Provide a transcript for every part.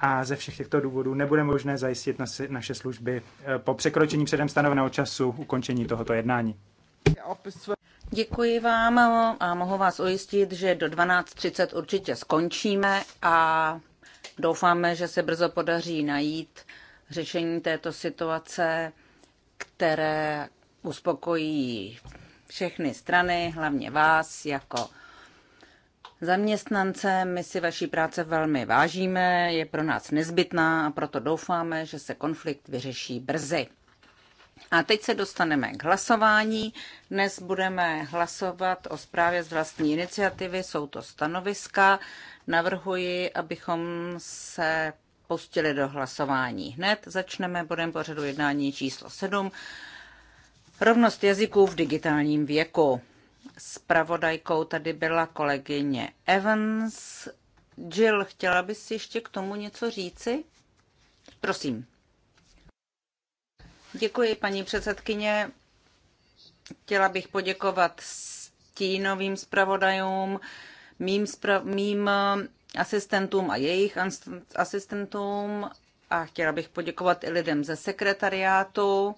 a ze všech těchto důvodů nebude možné zajistit naše služby eh, po překročení předem stanoveného času ukončení tohoto jednání. Děkuji vám a mohu vás ujistit, že do 12.30 určitě skončíme a doufáme, že se brzo podaří najít řešení této situace, které uspokojí všechny strany, hlavně vás jako zaměstnance. My si vaší práce velmi vážíme, je pro nás nezbytná a proto doufáme, že se konflikt vyřeší brzy. A teď se dostaneme k hlasování. Dnes budeme hlasovat o zprávě z vlastní iniciativy, jsou to stanoviska. Navrhuji, abychom se pustili do hlasování hned. Začneme bodem pořadu jednání číslo 7. Rovnost jazyků v digitálním věku. Spravodajkou tady byla kolegyně Evans. Jill, chtěla bys ještě k tomu něco říci? Prosím. Děkuji, paní předsedkyně. Chtěla bych poděkovat stínovým zpravodajům, mým, spra- mým eh, asistentům a jejich asistentům a chtěla bych poděkovat i lidem ze sekretariátu.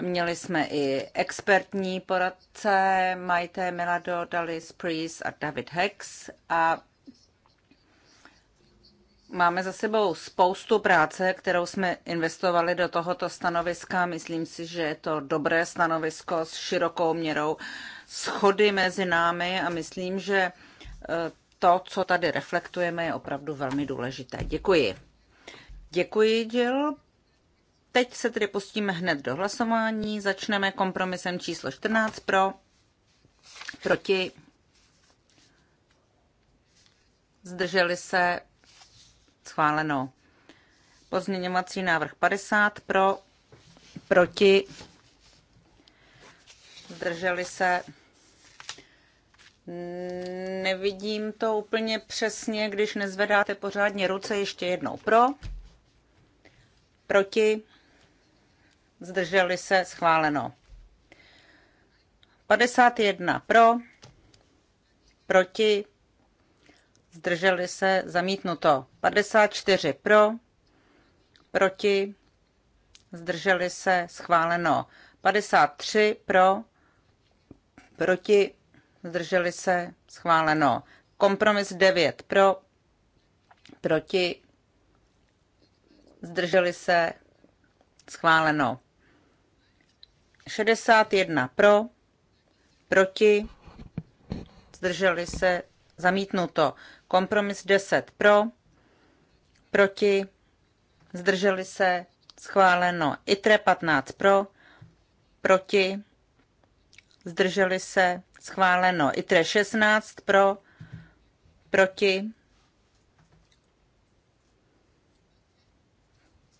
Měli jsme i expertní poradce Majte Milado, Dalis Priest a David Hex a Máme za sebou spoustu práce, kterou jsme investovali do tohoto stanoviska. Myslím si, že je to dobré stanovisko s širokou měrou schody mezi námi a myslím, že e, to, co tady reflektujeme, je opravdu velmi důležité. Děkuji. Děkuji, Jill. Teď se tedy pustíme hned do hlasování. Začneme kompromisem číslo 14 pro, proti, zdrželi se, schváleno. Pozměňovací návrh 50 pro, proti, zdrželi se. Nevidím to úplně přesně, když nezvedáte pořádně ruce, ještě jednou pro, proti, zdrželi se, schváleno. 51 pro, proti, zdrželi se, zamítnuto. 54 pro, proti, zdrželi se, schváleno. 53 pro, proti, zdrželi se, schváleno. Kompromis 9 pro, proti, zdrželi se, schváleno. 61 pro, proti, zdrželi se, zamítnuto. Kompromis 10 pro, proti, zdrželi se, schváleno. ITRE 15 pro, proti, zdrželi se, schváleno. ITRE 16 pro, proti.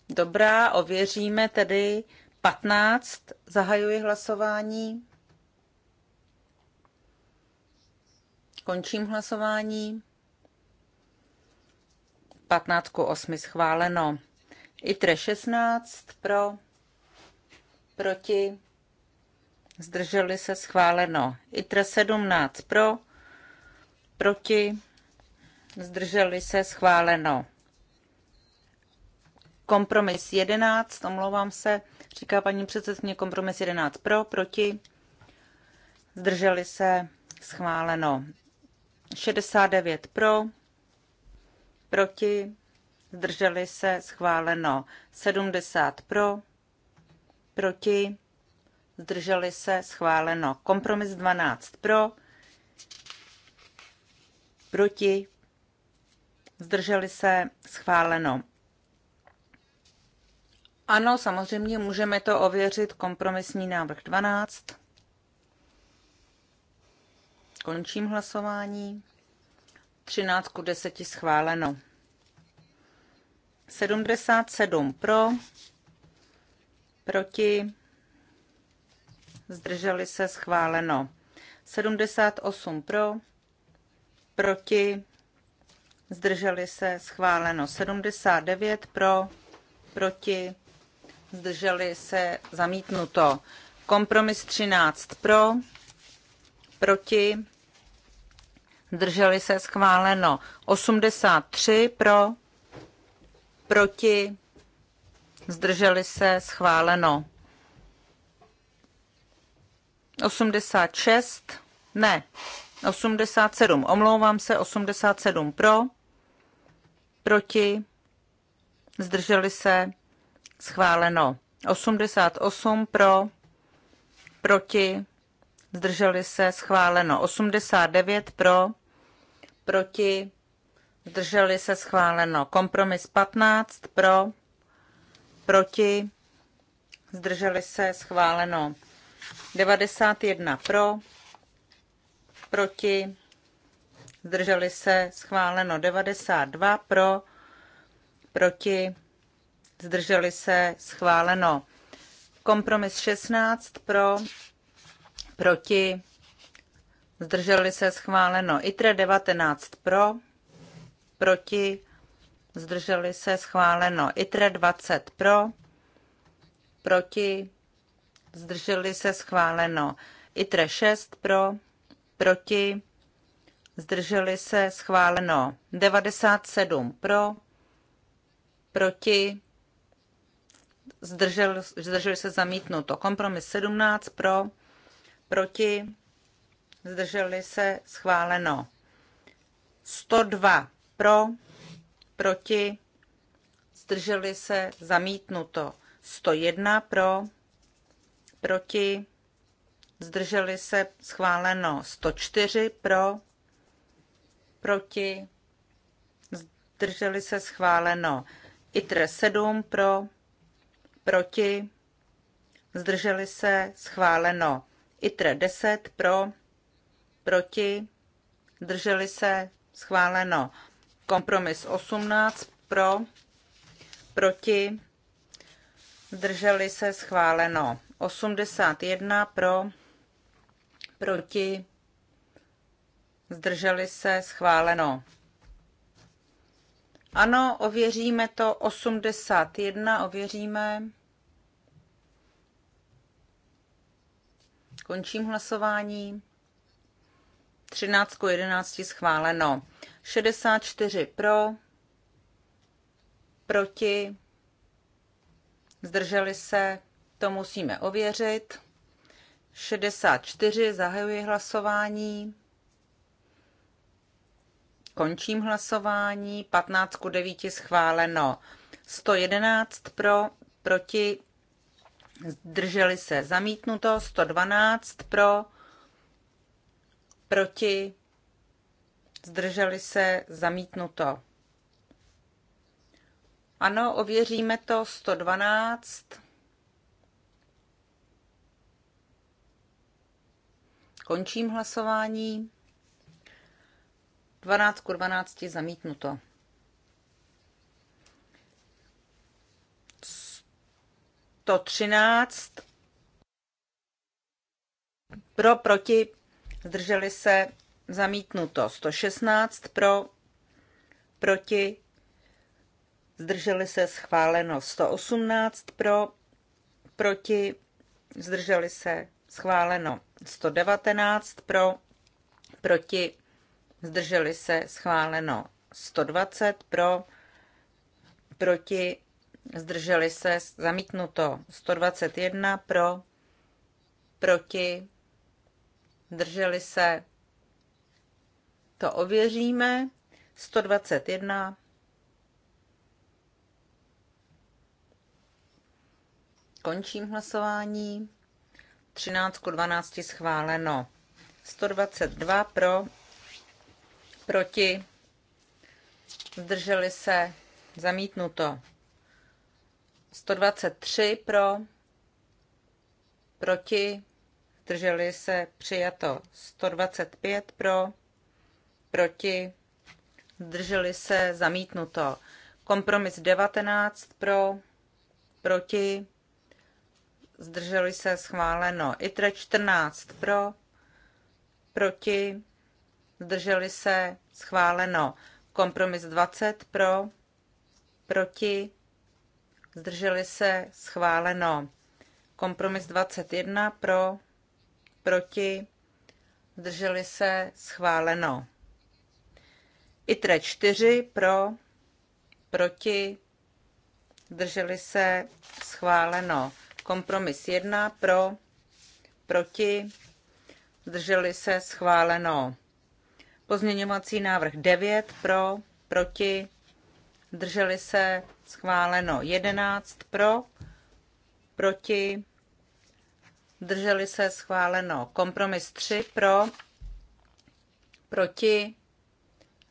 Dobrá, ověříme tedy 15. Zahajuji hlasování. Končím hlasování. 15 8 schváleno. ITRE 16 pro, proti, zdrželi se schváleno. ITRE 17 pro, proti, zdrželi se schváleno. Kompromis 11, omlouvám se, říká paní předsedkyně, kompromis 11 pro, proti, zdrželi se, schváleno. 69 pro, proti, zdrželi se, schváleno. 70 pro, proti, zdrželi se, schváleno. Kompromis 12 pro, proti, zdrželi se, schváleno. Ano, samozřejmě můžeme to ověřit. Kompromisní návrh 12. Končím hlasování. 13 ku 10 schváleno. 77 pro, proti, zdrželi se schváleno. 78 pro, proti, zdrželi se schváleno. 79 pro, proti, zdrželi se zamítnuto. Kompromis 13 pro, proti, zdrželi se schváleno. 83 pro, proti, zdrželi se schváleno. 86, ne, 87, omlouvám se, 87 pro, proti, zdrželi se Schváleno. 88 pro, proti, zdrželi se, schváleno. 89 pro, proti, zdrželi se, schváleno. Kompromis 15 pro, proti, zdrželi se, schváleno. 91 pro, proti, zdrželi se, schváleno. 92 pro, proti, zdrželi se, schváleno. Kompromis 16 pro, proti, zdrželi se, schváleno. ITRE 19 pro, proti, zdrželi se, schváleno. ITRE 20 pro, proti, zdrželi se, schváleno. ITRE 6 pro, proti, zdrželi se, schváleno. 97 pro, proti, zdržel, zdrželi se zamítnuto. Kompromis 17 pro, proti, zdrželi se schváleno. 102 pro, proti, zdrželi se zamítnuto. 101 pro, proti, zdrželi se schváleno. 104 pro, proti, zdrželi se schváleno. ITR 7 pro, proti, zdrželi se, schváleno. ITRE 10 pro, proti, zdrželi se, schváleno. Kompromis 18 pro, proti, zdrželi se, schváleno. 81 pro, proti, zdrželi se, schváleno. Ano, ověříme to. 81 ověříme. Končím hlasování. 13 k 11 schváleno. 64 pro, proti, zdrželi se, to musíme ověřit. 64 zahajuji hlasování. Končím hlasování. 15 ku 9 schváleno. 111 pro, proti, zdrželi se zamítnuto. 112 pro, proti, zdrželi se zamítnuto. Ano, ověříme to. 112. Končím hlasování. 12 ku 12 zamítnuto. To 13 pro, proti, zdrželi se, zamítnuto. 116 pro, proti, zdrželi se, schváleno. 118 pro, proti, zdrželi se, schváleno. 119 pro, proti, zdrželi se schváleno 120 pro, proti, zdrželi se zamítnuto 121 pro, proti, zdrželi se, to ověříme, 121 Končím hlasování. 13 12 schváleno. 122 pro, proti, zdrželi se, zamítnuto. 123 pro, proti, zdrželi se, přijato. 125 pro, proti, zdrželi se, zamítnuto. Kompromis 19 pro, proti, zdrželi se, schváleno. ITRE 14 pro, proti, zdrželi se, schváleno. Kompromis 20 pro, proti, zdrželi se, schváleno. Kompromis 21 pro, proti, zdrželi se, schváleno. ITRE 4 pro, proti, zdrželi se, schváleno. Kompromis 1 pro, proti, zdrželi se, schváleno. Pozměňovací návrh 9 pro, proti, drželi se, schváleno 11 pro, proti, drželi se, schváleno kompromis 3 pro, proti,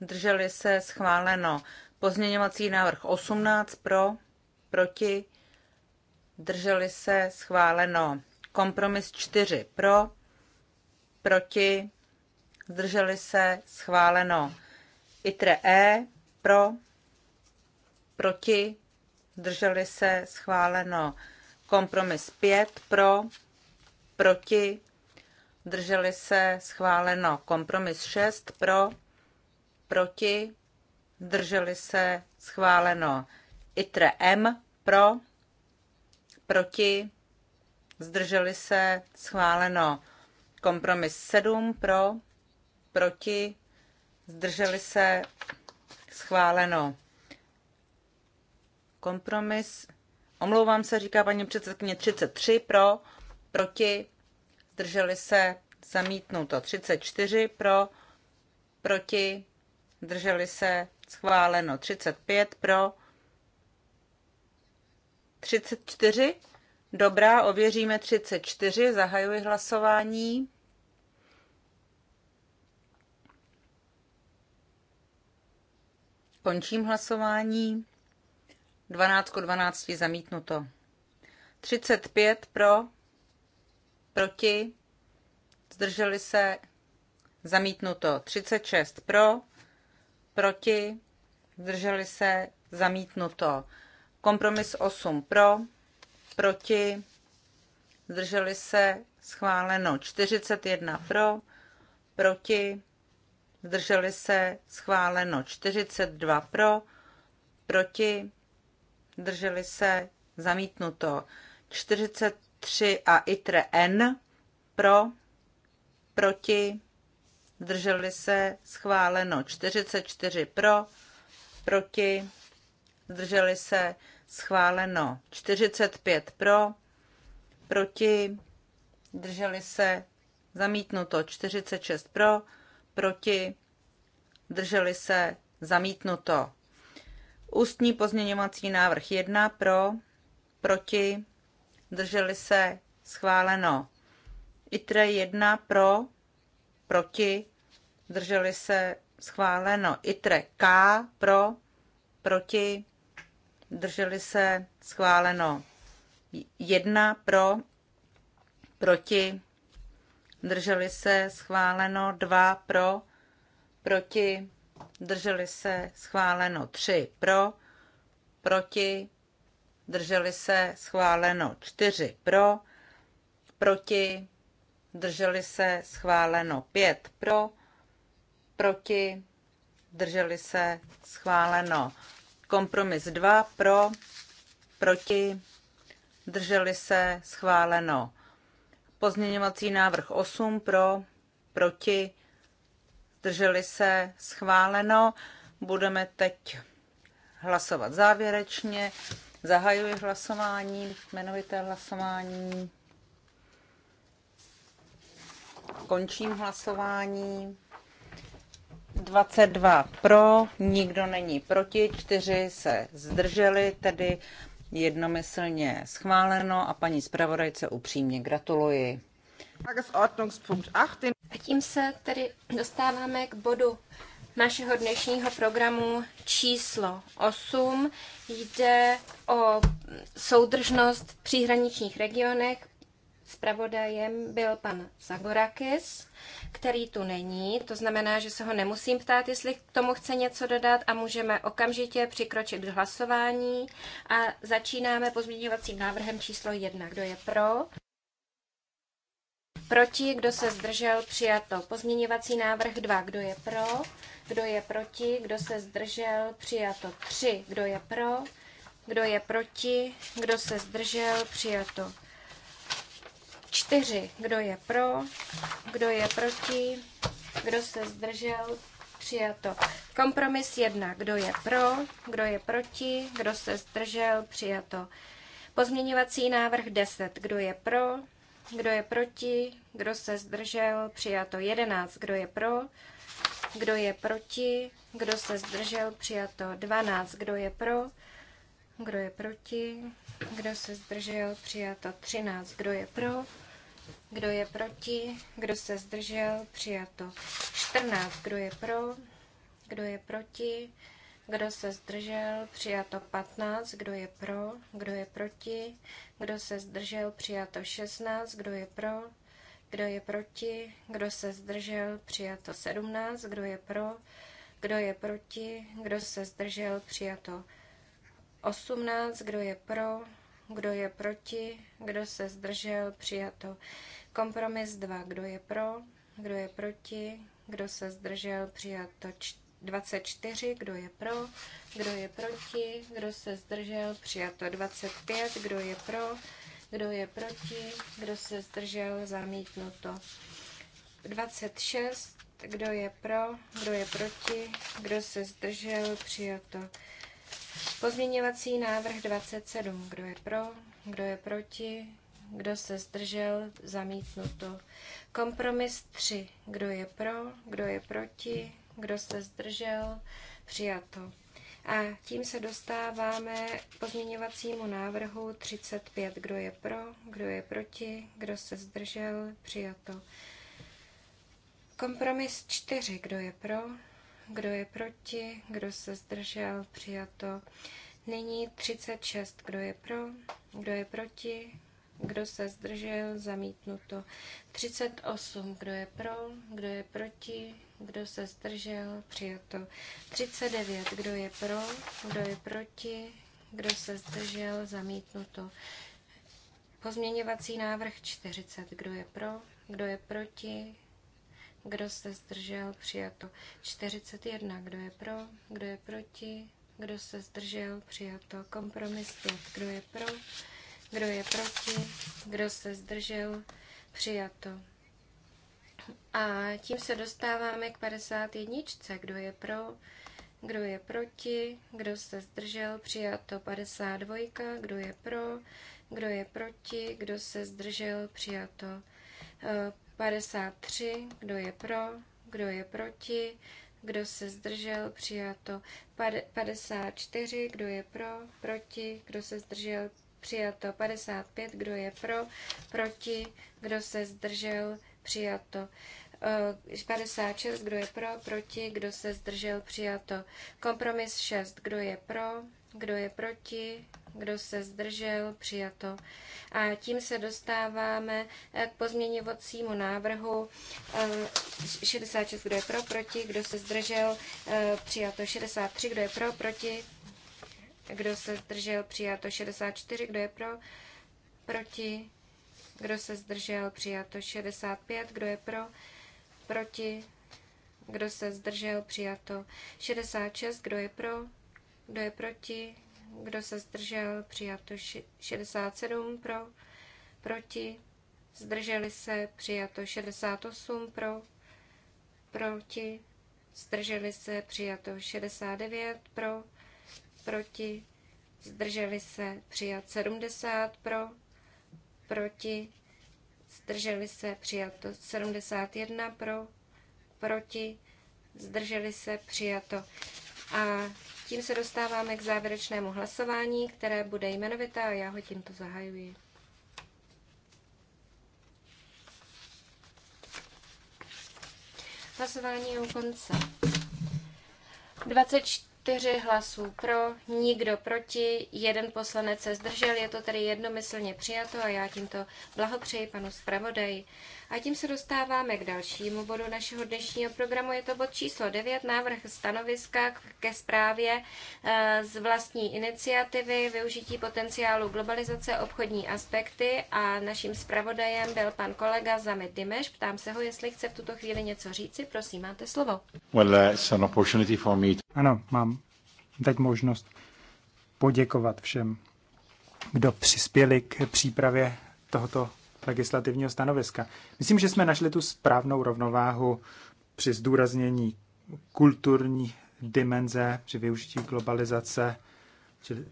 drželi se, schváleno pozměňovací návrh 18 pro, proti, drželi se, schváleno kompromis 4 pro, proti, zdrželi se, schváleno. ITRE E, pro, proti, zdrželi se, schváleno. Kompromis 5, pro, proti, zdrželi se, schváleno. Kompromis 6, pro, proti, zdrželi se, schváleno. ITRE M, pro, proti, zdrželi se, schváleno. Kompromis 7 pro, proti, zdrželi se, schváleno. Kompromis, omlouvám se, říká paní předsedkyně 33 pro, proti, zdrželi se, zamítnuto 34 pro, proti, zdrželi se, schváleno 35 pro, 34, dobrá, ověříme 34, zahajuji hlasování. Končím hlasování. 12 12 zamítnuto. 35 pro, proti, zdrželi se, zamítnuto. 36 pro, proti, zdrželi se, zamítnuto. Kompromis 8 pro, proti, zdrželi se, schváleno. 41 pro, proti, zdrželi se, schváleno 42 pro, proti, zdrželi se, zamítnuto 43 a ITRE N pro, proti, zdrželi se, schváleno 44 pro, proti, zdrželi se, schváleno 45 pro, proti, zdrželi se, zamítnuto 46 pro, proti, drželi se, zamítnuto. Ústní pozměňovací návrh 1 pro, proti, drželi se, schváleno. ITRE 1 pro, proti, drželi se, schváleno. ITRE K pro, proti, drželi se, schváleno. 1 pro, proti, Drželi se schváleno 2 pro, proti. Drželi se schváleno 3 pro, proti. Drželi se schváleno 4 pro, proti. Drželi se schváleno 5 pro, proti. Drželi se schváleno kompromis 2 pro, proti. Drželi se schváleno Pozměňovací návrh 8 pro, proti, zdrželi se, schváleno. Budeme teď hlasovat závěrečně. Zahajuji hlasování, jmenovité hlasování. Končím hlasování. 22 pro, nikdo není proti, čtyři se zdrželi, tedy jednomyslně schváleno a paní zpravodajce upřímně gratuluji. A tím se tedy dostáváme k bodu našeho dnešního programu číslo 8. Jde o soudržnost v příhraničních regionech Spravodajem byl pan Zagorakis, který tu není, to znamená, že se ho nemusím ptát, jestli k tomu chce něco dodat a můžeme okamžitě přikročit k hlasování a začínáme pozměňovacím návrhem číslo jedna. Kdo je pro? Proti, kdo se zdržel, přijato. Pozměňovací návrh 2, kdo je pro, kdo je proti, kdo se zdržel, přijato. 3, kdo je pro, kdo je proti, kdo se zdržel, přijato. 4. Kdo je pro? Kdo je proti? Kdo se zdržel? Přijato. Kompromis 1. Kdo je pro? Kdo je proti? Kdo se zdržel? Přijato. Pozměňovací návrh 10. Kdo je pro? Kdo je proti? Kdo se zdržel? Přijato. 11. Kdo je pro? Kdo je proti? Kdo se zdržel? Přijato. 12. Kdo je pro? Kdo je proti? Kdo se zdržel? Přijato 13. Kdo je pro? Kdo je proti? Kdo se zdržel? Přijato 14. Kdo je pro? Kdo je proti? Kdo se zdržel? Přijato 15. Kdo je pro? Kdo je proti? Kdo se zdržel? Přijato 16. Kdo je pro? Kdo je proti? Kdo se zdržel? Přijato 17. Kdo je pro? Kdo je proti? Kdo se zdržel? Přijato 18, kdo je pro, kdo je proti, kdo se zdržel, přijato. Kompromis 2, kdo je pro, kdo je proti, kdo se zdržel, přijato. 24, kdo je pro, kdo je proti, kdo se zdržel, přijato. 25, kdo je pro, kdo je proti, kdo se zdržel, zamítnuto. 26, kdo je pro, kdo je proti, kdo se zdržel, přijato. Pozměňovací návrh 27. Kdo je pro? Kdo je proti? Kdo se zdržel? Zamítnuto. Kompromis 3. Kdo je pro? Kdo je proti? Kdo se zdržel? Přijato. A tím se dostáváme k pozměňovacímu návrhu 35. Kdo je pro? Kdo je proti? Kdo se zdržel? Přijato. Kompromis 4. Kdo je pro? kdo je proti, kdo se zdržel, přijato. Nyní 36, kdo je pro, kdo je proti, kdo se zdržel, zamítnuto. 38, kdo je pro, kdo je proti, kdo se zdržel, přijato. 39, kdo je pro, kdo je proti, kdo se zdržel, zamítnuto. Pozměňovací návrh 40, kdo je pro, kdo je proti, kdo se zdržel? Přijato. 41. Kdo je pro? Kdo je proti? Kdo se zdržel? Přijato. Kompromis 5. Kdo je pro? Kdo je proti? Kdo se zdržel? Přijato. A tím se dostáváme k 51. Kdo je pro? Kdo je proti? Kdo se zdržel? Přijato 52. Kdo je pro? Kdo je proti? Kdo se zdržel? Přijato 53, kdo je pro, kdo je proti, kdo se zdržel, přijato 54, kdo je pro, proti, kdo se zdržel, přijato 55, kdo je pro, proti, kdo se zdržel, přijato 56, eh, kdo je pro, proti, kdo se zdržel, přijato kompromis 6, kdo je pro, kdo je proti, kdo se zdržel, přijato. A tím se dostáváme eh, k pozměňovacímu návrhu 66, eh, eh, kdo je pro, proti, kdo se zdržel, přijato 63, kdo je pro, proti, kdo se zdržel, přijato 64, kdo je pro, proti, kdo se zdržel, přijato 65, kdo je pro, proti, kdo se zdržel, přijato 66, kdo je pro, kdo je proti? Kdo se zdržel? Přijato 67 pro. Proti? Zdrželi se? Přijato 68 pro. Proti? Zdrželi se? Přijato 69 pro. Proti? Zdrželi se? Přijat 70 pro. Proti? Zdrželi se? Přijato 71 pro. Proti? Zdrželi se? Přijato. A tím se dostáváme k závěrečnému hlasování, které bude jmenovité a já ho tímto zahajuji. Hlasování je u konce. 24 4 hlasů pro, nikdo proti, jeden poslanec se zdržel, je to tedy jednomyslně přijato a já tímto blahopřeji panu zpravodaji. A tím se dostáváme k dalšímu bodu našeho dnešního programu. Je to bod číslo 9, návrh stanoviska ke zprávě eh, z vlastní iniciativy využití potenciálu globalizace obchodní aspekty a naším zpravodajem byl pan kolega Zamit Dimeš. Ptám se ho, jestli chce v tuto chvíli něco říci. Prosím, máte slovo. Well, uh, it's an opportunity for me. Ano, mám teď možnost poděkovat všem, kdo přispěli k přípravě tohoto legislativního stanoviska. Myslím, že jsme našli tu správnou rovnováhu při zdůraznění kulturní dimenze, při využití globalizace, čili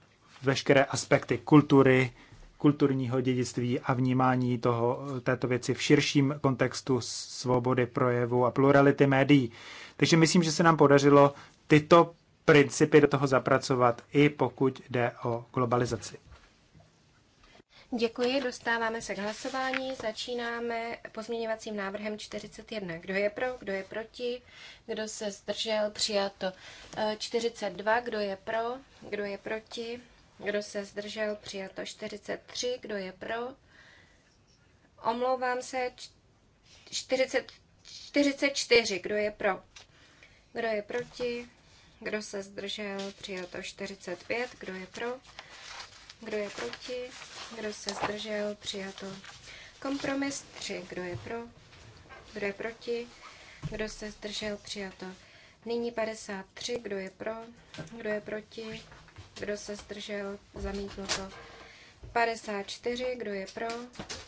veškeré aspekty kultury, kulturního dědictví a vnímání toho, této věci v širším kontextu svobody projevu a plurality médií. Takže myslím, že se nám podařilo tyto principy do toho zapracovat, i pokud jde o globalizaci. Děkuji, dostáváme se k hlasování. Začínáme pozměňovacím návrhem 41. Kdo je pro, kdo je proti, kdo se zdržel, přijato 42. E, kdo je pro, kdo je proti, kdo se zdržel, přijato 43. Kdo je pro, omlouvám se, 40, 44. Kdo je pro, kdo je proti, kdo se zdržel? Přijato 45. Kdo je pro? Kdo je proti? Kdo se zdržel? Přijato. Kompromis 3. Kdo je pro? Kdo je proti? Kdo se zdržel? Přijato. Nyní 53. Kdo je pro? Kdo je proti? Kdo se zdržel? Zamítnuto. 54. Kdo je pro?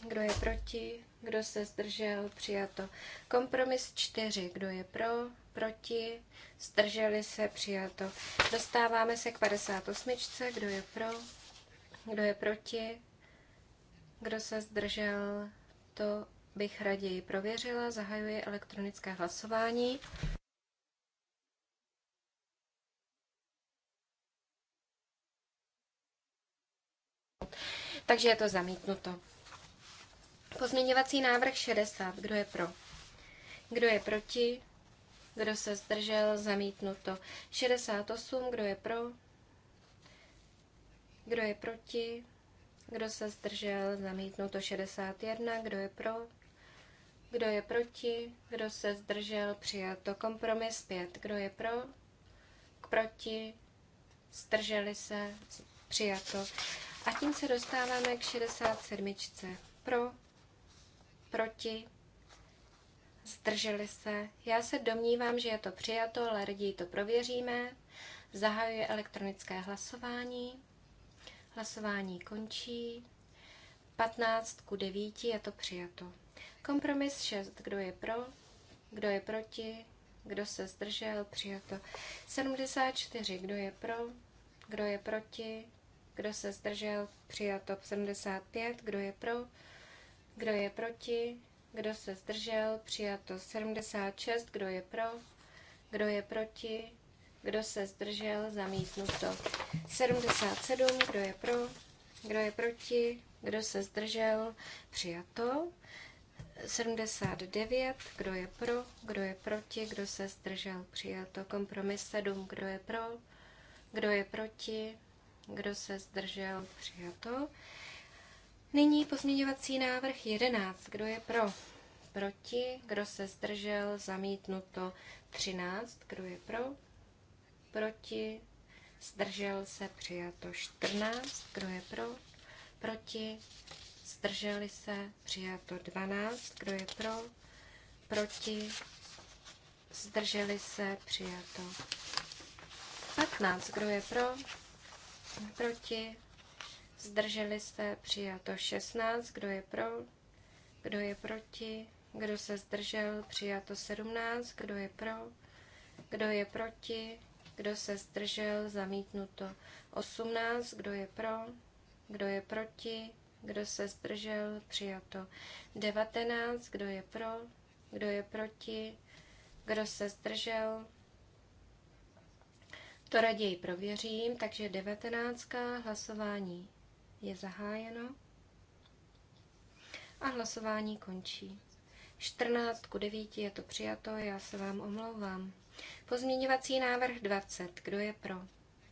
Kdo je proti? Kdo se zdržel? Přijato. Kompromis 4. Kdo je pro? proti, zdrželi se, přijato. Dostáváme se k 58. Kdo je pro? Kdo je proti? Kdo se zdržel? To bych raději prověřila. Zahajuji elektronické hlasování. Takže je to zamítnuto. Pozměňovací návrh 60. Kdo je pro? Kdo je proti? kdo se zdržel, zamítnuto. 68, kdo je pro, kdo je proti, kdo se zdržel, zamítnuto. 61, kdo je pro, kdo je proti, kdo se zdržel, přijato. Kompromis 5, kdo je pro, k proti, zdrželi se, přijato. A tím se dostáváme k 67. Pro, proti, zdrželi se. Já se domnívám, že je to přijato, ale raději to prověříme. Zahajuje elektronické hlasování. Hlasování končí. 15 ku 9 je to přijato. Kompromis 6. Kdo je pro? Kdo je proti? Kdo se zdržel? Přijato. 74. Kdo je pro? Kdo je proti? Kdo se zdržel? Přijato. 75. Kdo je pro? Kdo je proti? kdo se zdržel, přijato 76, kdo je pro, kdo je proti, kdo se zdržel, zamítnuto 77, kdo je pro, kdo je proti, kdo se zdržel, přijato 79, kdo je pro, kdo je proti, kdo se zdržel, přijato kompromis 7, kdo je pro, kdo je proti, kdo se zdržel, přijato Nyní pozměňovací návrh 11. Kdo je pro? Proti. Kdo se zdržel? Zamítnuto 13. Kdo je pro? Proti. Zdržel se přijato 14. Kdo je pro? Proti. Zdrželi se přijato 12. Kdo je pro? Proti. Zdrželi se přijato 15. Kdo je pro? Proti zdrželi se, přijato 16, kdo je pro, kdo je proti, kdo se zdržel, přijato 17, kdo je pro, kdo je proti, kdo se zdržel, zamítnuto 18, kdo je pro, kdo je proti, kdo se zdržel, přijato 19, kdo je pro, kdo je proti, kdo se zdržel, to raději prověřím, takže 19. hlasování je zahájeno a hlasování končí. 14 ku 9 je to přijato, já se vám omlouvám. Pozměňovací návrh 20. Kdo je pro?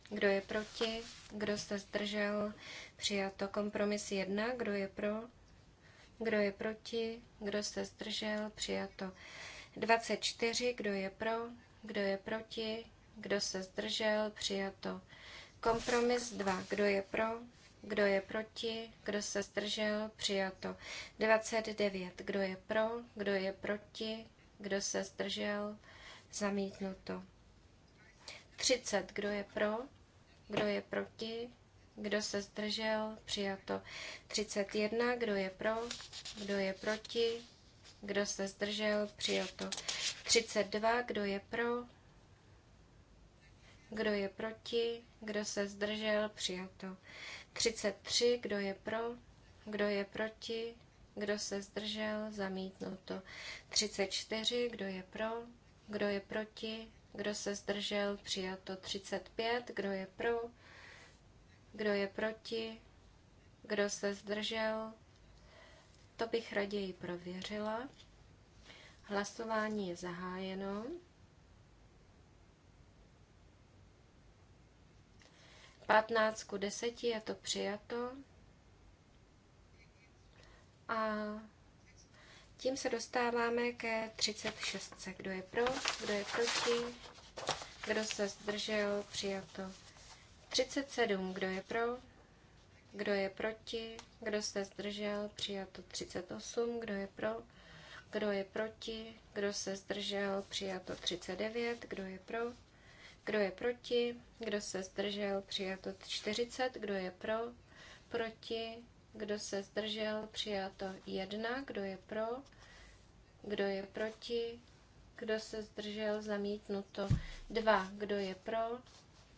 Kdo je proti? Kdo se zdržel? Přijato kompromis 1. Kdo je pro? Kdo je proti? Kdo se zdržel? Přijato 24. Kdo je pro? Kdo je proti? Kdo se zdržel? Přijato kompromis 2. Kdo je pro? Kdo je proti? Kdo se zdržel? Přijato. 29. Kdo je pro? Kdo je proti? Kdo se zdržel? Zamítnuto. 30. Kdo je pro? Kdo je proti? Kdo se zdržel? Přijato. 31. Kdo je pro? Kdo je proti? Kdo se zdržel? Přijato. 32. Kdo je pro? Kdo je proti? Kdo se zdržel? Přijato. 33, kdo je pro, kdo je proti, kdo se zdržel, zamítnuto. 34, kdo je pro, kdo je proti, kdo se zdržel, přijato. 35, kdo je pro, kdo je proti, kdo se zdržel, to bych raději prověřila. Hlasování je zahájeno. 15 ku 10 je to přijato. A tím se dostáváme ke 36. Kdo je pro, kdo je proti, kdo se zdržel, přijato. 37. Kdo je pro, kdo je proti, kdo se zdržel, přijato. 38. Kdo je pro, kdo je proti, kdo se zdržel, přijato. 39. Kdo je pro, kdo je proti? Kdo se zdržel? Přijato 40. Kdo je pro? Proti? Kdo se zdržel? Přijato 1. Kdo je pro? Kdo je proti? Kdo se zdržel? Zamítnuto 2. Kdo je pro?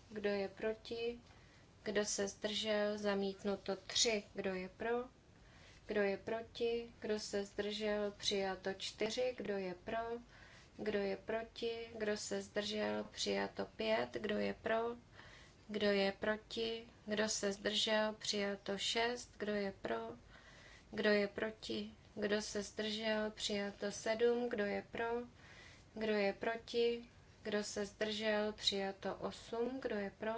Kdo je proti? Kdo se zdržel? Zamítnuto 3. Kdo je pro? Kdo je proti? Kdo se zdržel? Přijato 4. Kdo je pro? kdo je proti, kdo se zdržel, přijato pět, kdo je pro, kdo je proti, kdo se zdržel, přijato šest, kdo je pro, kdo je proti, kdo se zdržel, přijato sedm, kdo je pro, kdo je proti, kdo se zdržel, přijato osm, kdo je pro,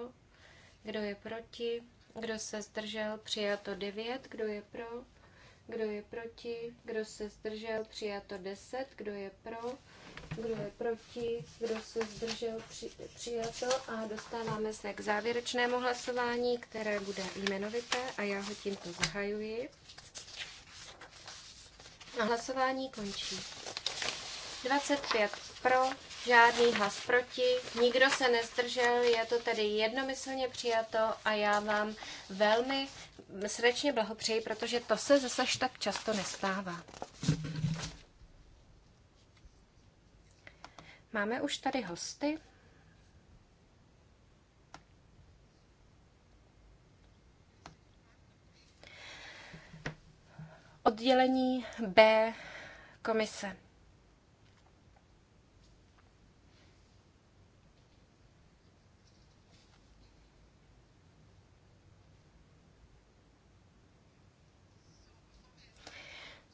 kdo je proti, kdo se zdržel, přijato devět, kdo je pro, kdo je proti, kdo se zdržel, přijato deset, kdo je pro, kdo je proti, kdo se zdržel při, to a dostáváme se k závěrečnému hlasování, které bude jmenovité a já ho tímto zahajuji. A hlasování končí. 25 pro, žádný hlas proti, nikdo se nezdržel, je to tedy jednomyslně přijato a já vám velmi srdečně blahopřeji, protože to se zase tak často nestává. Máme už tady hosty. Oddělení B komise.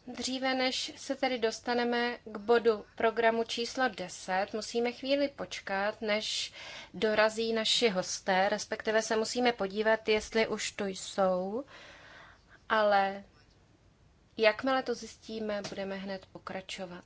Dříve než se tedy dostaneme k bodu programu číslo 10, musíme chvíli počkat, než dorazí naši hosté, respektive se musíme podívat, jestli už tu jsou, ale jakmile to zjistíme, budeme hned pokračovat.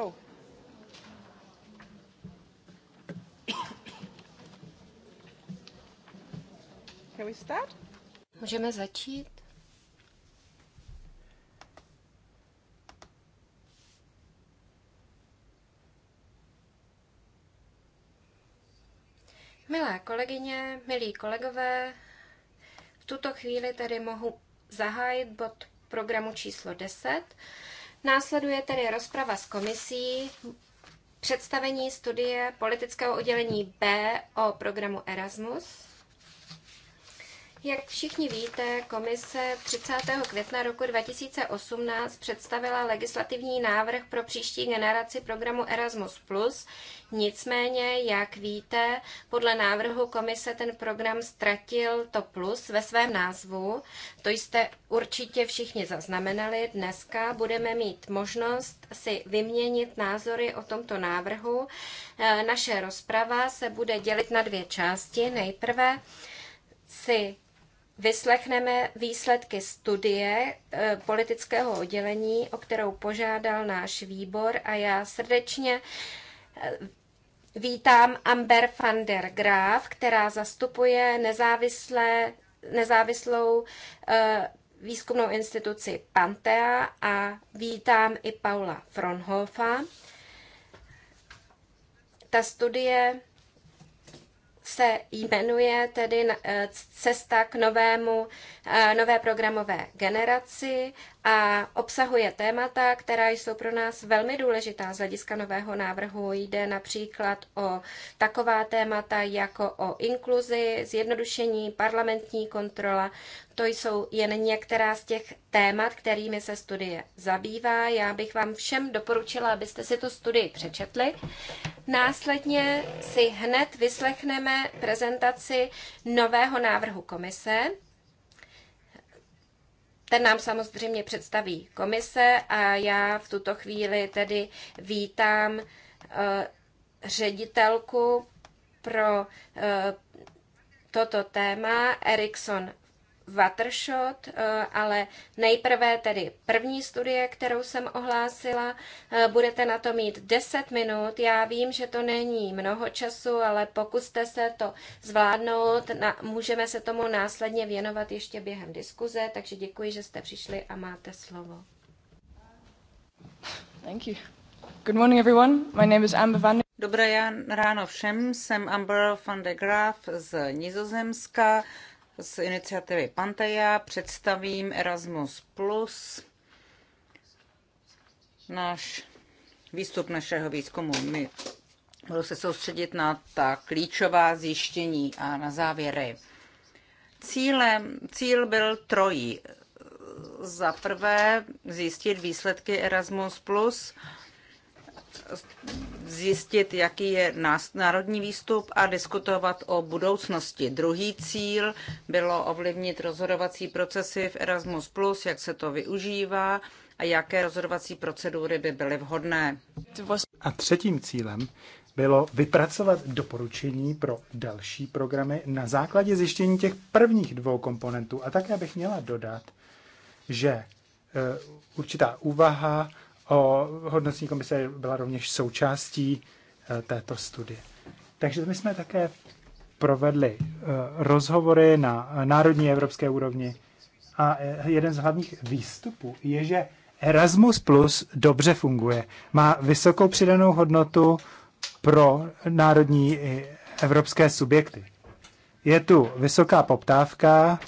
jsou. Can we start? Můžeme začít? Milé kolegyně, milí kolegové, v tuto chvíli tedy mohu zahájit bod programu číslo 10. Následuje tedy rozprava s komisí, představení studie politického oddělení B o programu Erasmus. Jak všichni víte, komise 30. května roku 2018 představila legislativní návrh pro příští generaci programu Erasmus+. Nicméně, jak víte, podle návrhu komise ten program ztratil to plus ve svém názvu. To jste určitě všichni zaznamenali. Dneska budeme mít možnost si vyměnit názory o tomto návrhu. E, naše rozprava se bude dělit na dvě části. Nejprve si vyslechneme výsledky studie eh, politického oddělení, o kterou požádal náš výbor a já srdečně eh, vítám Amber van der Graaf, která zastupuje nezávislé, nezávislou eh, výzkumnou instituci Pantea a vítám i Paula Fronhofa. Ta studie se jmenuje tedy eh, Cesta k novému, eh, nové programové generaci a obsahuje témata, která jsou pro nás velmi důležitá z hlediska nového návrhu. Jde například o taková témata jako o inkluzi, zjednodušení, parlamentní kontrola. To jsou jen některá z těch témat, kterými se studie zabývá. Já bych vám všem doporučila, abyste si tu studii přečetli. Následně si hned vyslechneme prezentaci nového návrhu komise ten nám samozřejmě představí komise a já v tuto chvíli tedy vítám eh, ředitelku pro eh, toto téma Erikson Watershot, eh, ale nejprve tedy první studie, kterou jsem ohlásila. Eh, budete na to mít 10 minut. Já vím, že to není mnoho času, ale pokuste se to zvládnout. Můžeme se tomu následně věnovat ještě během diskuze, takže děkuji, že jste přišli a máte slovo. Thank you. Good morning, everyone. My name is Amber van Dobré ráno všem, jsem Amber van de Graaf z Nizozemska z iniciativy Panteja. Představím Erasmus+, Plus, náš výstup našeho výzkumu. My budu se soustředit na ta klíčová zjištění a na závěry. Cílem, cíl byl trojí. Za prvé zjistit výsledky Erasmus+, Plus, zjistit, jaký je národní výstup a diskutovat o budoucnosti. Druhý cíl bylo ovlivnit rozhodovací procesy v Erasmus+, jak se to využívá a jaké rozhodovací procedury by byly vhodné. A třetím cílem bylo vypracovat doporučení pro další programy na základě zjištění těch prvních dvou komponentů. A také bych měla dodat, že eh, určitá úvaha o hodnocení komise byla rovněž součástí eh, této studie. Takže my jsme také provedli eh, rozhovory na národní evropské úrovni a eh, jeden z hlavních výstupů je, že Erasmus Plus dobře funguje. Má vysokou přidanou hodnotu pro národní i evropské subjekty. Je tu vysoká poptávka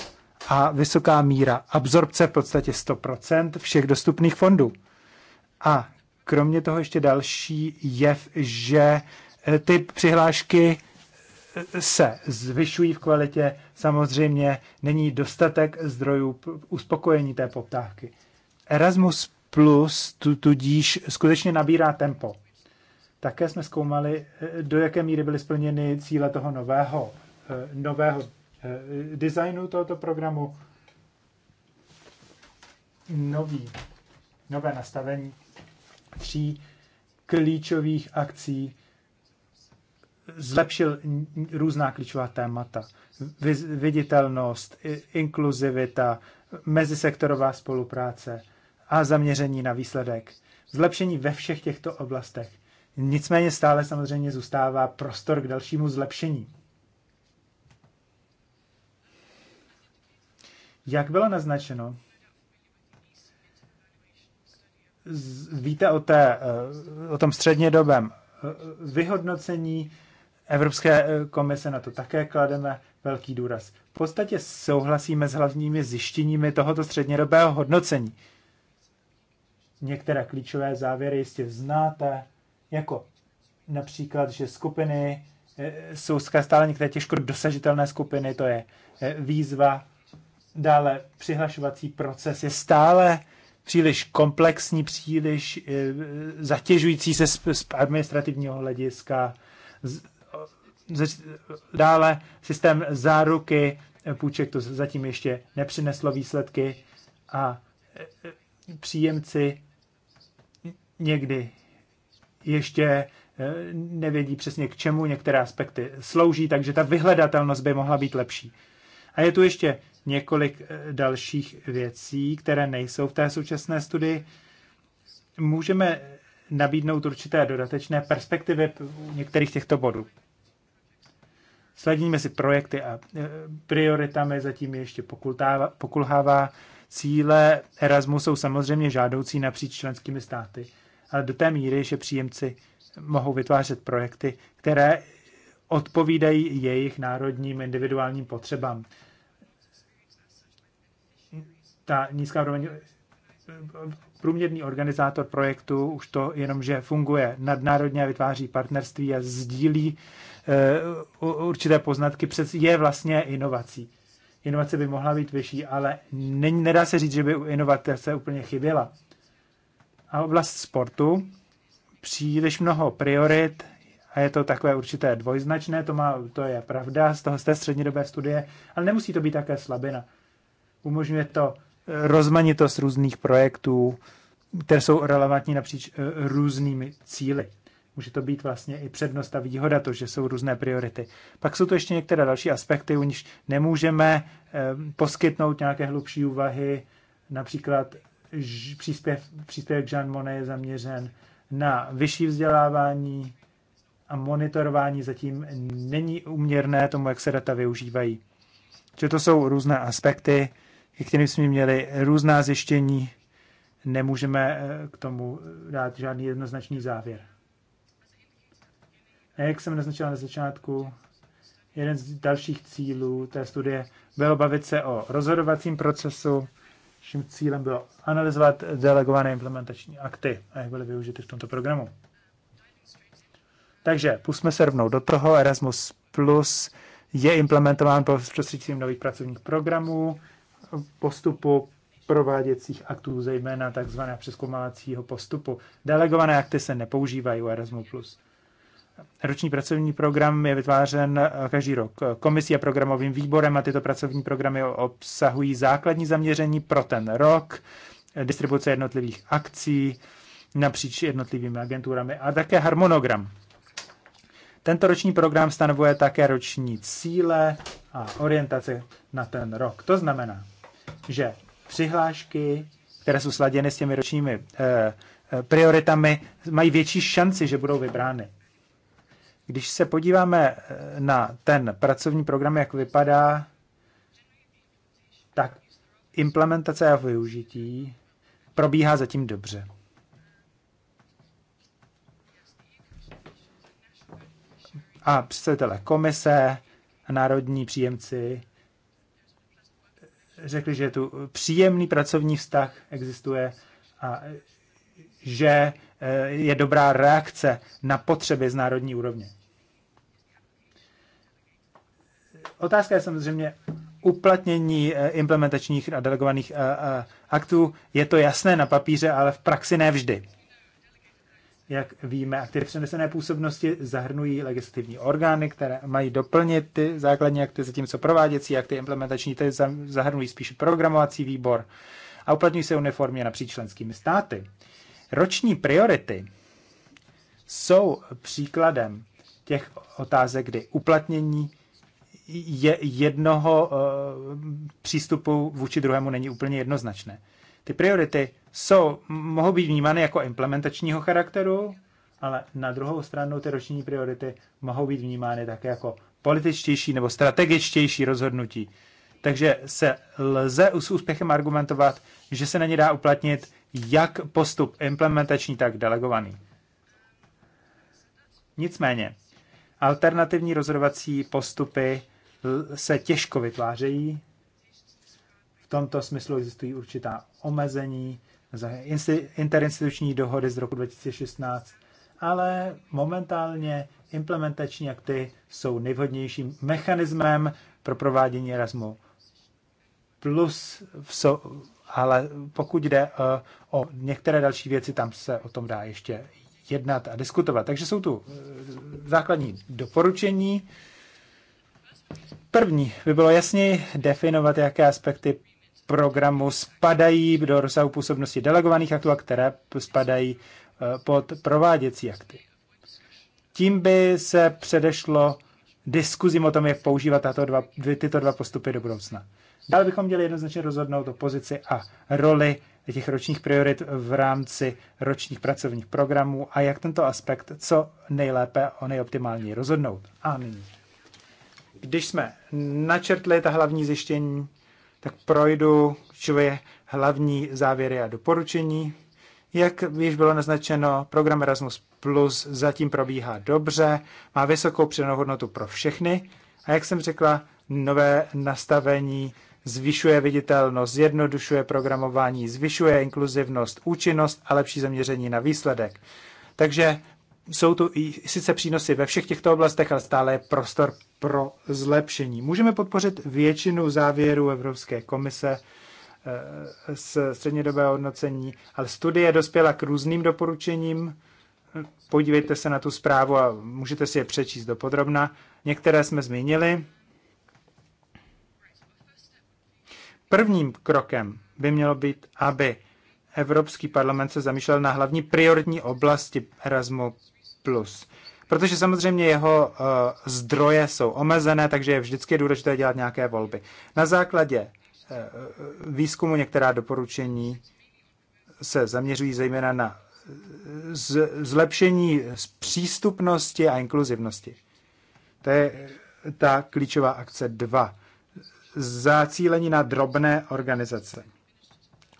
a vysoká míra absorpce v podstatě 100% všech dostupných fondů. A kromě toho ještě další jev, že eh, ty přihlášky eh, se zvyšují v kvalitě. Samozřejmě není dostatek zdrojů uspokojení té poptávky. Erasmus Plus tu, tudíž skutečně nabírá tempo. Také jsme zkoumali, eh, do jaké míry byly splněny cíle toho nového, nového designu tohoto programu. Nový, nové nastavení tří klíčových akcí zlepšil různá klíčová témata. Viditelnost, inkluzivita, mezisektorová spolupráce a zaměření na výsledek. Zlepšení ve všech těchto oblastech. Nicméně stále samozřejmě zůstává prostor k dalšímu zlepšení. Jak bylo naznačeno, víte o, té, eh, o tom střednědobém eh, vyhodnocení Evropské eh, komise, na to také klademe velký důraz. V podstatě souhlasíme s hlavními zjištěními tohoto střednědobého hodnocení. Některé klíčové závěry jistě znáte, jako například, že skupiny jsou stále některé těžko dosažitelné skupiny, to je výzva. Dále přihlašovací proces je stále příliš komplexní, příliš eh, zatěžující se z administrativního hlediska. Dále systém záruky eh, půjček to zatím ještě nepřineslo výsledky a eh, příjemci někdy ještě nevědí přesně k čemu některé aspekty slouží, takže ta vyhledatelnost by mohla být lepší. A je tu ještě několik eh, dalších věcí, které nejsou v té současné studii. Můžeme nabídnout určité dodatečné perspektivy některých těchto bodů. Sledíme si projekty a eh, prioritami, zatím ještě pokulhává. Cíle Erasmu jsou samozřejmě žádoucí napříč členskými státy, ale do té míry, že příjemci mohou vytvářet projekty, které odpovídají jejich národním individuálním potřebám ta nízká úroveň, eh, průměrný organizátor projektu už to jenom, že funguje nadnárodně a vytváří partnerství a sdílí eh, určité poznatky, přes je vlastně inovací. Inovace by mohla být vyšší, ale není, nedá se říct, že by inovace úplně chyběla. A oblast sportu, příliš mnoho priorit a je to takové určité dvojznačné, to, má, to je pravda z toho z té střednědobé studie, ale nemusí to být také slabina. Umožňuje to rozmanitost různých projektů, které jsou relevantní napříč eh, různými cíly. Může to být vlastně i přednost a výhoda, to, že jsou různé priority. Pak jsou to ještě některé další aspekty, u nichž nemůžeme ehm, poskytnout nějaké hlubší úvahy, například příspěv, příspěvek Jean Monnet je zaměřen na vyšší vzdělávání a monitorování zatím není uměrné tomu, jak se data využívají. Že to jsou různé aspekty, kterým jsme měli různá zjištění, nemůžeme eh, k tomu dát žádný jednoznačný závěr. A jak jsem naznačil na začátku, jeden z dalších cílů té studie bylo bavit se o rozhodovacím procesu. Naším cílem bylo analyzovat delegované implementační akty a jak byly využity v tomto programu. Takže pusme se rovnou do toho. Erasmus Plus je implementován prostřednictvím nových pracovních programů, postupu prováděcích aktů, zejména tzv. přeskoumávacího postupu. Delegované akty se nepoužívají u Erasmu+. Roční pracovní program je vytvářen eh, každý rok eh, komisí a programovým výborem a tyto pracovní programy obsahují základní zaměření pro ten rok, eh, distribuce jednotlivých akcí napříč jednotlivými agenturami a také harmonogram. Tento roční program stanovuje také roční cíle a orientace na ten rok. To znamená, že přihlášky, které jsou sladěny s těmi ročními eh, eh, prioritami, mají větší šanci, že budou vybrány. Když se podíváme eh, na ten pracovní program, jak vypadá, tak implementace a využití probíhá zatím dobře. A představitelé komise, národní příjemci řekli, že tu příjemný pracovní vztah existuje a že eh, je dobrá reakce na potřeby z národní úrovně. Otázka je samozřejmě uplatnění eh, implementačních a delegovaných eh, aktů. Je to jasné na papíře, ale v praxi nevždy. vždy. Jak víme, aktivy přenesené působnosti zahrnují legislativní orgány, které mají doplnit ty základní akty, zatímco prováděcí akty implementační ty zahrnují spíše programovací výbor a uplatňují se uniformně napříč členskými státy. Roční priority jsou příkladem těch otázek, kdy uplatnění je jednoho eh, přístupu vůči druhému není úplně jednoznačné. Ty priority jsou, mohou být vnímány jako implementačního charakteru, ale na druhou stranu ty roční priority mohou být vnímány také jako političtější nebo strategičtější rozhodnutí. Takže se lze s úspěchem argumentovat, že se na ně dá uplatnit jak postup implementační, tak delegovaný. Nicméně, alternativní rozhodovací postupy se těžko vytvářejí tomto smyslu existují určitá omezení interinstituční dohody z roku 2016, ale momentálně implementační akty jsou nejvhodnějším mechanismem pro provádění Erasmu. Plus, so, ale pokud jde e, o některé další věci, tam se o tom dá ještě jednat a diskutovat. Takže jsou tu e, základní doporučení. První by bylo jasně definovat, jaké aspekty programu spadají do rozsahu působnosti delegovaných aktů a které spadají eh, pod prováděcí akty. Tím by se předešlo diskuzím o tom, jak používat tato dva, tyto dva postupy do budoucna. Dále bychom měli jednoznačně rozhodnout o pozici a roli těch ročních priorit v rámci ročních pracovních programů a jak tento aspekt co nejlépe o nejoptimálněji rozhodnout. A nyní. Když jsme načrtli ta hlavní zjištění, tak projdu klíčové hlavní závěry a doporučení. Jak již bylo naznačeno, program Erasmus Plus zatím probíhá dobře, má vysokou přidanou hodnotu pro všechny a jak jsem řekla, nové nastavení zvyšuje viditelnost, zjednodušuje programování, zvyšuje inkluzivnost, účinnost a lepší zaměření na výsledek. Takže jsou tu i sice přínosy ve všech těchto oblastech, ale stále je prostor pro zlepšení. Můžeme podpořit většinu závěrů Evropské komise eh, z střednědobého hodnocení, ale studie dospěla k různým doporučením. Podívejte se na tu zprávu a můžete si je přečíst do podrobna. Některé jsme zmínili. Prvním krokem by mělo být, aby Evropský parlament se zamýšlel na hlavní prioritní oblasti Erasmu plus. Protože samozřejmě jeho uh, zdroje jsou omezené, takže je vždycky důležité dělat nějaké volby. Na základě uh, výzkumu některá doporučení se zaměřují zejména na eh, z, zlepšení přístupnosti a inkluzivnosti. To je ta klíčová akce 2. Zacílení na drobné organizace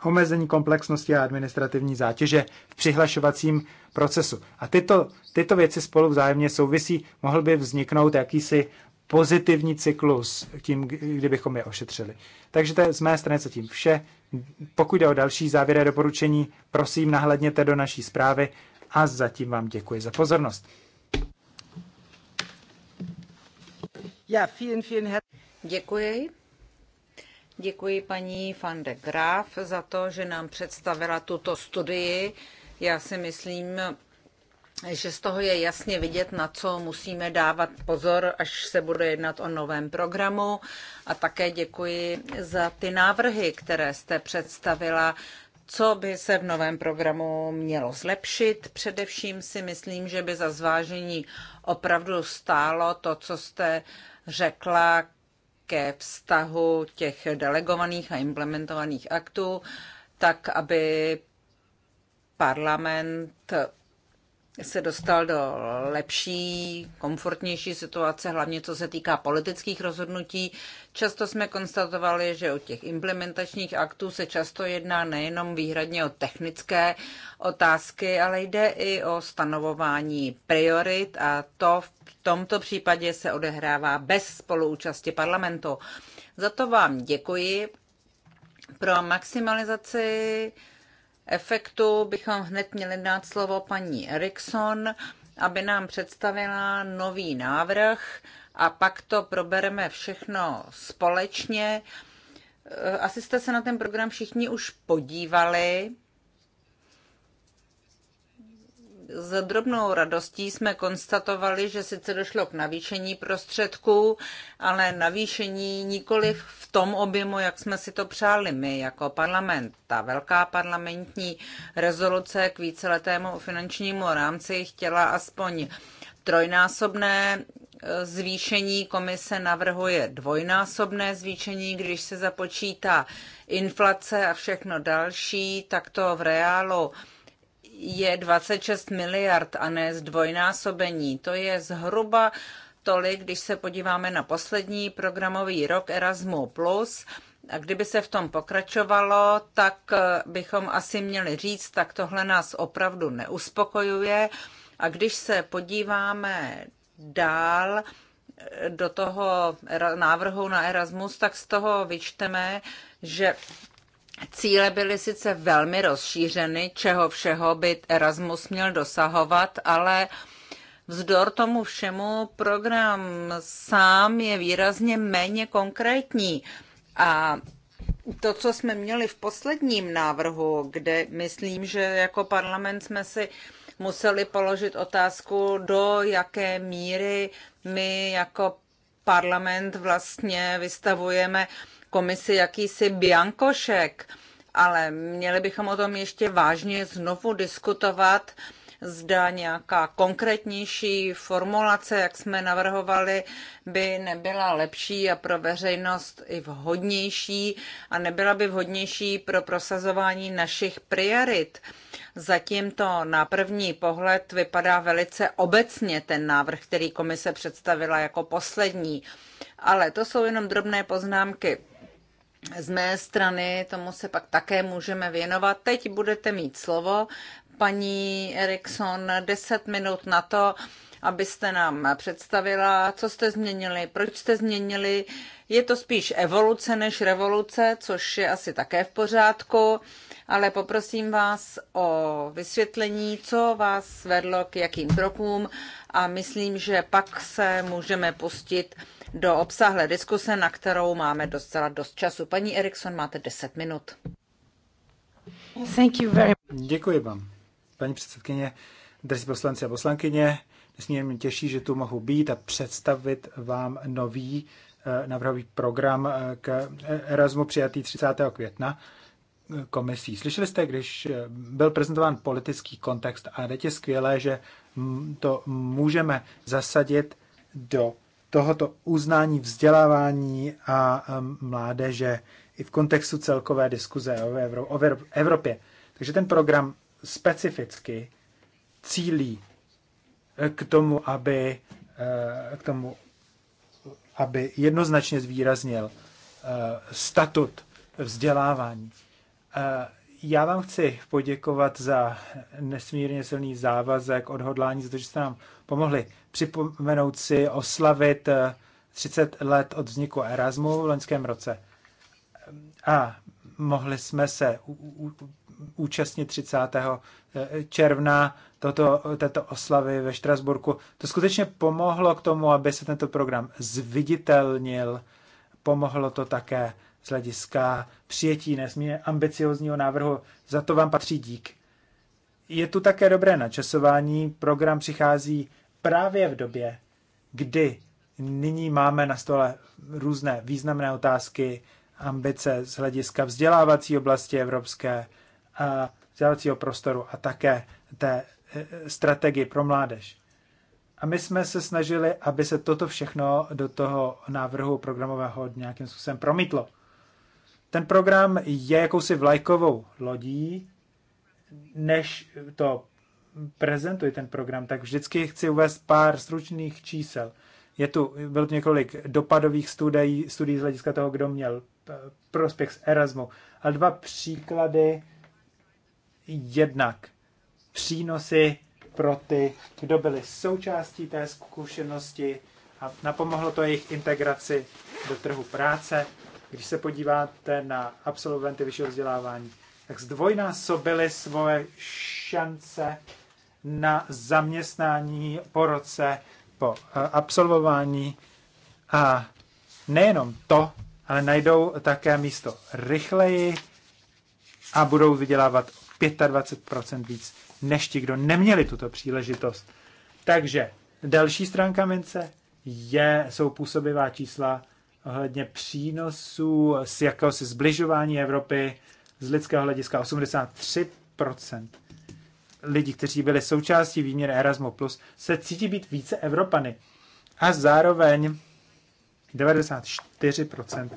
omezení komplexnosti a administrativní zátěže v přihlašovacím procesu. A tyto, tyto věci spolu vzájemně souvisí. Mohl by vzniknout jakýsi pozitivní cyklus tím, kdybychom je ošetřili. Takže to je z mé strany zatím vše. Pokud jde o další závěry a doporučení, prosím nahledněte do naší zprávy a zatím vám děkuji za pozornost. Já, vielen, vielen Děkuji. Děkuji paní van de Graaf za to, že nám představila tuto studii. Já si myslím, že z toho je jasně vidět, na co musíme dávat pozor, až se bude jednat o novém programu. A také děkuji za ty návrhy, které jste představila, co by se v novém programu mělo zlepšit. Především si myslím, že by za zvážení opravdu stálo to, co jste řekla ke vztahu těch delegovaných a implementovaných aktů, tak aby parlament se dostal do lepší, komfortnější situace, hlavně co se týká politických rozhodnutí. Často jsme konstatovali, že u těch implementačních aktů se často jedná nejenom výhradně o technické otázky, ale jde i o stanovování priorit a to v tomto případě se odehrává bez spoluúčasti parlamentu. Za to vám děkuji pro maximalizaci efektu bychom hned měli dát slovo paní Erikson, aby nám představila nový návrh a pak to probereme všechno společně. Asi jste se na ten program všichni už podívali s drobnou radostí jsme konstatovali, že sice došlo k navýšení prostředků, ale navýšení nikoli v tom objemu, jak jsme si to přáli my jako parlament. Ta velká parlamentní rezoluce k víceletému finančnímu rámci chtěla aspoň trojnásobné eh, zvýšení komise navrhuje dvojnásobné zvýšení, když se započítá inflace a všechno další, tak to v reálu je 26 miliard a ne zdvojnásobení. To je zhruba tolik, když se podíváme na poslední programový rok Erasmu+, a kdyby se v tom pokračovalo, tak eh, bychom asi měli říct, tak tohle nás opravdu neuspokojuje. A když se podíváme dál eh, do toho návrhu na Erasmus, tak z toho vyčteme, že Cíle byly sice velmi rozšířeny, čeho všeho by Erasmus měl dosahovat, ale vzdor tomu všemu program sám je výrazně méně konkrétní. A to, co jsme měli v posledním návrhu, kde myslím, že jako parlament jsme si museli položit otázku, do jaké míry my jako parlament vlastně vystavujeme komisi jakýsi biankošek, ale měli bychom o tom ještě vážně znovu diskutovat, zda nějaká konkrétnější formulace, jak jsme navrhovali, by nebyla lepší a pro veřejnost i vhodnější a nebyla by vhodnější pro prosazování našich priorit. Zatím to na první pohled vypadá velice obecně ten návrh, který komise představila jako poslední. Ale to jsou jenom drobné poznámky z mé strany, tomu se pak také můžeme věnovat. Teď budete mít slovo, paní Erikson, 10 minut na to, abyste nám představila, co jste změnili, proč jste změnili. Je to spíš evoluce než revoluce, což je asi také v pořádku, ale poprosím vás o vysvětlení, co vás vedlo k jakým krokům a myslím, že pak se můžeme pustit do obsahlé diskuse, na kterou máme docela dost času. Paní Erikson, máte 10 minut. Thank you very... Děkuji vám, paní předsedkyně, drzí poslanci a poslankyně. Nesmírně mě těší, že tu mohu být a představit vám nový eh, navrhový program eh, k Erasmu přijatý 30. května eh, komisí. Slyšeli jste, když byl prezentován politický kontext a teď je skvělé, že to můžeme zasadit do tohoto uznání vzdělávání a mládeže i v kontextu celkové diskuze o Evropě. Takže ten program specificky cílí eh, k tomu, aby, eh, k tomu, aby jednoznačně zvýraznil eh, statut vzdělávání. Já vám chci poděkovat za nesmírně silný závazek, odhodlání, za to, že jste nám pomohli připomenout si, oslavit 30 eh, let od vzniku Erasmu v loňském roce. A mohli jsme se účastnit 30. Eh, června toto, této oslavy ve Štrasburku. To skutečně pomohlo k tomu, aby se tento program zviditelnil. Pomohlo to také z hlediska přijetí nesmírně ambiciozního návrhu. Za to vám patří dík. Je tu také dobré načasování. Program přichází právě v době, kdy nyní máme na stole různé významné otázky, ambice z hlediska vzdělávací oblasti evropské, a vzdělávacího prostoru a také té eh, strategii pro mládež. A my jsme se snažili, aby se toto všechno do toho návrhu programového nějakým způsobem promítlo. Ten program je jakousi vlajkovou lodí, než to prezentuji ten program, tak vždycky chci uvést pár stručných čísel. Je tu, bylo tu několik dopadových studií, studií z hlediska toho, kdo měl eh, prospěch z Erasmu. A dva příklady jednak přínosy pro ty, kdo byli součástí té zkušenosti a napomohlo to jejich integraci do trhu práce když se podíváte na absolventy vyššího vzdělávání, tak zdvojnásobili svoje šance na zaměstnání po roce po eh, absolvování a nejenom to, ale najdou také místo rychleji a budou vydělávat 25% víc než ti, kdo neměli tuto příležitost. Takže další stránka mince je, jsou působivá čísla ohledně přínosů z jakéhosi zbližování Evropy z lidského hlediska 83% lidí, kteří byli součástí výměny Erasmus+, se cítí být více Evropany. A zároveň 94%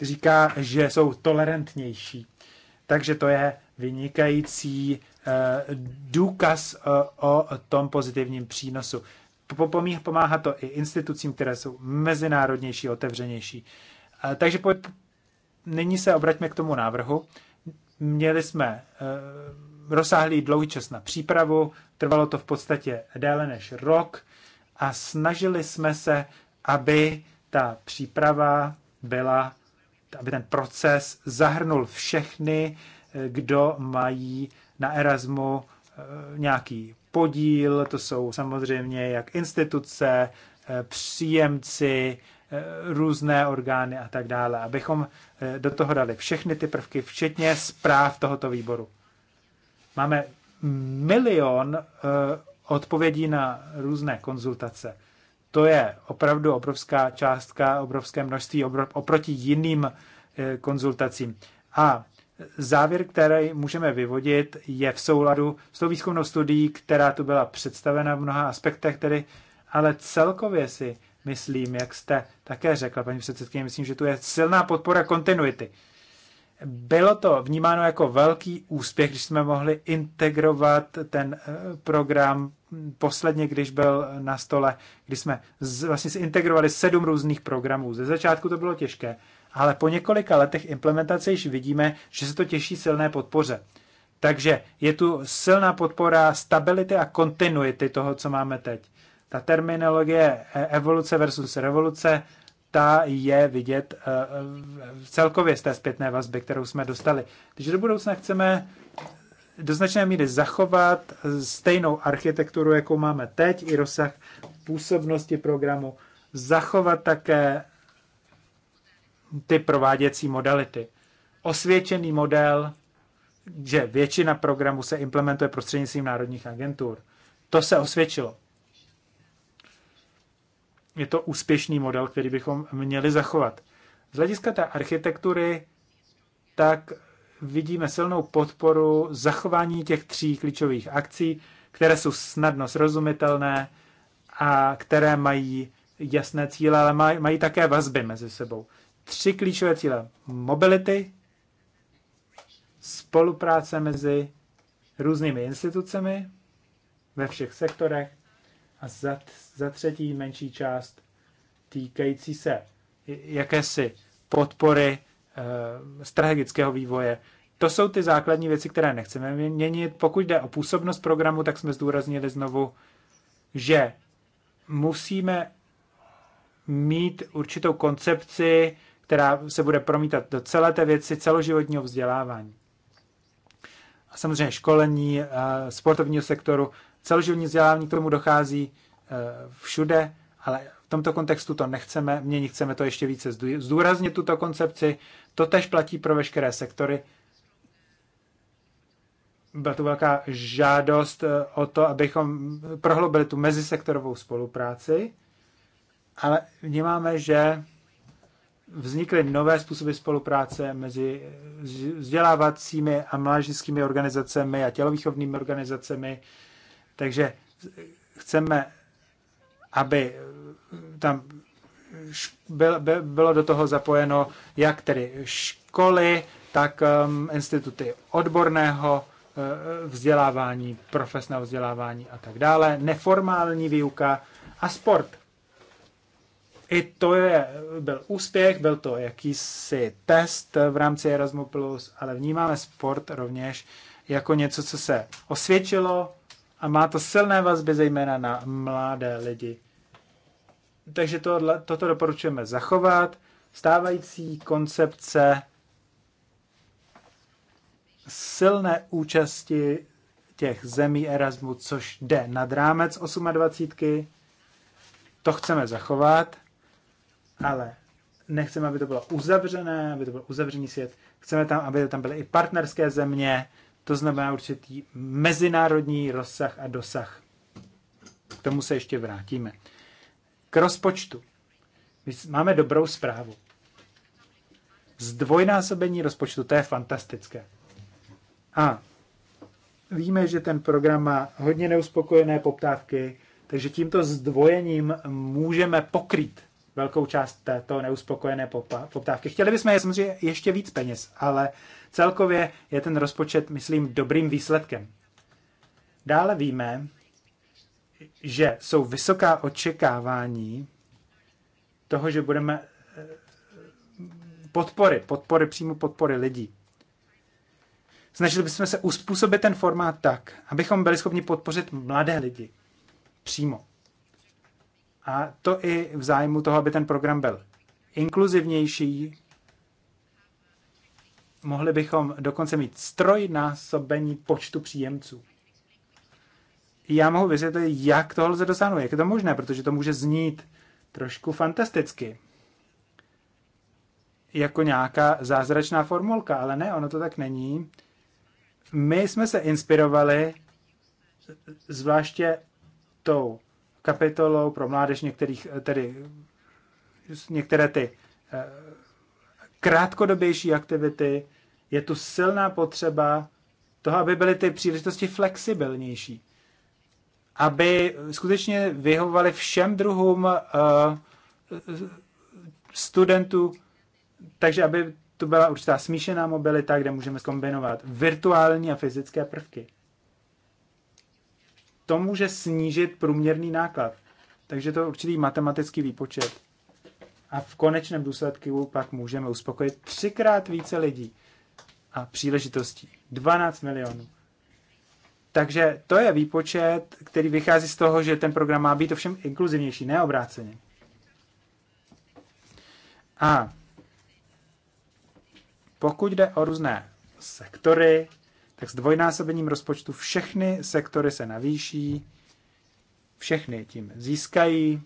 říká, že jsou tolerantnější. Takže to je vynikající eh, důkaz eh, o tom pozitivním přínosu. Pomáhá to i institucím, které jsou mezinárodnější, otevřenější. Takže po, nyní se obraťme k tomu návrhu. Měli jsme e, rozsáhlý dlouhý čas na přípravu, trvalo to v podstatě déle než rok a snažili jsme se, aby ta příprava byla, aby ten proces zahrnul všechny, e, kdo mají na Erasmu e, nějaký podíl, to jsou samozřejmě jak instituce, eh, příjemci, eh, různé orgány a tak dále, abychom eh, do toho dali všechny ty prvky, včetně zpráv tohoto výboru. Máme milion odpovědí na různé konzultace. To je opravdu obrovská částka, obrovské množství oproti jiným konzultacím. A závěr, který můžeme vyvodit, je v souladu s tou výzkumnou studií, která tu byla představena v mnoha aspektech, tedy, ale celkově si myslím, jak jste také řekla, paní předsedkyně, myslím, že tu je silná podpora kontinuity. Bylo to vnímáno jako velký úspěch, když jsme mohli integrovat ten eh, program posledně, když byl na stole, když jsme z, vlastně zintegrovali sedm různých programů. Ze začátku to bylo těžké, ale po několika letech implementace již vidíme, že se to těší silné podpoře. Takže je tu silná podpora stability a kontinuity toho, co máme teď. Ta terminologie e, evoluce versus revoluce, ta je vidět e, celkově z té zpětné vazby, kterou jsme dostali. Takže do budoucna chceme do značné míry zachovat stejnou architekturu, jakou máme teď, i rozsah působnosti programu, zachovat také ty prováděcí modality. Osvědčený model, že většina programů se implementuje prostřednictvím národních agentur. To se osvědčilo. Je to úspěšný model, který bychom měli zachovat. Z hlediska té architektury, tak vidíme silnou podporu zachování těch tří klíčových akcí, které jsou snadno srozumitelné a které mají jasné cíle, ale mají, mají také vazby mezi sebou tři klíčové cíle. Mobility, spolupráce mezi různými institucemi ve všech sektorech a za, za třetí menší část týkající se jakési podpory e, strategického vývoje. To jsou ty základní věci, které nechceme měnit. Pokud jde o působnost programu, tak jsme zdůraznili znovu, že musíme mít určitou koncepci která se bude promítat do celé té věci celoživotního vzdělávání. A samozřejmě školení eh, sportovního sektoru, celoživotní vzdělávání k tomu dochází eh, všude, ale v tomto kontextu to nechceme měnit, chceme to ještě více zdůraznit, tuto koncepci. To tež platí pro veškeré sektory. Byla tu velká žádost eh, o to, abychom prohloubili tu mezisektorovou spolupráci, ale vnímáme, že vznikly nové způsoby spolupráce mezi vzdělávacími a mládežnickými organizacemi a tělovýchovnými organizacemi. Takže chceme, aby tam bylo do toho zapojeno jak tedy školy, tak um, instituty odborného eh, vzdělávání, profesného vzdělávání a tak dále, neformální výuka a sport. I to je, byl úspěch, byl to jakýsi test v rámci Erasmus+, ale vnímáme sport rovněž jako něco, co se osvědčilo a má to silné vazby zejména na mladé lidi. Takže tohle, toto doporučujeme zachovat. Stávající koncepce silné účasti těch zemí Erasmu, což jde nad rámec 28. To chceme zachovat ale nechceme, aby to bylo uzavřené, aby to byl uzavřený svět. Chceme tam, aby tam byly i partnerské země, to znamená určitý mezinárodní rozsah a dosah. K tomu se ještě vrátíme. K rozpočtu. My máme dobrou zprávu. Zdvojnásobení rozpočtu, to je fantastické. A víme, že ten program má hodně neuspokojené poptávky, takže tímto zdvojením můžeme pokrýt velkou část této neuspokojené poptávky. Chtěli bychom je samozřejmě ještě víc peněz, ale celkově je ten rozpočet, myslím, dobrým výsledkem. Dále víme, že jsou vysoká očekávání toho, že budeme eh, podpory, podpory, přímo podpory lidí. Snažili bychom se uspůsobit ten formát tak, abychom byli schopni podpořit mladé lidi přímo. A to i v zájmu toho, aby ten program byl inkluzivnější. Mohli bychom dokonce mít strojnásobení počtu příjemců. Já mohu vysvětlit, jak toho lze dosáhnout, jak je to možné, protože to může znít trošku fantasticky. Jako nějaká zázračná formulka, ale ne, ono to tak není. My jsme se inspirovali zvláště tou kapitolou pro mládež některých, eh, tedy některé ty eh, krátkodobější aktivity, je tu silná potřeba toho, aby byly ty příležitosti flexibilnější. Aby skutečně vyhovovaly všem druhům eh, studentů, takže aby tu byla určitá smíšená mobilita, kde můžeme skombinovat virtuální a fyzické prvky to může snížit průměrný náklad. Takže to je určitý matematický výpočet. A v konečném důsledku pak můžeme uspokojit třikrát více lidí a příležitostí. 12 milionů. Takže to je výpočet, který vychází z toho, že ten program má být ovšem inkluzivnější, neobráceně. A pokud jde o různé sektory, tak s dvojnásobením rozpočtu všechny sektory se navýší, všechny tím získají.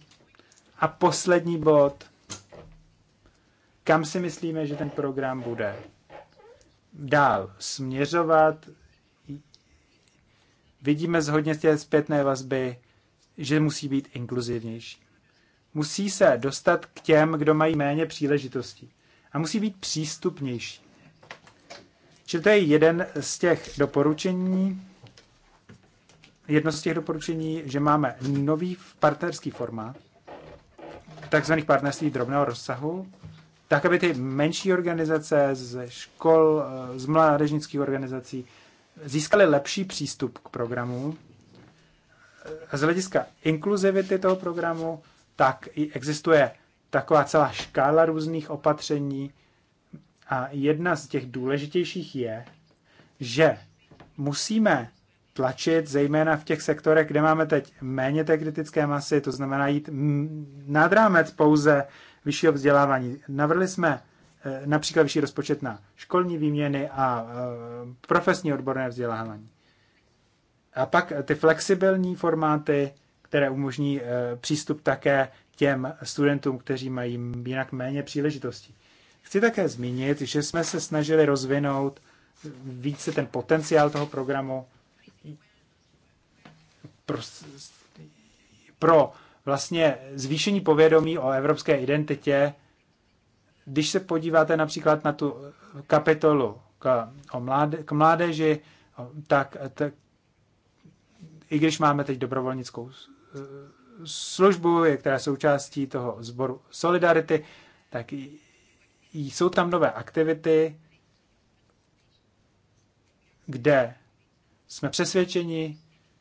A poslední bod, kam si myslíme, že ten program bude dál směřovat. Vidíme z hodně té zpětné vazby, že musí být inkluzivnější. Musí se dostat k těm, kdo mají méně příležitostí. A musí být přístupnější. Čili to je jeden z těch doporučení, jedno z těch doporučení, že máme nový partnerský formát, takzvaných partnerství drobného rozsahu, tak, aby ty menší organizace ze škol, z mládežnických organizací získaly lepší přístup k programu. Z hlediska inkluzivity toho programu, tak existuje taková celá škála různých opatření, a jedna z těch důležitějších je, že musíme tlačit, zejména v těch sektorech, kde máme teď méně té kritické masy, to znamená jít nad rámec pouze vyššího vzdělávání. Navrli jsme e, například vyšší rozpočet na školní výměny a e, profesní odborné vzdělávání. A pak ty flexibilní formáty, které umožní e, přístup také těm studentům, kteří mají jinak méně příležitostí. Chci také zmínit, že jsme se snažili rozvinout více ten potenciál toho programu pro, pro vlastně zvýšení povědomí o evropské identitě. Když se podíváte například na tu kapitolu k, o mláde, k mládeži, tak, tak i když máme teď dobrovolnickou e, službu, která je součástí toho sboru Solidarity, tak jsou tam nové aktivity, kde jsme přesvědčeni,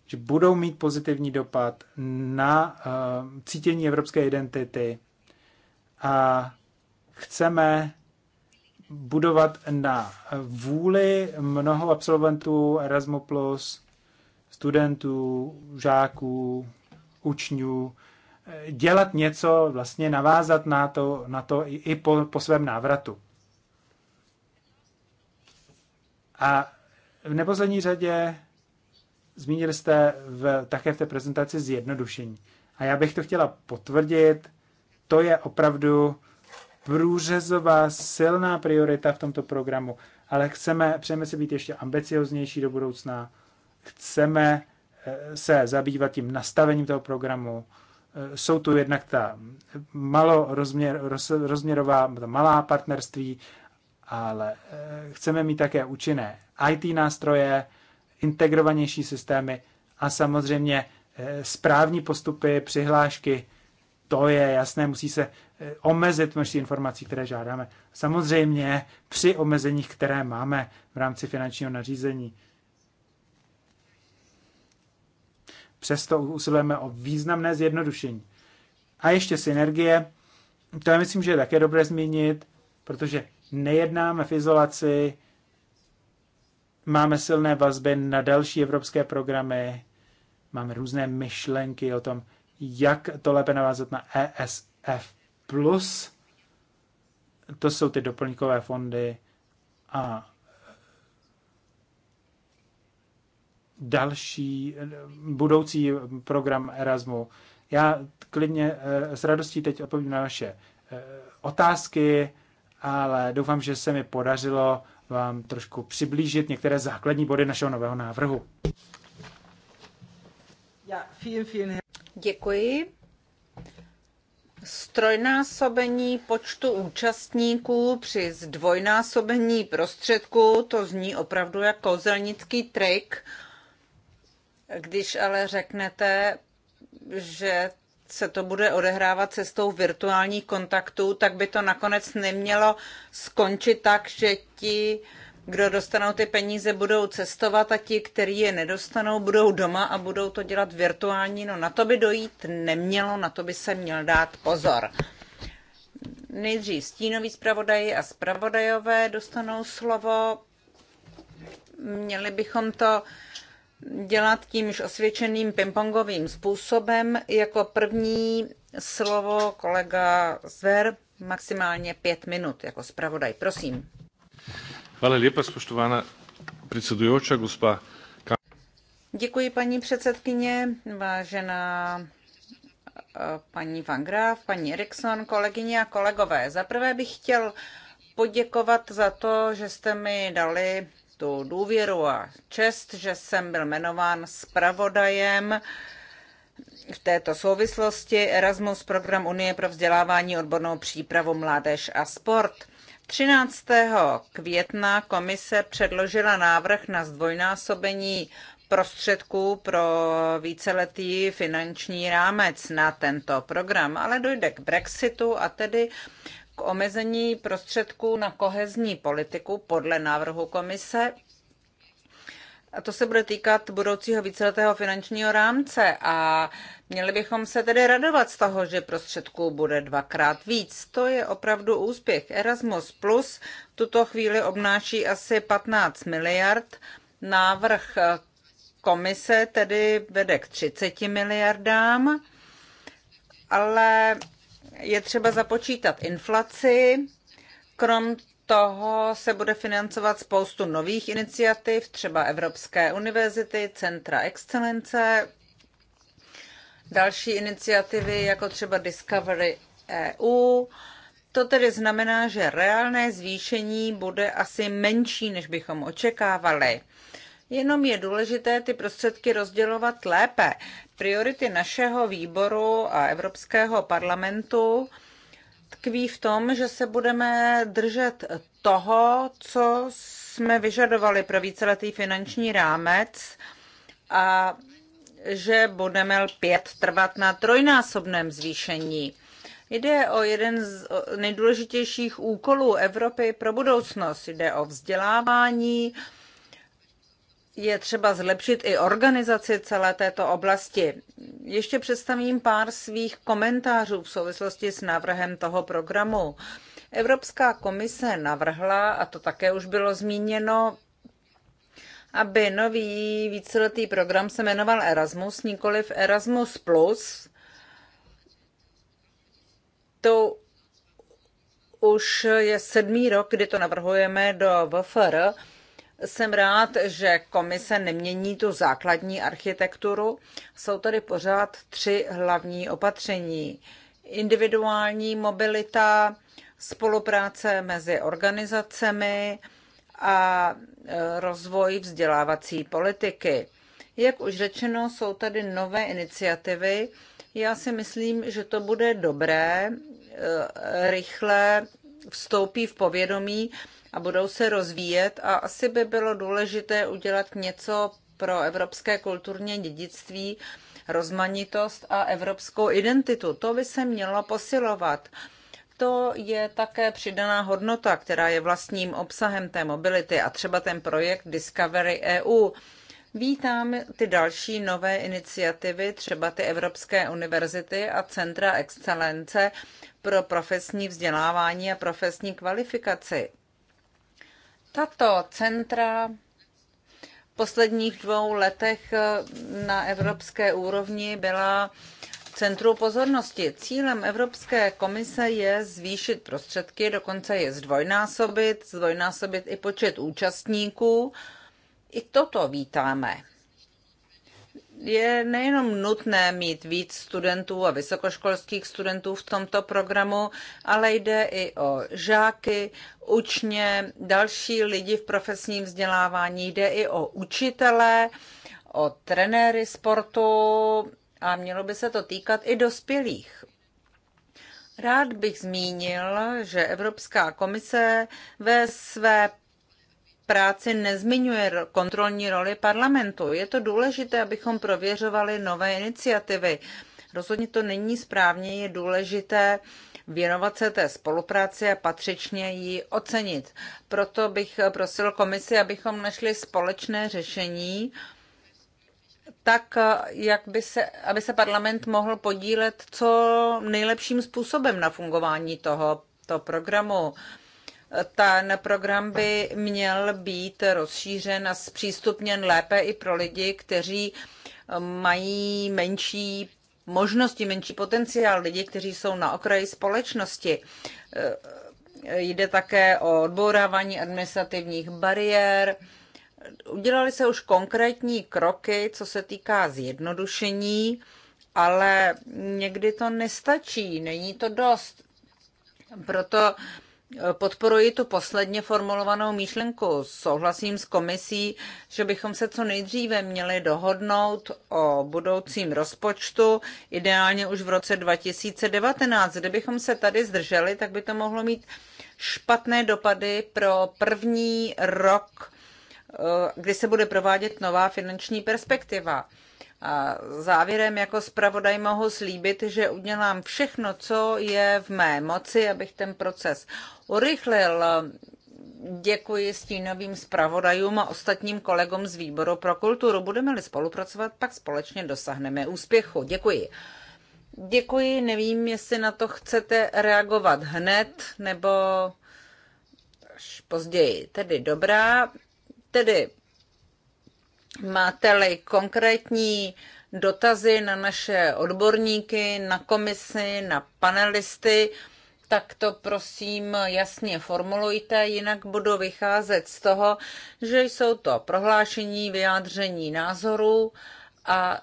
že budou mít pozitivní dopad na uh, cítění evropské identity a chceme budovat na vůli mnoho absolventů Erasmus+, studentů, žáků, učňů, dělat něco, vlastně navázat na to, na to i po, po svém návratu. A v neposlední řadě zmínil jste v, také v té prezentaci zjednodušení. A já bych to chtěla potvrdit, to je opravdu průřezová silná priorita v tomto programu, ale chceme, přejeme se být ještě ambicioznější do budoucna, chceme eh, se zabývat tím nastavením toho programu, Eh, jsou tu jednak ta rozměr roz, rozměrová, ta malá partnerství, ale eh, chceme mít také účinné IT nástroje, integrovanější systémy a samozřejmě eh, správní postupy, přihlášky, to je jasné, musí se omezit množství informací, které žádáme. Samozřejmě při omezeních, které máme v rámci finančního nařízení, Přesto usilujeme o významné zjednodušení. A ještě synergie. To je, myslím, že je také dobré zmínit, protože nejednáme v izolaci, máme silné vazby na další evropské programy, máme různé myšlenky o tom, jak to lépe navázat na ESF+. To jsou ty doplňkové fondy a další budoucí program Erasmu. Já klidně eh, s radostí teď odpovím na vaše eh, otázky, ale doufám, že se mi podařilo vám trošku přiblížit některé základní body našeho nového návrhu. Děkuji. Strojnásobení počtu účastníků při zdvojnásobení prostředků, to zní opravdu jako kouzelnický trik. Když ale řeknete, že se to bude odehrávat cestou virtuálních kontaktů, tak by to nakonec nemělo skončit tak, že ti, kdo dostanou ty peníze, budou cestovat a ti, kteří je nedostanou, budou doma a budou to dělat virtuální. No na to by dojít nemělo, na to by se měl dát pozor. Nejdřív stínoví zpravodaji a zpravodajové dostanou slovo. Měli bychom to dělat tím už osvědčeným pingpongovým způsobem. Jako první slovo kolega Zver, maximálně pět minut jako zpravodaj. Prosím. Hvala lepa, spoštovaná předsedujoča, gospa. Děkuji, paní předsedkyně, vážená eh, paní Van Graaf, paní Eriksson, kolegyně a kolegové. Za prvé bych chtěl poděkovat za to, že jste mi dali tu důvěru a čest, že jsem byl jmenován zpravodajem v této souvislosti Erasmus program Unie pro vzdělávání, odbornou přípravu, mládež a sport. 13. května komise předložila návrh na zdvojnásobení prostředků pro víceletý finanční rámec na tento program, ale dojde k Brexitu a tedy k omezení prostředků na kohezní politiku podle návrhu komise. A to se bude týkat budoucího víceletého finančního rámce a měli bychom se tedy radovat z toho, že prostředků bude dvakrát víc. To je opravdu úspěch. Erasmus Plus v tuto chvíli obnáší asi 15 miliard. Návrh komise tedy vede k 30 miliardám, ale je třeba započítat inflaci. Krom toho se bude financovat spoustu nových iniciativ, třeba Evropské univerzity, Centra excelence, další iniciativy jako třeba Discovery EU. To tedy znamená, že reálné zvýšení bude asi menší, než bychom očekávali. Jenom je důležité ty prostředky rozdělovat lépe. Priority našeho výboru a Evropského parlamentu tkví v tom, že se budeme držet toho, co jsme vyžadovali pro víceletý finanční rámec a že budeme pět trvat na trojnásobném zvýšení. Jde o jeden z nejdůležitějších úkolů Evropy pro budoucnost. Jde o vzdělávání, je třeba zlepšit i organizaci celé této oblasti. Ještě představím pár svých komentářů v souvislosti s návrhem toho programu. Evropská komise navrhla, a to také už bylo zmíněno, aby nový víceletý program se jmenoval Erasmus, nikoliv Erasmus+. Plus. To už je sedmý rok, kdy to navrhujeme do VFR jsem rád, že komise nemění tu základní architekturu. Jsou tady pořád tři hlavní opatření. Individuální mobilita, spolupráce mezi organizacemi a e, rozvoj vzdělávací politiky. Jak už řečeno, jsou tady nové iniciativy. Já si myslím, že to bude dobré, e, rychle vstoupí v povědomí a budou se rozvíjet a asi by bylo důležité udělat něco pro evropské kulturní dědictví, rozmanitost a evropskou identitu. To by se mělo posilovat. To je také přidaná hodnota, která je vlastním obsahem té mobility a třeba ten projekt Discovery EU. Vítám ty další nové iniciativy, třeba ty Evropské univerzity a Centra excelence pro profesní vzdělávání a profesní kvalifikaci. Tato centra v posledních dvou letech na evropské úrovni byla centru pozornosti. Cílem Evropské komise je zvýšit prostředky, dokonce je zdvojnásobit, zdvojnásobit i počet účastníků. I toto vítáme je nejenom nutné mít víc studentů a vysokoškolských studentů v tomto programu, ale jde i o žáky, učně, další lidi v profesním vzdělávání, jde i o učitele, o trenéry sportu a mělo by se to týkat i dospělých. Rád bych zmínil, že Evropská komise ve své práci nezmiňuje kontrolní roli parlamentu. Je to důležité, abychom prověřovali nové iniciativy. Rozhodně to není správně, je důležité věnovat se té spolupráci a patřičně ji ocenit. Proto bych prosil komisi, abychom našli společné řešení, tak, jak by se, aby se parlament mohl podílet co nejlepším způsobem na fungování tohoto programu ten program by měl být rozšířen a zpřístupněn lépe i pro lidi, kteří eh, mají menší možnosti, menší potenciál, lidi, kteří jsou na okraji společnosti. Eh, jde také o odbourávání administrativních bariér. Udělali se už konkrétní kroky, co se týká zjednodušení, ale někdy to nestačí, není to dost. Proto Podporuji tu posledně formulovanou myšlenku. Souhlasím s komisí, že bychom se co nejdříve měli dohodnout o budoucím rozpočtu, ideálně už v roce 2019. Kdybychom se tady zdrželi, tak by to mohlo mít špatné dopady pro první rok, eh, kdy se bude provádět nová finanční perspektiva. A závěrem jako zpravodaj mohu slíbit, že udělám všechno, co je v mé moci, abych ten proces urychlil. Děkuji stínovým zpravodajům a ostatním kolegům z výboru pro kulturu. Budeme-li spolupracovat, pak společně dosáhneme úspěchu. Děkuji. Děkuji, nevím, jestli na to chcete reagovat hned nebo až později. Tedy dobrá, tedy Máte-li konkrétní dotazy na naše odborníky, na komisy, na panelisty, tak to prosím jasně formulujte, jinak budu vycházet z toho, že jsou to prohlášení, vyjádření názorů a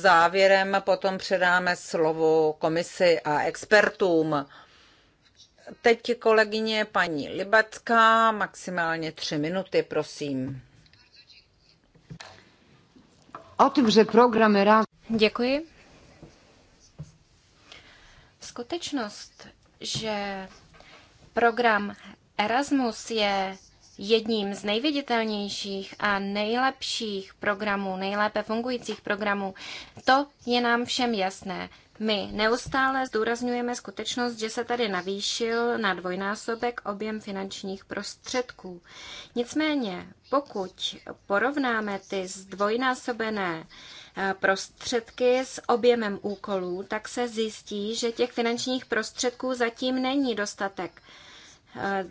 závěrem potom předáme slovo komisi a expertům. Teď kolegyně paní Libacká, maximálně tři minuty, prosím otevře program raz. Děkuji. Skutečnost, že program Erasmus je jedním z nejviditelnějších a nejlepších programů, nejlépe fungujících programů, to je nám všem jasné. My neustále zdůrazňujeme skutečnost, že se tady navýšil na dvojnásobek objem finančních prostředků. Nicméně, pokud porovnáme ty zdvojnásobené eh, prostředky s objemem úkolů, tak se zjistí, že těch finančních prostředků zatím není dostatek. Eh,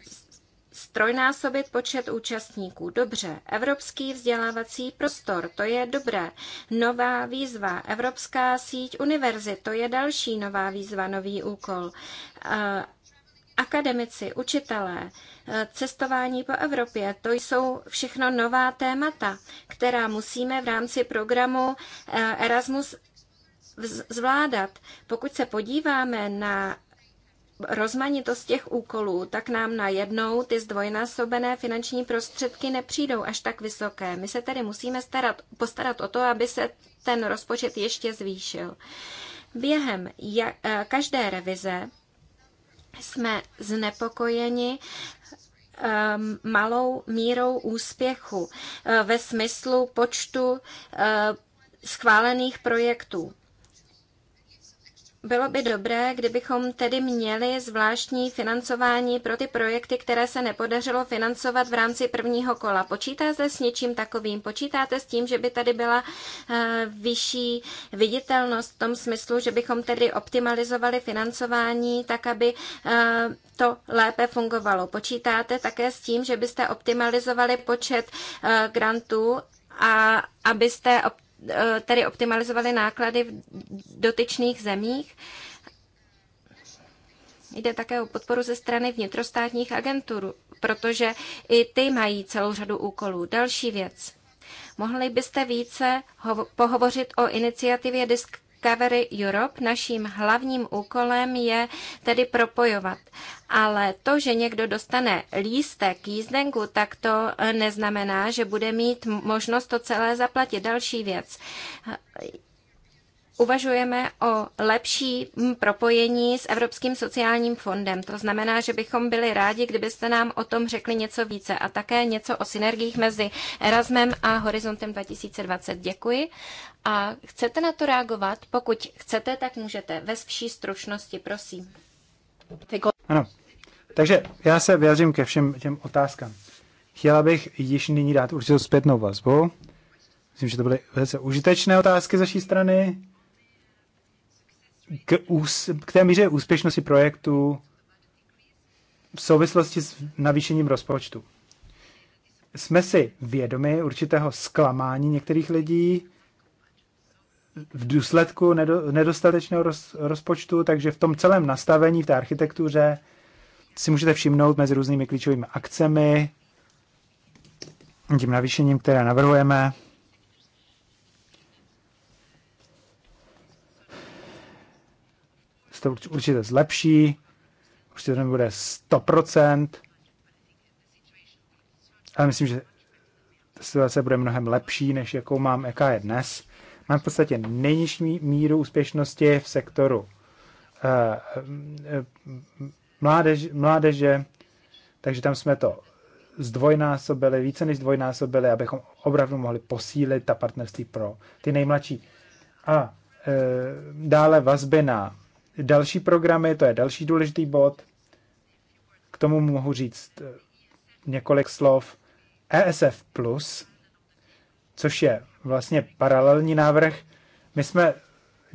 strojnásobit počet účastníků. Dobře, evropský vzdělávací prostor, to je dobré. Nová výzva, evropská síť univerzit, to je další nová výzva, nový úkol. Eh, akademici, učitelé, eh, cestování po Evropě, to jsou všechno nová témata, která musíme v rámci programu eh, Erasmus zvládat. Pokud se podíváme na rozmanitost těch úkolů, tak nám najednou ty zdvojnásobené finanční prostředky nepřijdou až tak vysoké. My se tedy musíme starat, postarat o to, aby se ten rozpočet ještě zvýšil. Během eh, každé revize jsme znepokojeni ehm, malou mírou úspěchu eh, ve smyslu počtu eh, schválených projektů bylo by dobré, kdybychom tedy měli zvláštní financování pro ty projekty, které se nepodařilo financovat v rámci prvního kola. Počítáte s něčím takovým? Počítáte s tím, že by tady byla eh, vyšší viditelnost v tom smyslu, že bychom tedy optimalizovali financování tak, aby eh, to lépe fungovalo? Počítáte také s tím, že byste optimalizovali počet eh, grantů a abyste Eh, tedy optimalizovali náklady v dotyčných zemích. Jde také o podporu ze strany vnitrostátních agentur, protože i ty mají celou řadu úkolů. Další věc. Mohli byste více pohovořit o iniciativě disk- Discovery Europe. Naším hlavním úkolem je tedy propojovat. Ale to, že někdo dostane lístek, jízdenku, tak to eh, neznamená, že bude mít možnost to celé zaplatit. Další věc uvažujeme o lepší propojení s Evropským sociálním fondem. To znamená, že bychom byli rádi, kdybyste nám o tom řekli něco více a také něco o synergiích mezi Erasmem a Horizontem 2020. Děkuji. A chcete na to reagovat? Pokud chcete, tak můžete. Ve vší stručnosti, prosím. Ano. Takže já se vyjádřím ke všem těm otázkám. Chtěla bych již nyní dát určitou zpětnou vazbu. Myslím, že to byly velice užitečné otázky z vaší strany k, ús, k té míře úspěšnosti projektu v souvislosti s navýšením rozpočtu. Jsme si vědomi určitého zklamání některých lidí v důsledku nedostatečného roz, rozpočtu, takže v tom celém nastavení, v té architektuře si můžete všimnout mezi různými klíčovými akcemi, tím navýšením, které navrhujeme, se to určitě zlepší, určitě to nebude 100%, ale myslím, že situace bude mnohem lepší, než jakou mám, jaká je dnes. Mám v podstatě nejnižší míru úspěšnosti v sektoru eh, mládež, mládeže, takže tam jsme to zdvojnásobili, více než zdvojnásobili, abychom opravdu mohli posílit ta partnerství pro ty nejmladší. A e, dále vazby na další programy, to je další důležitý bod. K tomu mohu říct eh, několik slov. ESF+, Plus, což je vlastně paralelní návrh. My jsme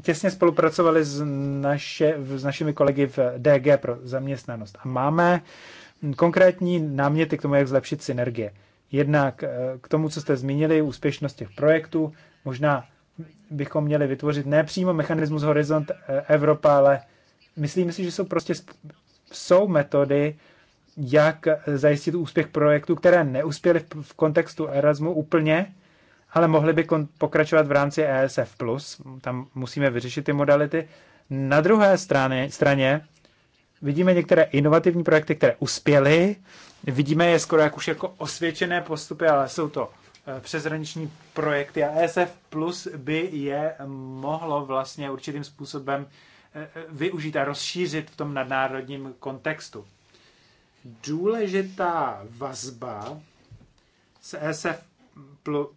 těsně spolupracovali s, naše, s našimi kolegy v DG pro zaměstnanost a máme konkrétní náměty k tomu, jak zlepšit synergie. Jednak eh, k tomu, co jste zmínili, úspěšnost těch projektů, možná bychom měli vytvořit ne přímo mechanismus Horizont eh, Evropa, ale myslím si, že jsou prostě jsou metody, jak eh, zajistit úspěch projektů, které neuspěly v kontextu Erasmu úplně, ale mohly by pokračovat v rámci ESF+. Tam musíme vyřešit ty modality. Na druhé straně, straně vidíme některé inovativní projekty, které uspěly, vidíme je skoro jak už jako osvědčené postupy, ale jsou to Eh, přezraniční projekty a ESF Plus by je mohlo vlastně určitým způsobem eh, eh, využít a rozšířit v tom nadnárodním kontextu. Důležitá vazba s ESF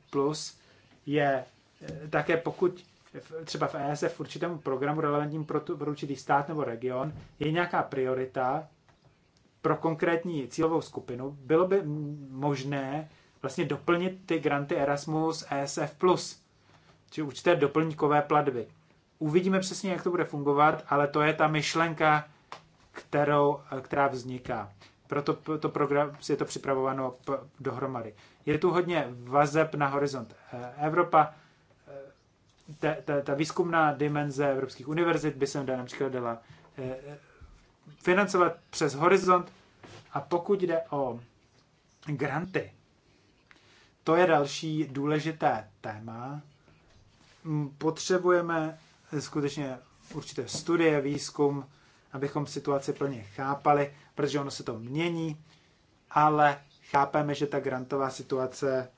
Plus je také pokud třeba v ESF v určitém programu relevantním pro, tu, pro určitý stát nebo region je nějaká priorita pro konkrétní cílovou skupinu, bylo by možné vlastně doplnit ty granty Erasmus ESF+, či určité doplňkové platby. Uvidíme přesně, jak to bude fungovat, ale to je ta myšlenka, kterou, která vzniká. Proto to program, je to připravováno dohromady. Je tu hodně vazeb na horizont eh, Evropa, eh, ta, ta, ta výzkumná dimenze evropských univerzit by se například dala eh, financovat přes horizont a pokud jde o granty, to je další důležité téma. Potřebujeme skutečně určité studie, výzkum, abychom situaci plně chápali, protože ono se to mění, ale chápeme, že ta grantová situace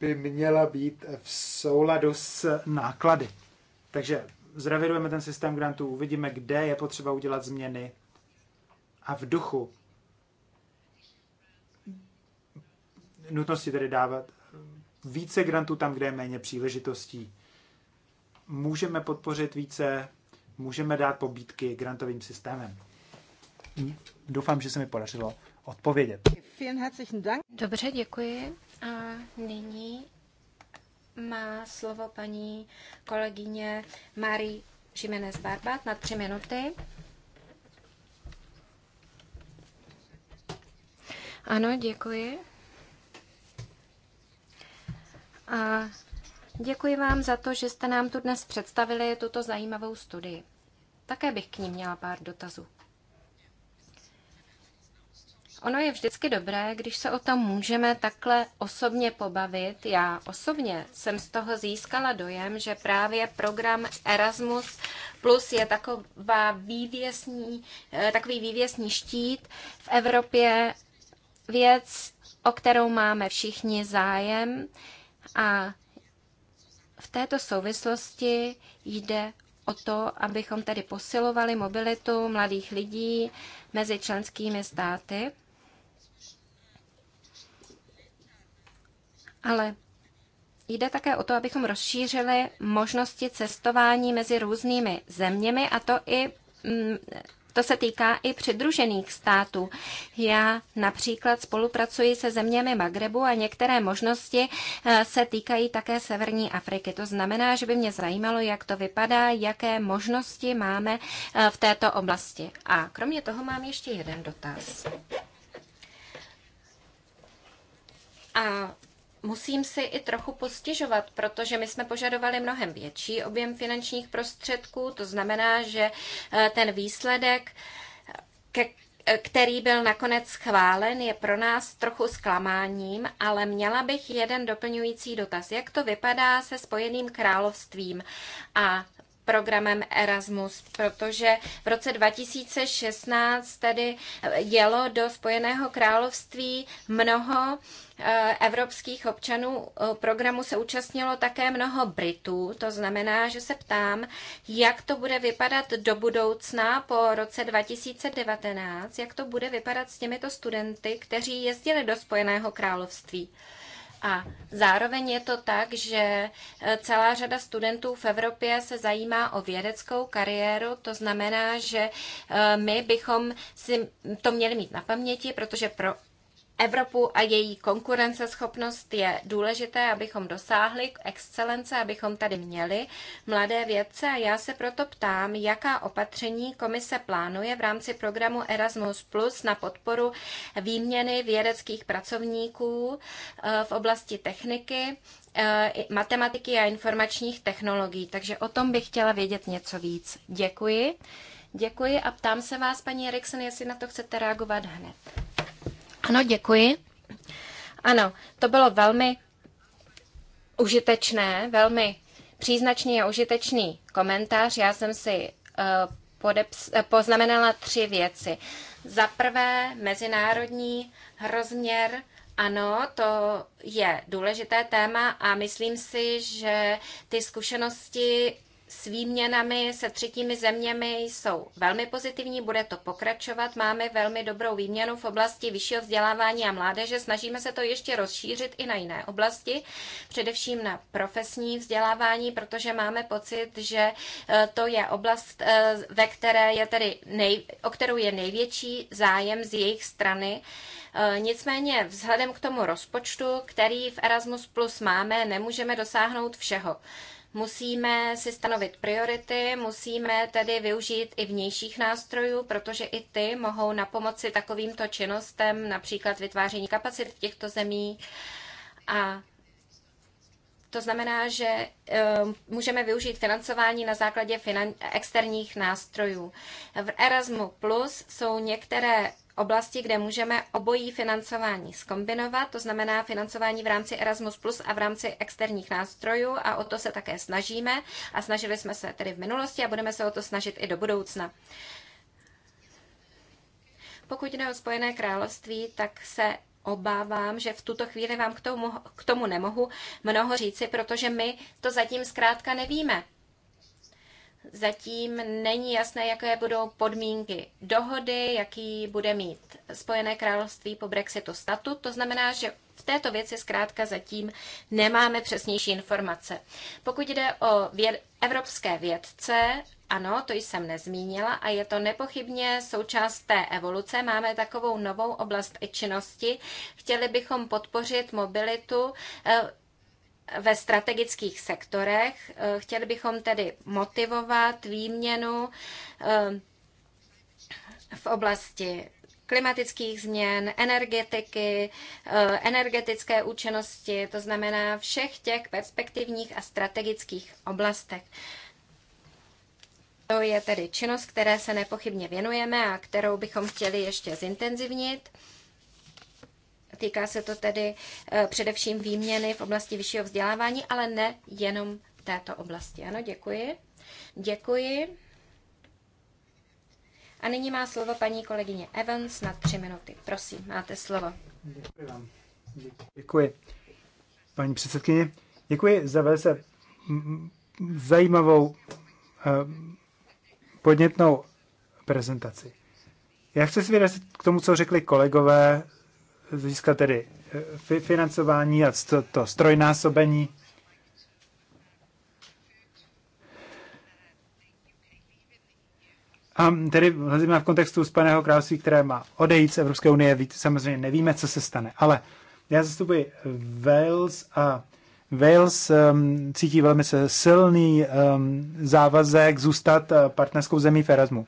by měla být v souladu s náklady. Takže zrevidujeme ten systém grantů, uvidíme, kde je potřeba udělat změny a v duchu nutnosti tedy dávat více grantů tam, kde je méně příležitostí. Můžeme podpořit více, můžeme dát pobídky grantovým systémem. Doufám, že se mi podařilo odpovědět. Dobře, děkuji. A nyní má slovo paní kolegyně Marie Jiménez Barbat na tři minuty. Ano, děkuji. A děkuji vám za to, že jste nám tu dnes představili tuto zajímavou studii. Také bych k ní měla pár dotazů. Ono je vždycky dobré, když se o tom můžeme takhle osobně pobavit. Já osobně jsem z toho získala dojem, že právě program Erasmus Plus je taková vývěsní, eh, takový vývěsní štít v Evropě, věc, o kterou máme všichni zájem. A v této souvislosti jde o to, abychom tedy posilovali mobilitu mladých lidí mezi členskými státy. Ale jde také o to, abychom rozšířili možnosti cestování mezi různými zeměmi a to i mm, to se týká i přidružených států. Já například spolupracuji se zeměmi Magrebu a některé možnosti eh, se týkají také Severní Afriky. To znamená, že by mě zajímalo, jak to vypadá, jaké možnosti máme eh, v této oblasti. A kromě toho mám ještě jeden dotaz. A musím si i trochu postižovat, protože my jsme požadovali mnohem větší objem finančních prostředků, to znamená, že eh, ten výsledek, eh, ke, eh, který byl nakonec schválen, je pro nás trochu zklamáním, ale měla bych jeden doplňující dotaz. Jak to vypadá se Spojeným královstvím a programem Erasmus, protože v roce 2016 tedy jelo do Spojeného království mnoho Eh, evropských občanů programu se účastnilo také mnoho Britů. To znamená, že se ptám, jak to bude vypadat do budoucna po roce 2019, jak to bude vypadat s těmito studenty, kteří jezdili do Spojeného království. A zároveň je to tak, že eh, celá řada studentů v Evropě se zajímá o vědeckou kariéru, to znamená, že eh, my bychom si to měli mít na paměti, protože pro Evropu a její konkurenceschopnost je důležité, abychom dosáhli excelence, abychom tady měli mladé vědce a já se proto ptám, jaká opatření komise plánuje v rámci programu Erasmus Plus na podporu výměny vědeckých pracovníků eh, v oblasti techniky, eh, matematiky a informačních technologií. Takže o tom bych chtěla vědět něco víc. Děkuji. Děkuji a ptám se vás, paní Eriksen, jestli na to chcete reagovat hned. Ano, děkuji. Ano, to bylo velmi užitečné, velmi příznačný a užitečný komentář. Já jsem si eh, podeps- eh, poznamenala tři věci. Za prvé, mezinárodní rozměr. Ano, to je důležité téma a myslím si, že ty zkušenosti s výměnami se třetími zeměmi jsou velmi pozitivní, bude to pokračovat. Máme velmi dobrou výměnu v oblasti vyššího vzdělávání a mládeže. Snažíme se to ještě rozšířit i na jiné oblasti, především na profesní vzdělávání, protože máme pocit, že eh, to je oblast, eh, ve které je tedy nej, o kterou je největší zájem z jejich strany. Eh, nicméně vzhledem k tomu rozpočtu, který v Erasmus Plus máme, nemůžeme dosáhnout všeho. Musíme si stanovit priority, musíme tedy využít i vnějších nástrojů, protože i ty mohou na pomoci takovýmto činnostem, například vytváření kapacit v těchto zemích. A to znamená, že eh, můžeme využít financování na základě externích nástrojů. V Erasmu Plus jsou některé oblasti, kde můžeme obojí financování skombinovat, to znamená financování v rámci Erasmus Plus a v rámci externích nástrojů a o to se také snažíme a snažili jsme se tedy v minulosti a budeme se o to snažit i do budoucna. Pokud jde o Spojené království, tak se obávám, že v tuto chvíli vám k tomu, k tomu nemohu mnoho říci, protože my to zatím zkrátka nevíme. Zatím není jasné, jaké budou podmínky dohody, jaký bude mít Spojené království po Brexitu statut. To znamená, že v této věci zkrátka zatím nemáme přesnější informace. Pokud jde o věd, evropské vědce, ano, to jsem nezmínila a je to nepochybně součást té evoluce. Máme takovou novou oblast činnosti. Chtěli bychom podpořit mobilitu eh, ve strategických sektorech. Eh, chtěli bychom tedy motivovat výměnu eh, v oblasti klimatických změn, energetiky, eh, energetické účinnosti, to znamená všech těch perspektivních a strategických oblastech. To je tedy činnost, které se nepochybně věnujeme a kterou bychom chtěli ještě zintenzivnit. Týká se to tedy eh, především výměny v oblasti vyššího vzdělávání, ale ne jenom této oblasti. Ano, děkuji. Děkuji. A nyní má slovo paní kolegyně Evans na tři minuty. Prosím, máte slovo. Děkuji vám. Děkuji. Paní předsedkyně, děkuji za velice zajímavou eh, podnětnou prezentaci. Já chci si vyrazit k tomu, co řekli kolegové získat tedy eh, financování a to, to strojnásobení. A tedy hledíme v kontextu Spojeného království, které má odejít z Evropské unie, samozřejmě nevíme, co se stane, ale já zastupuji Wales a Wales um, cítí velmi silný um, závazek zůstat eh, partnerskou zemí v Erasmu.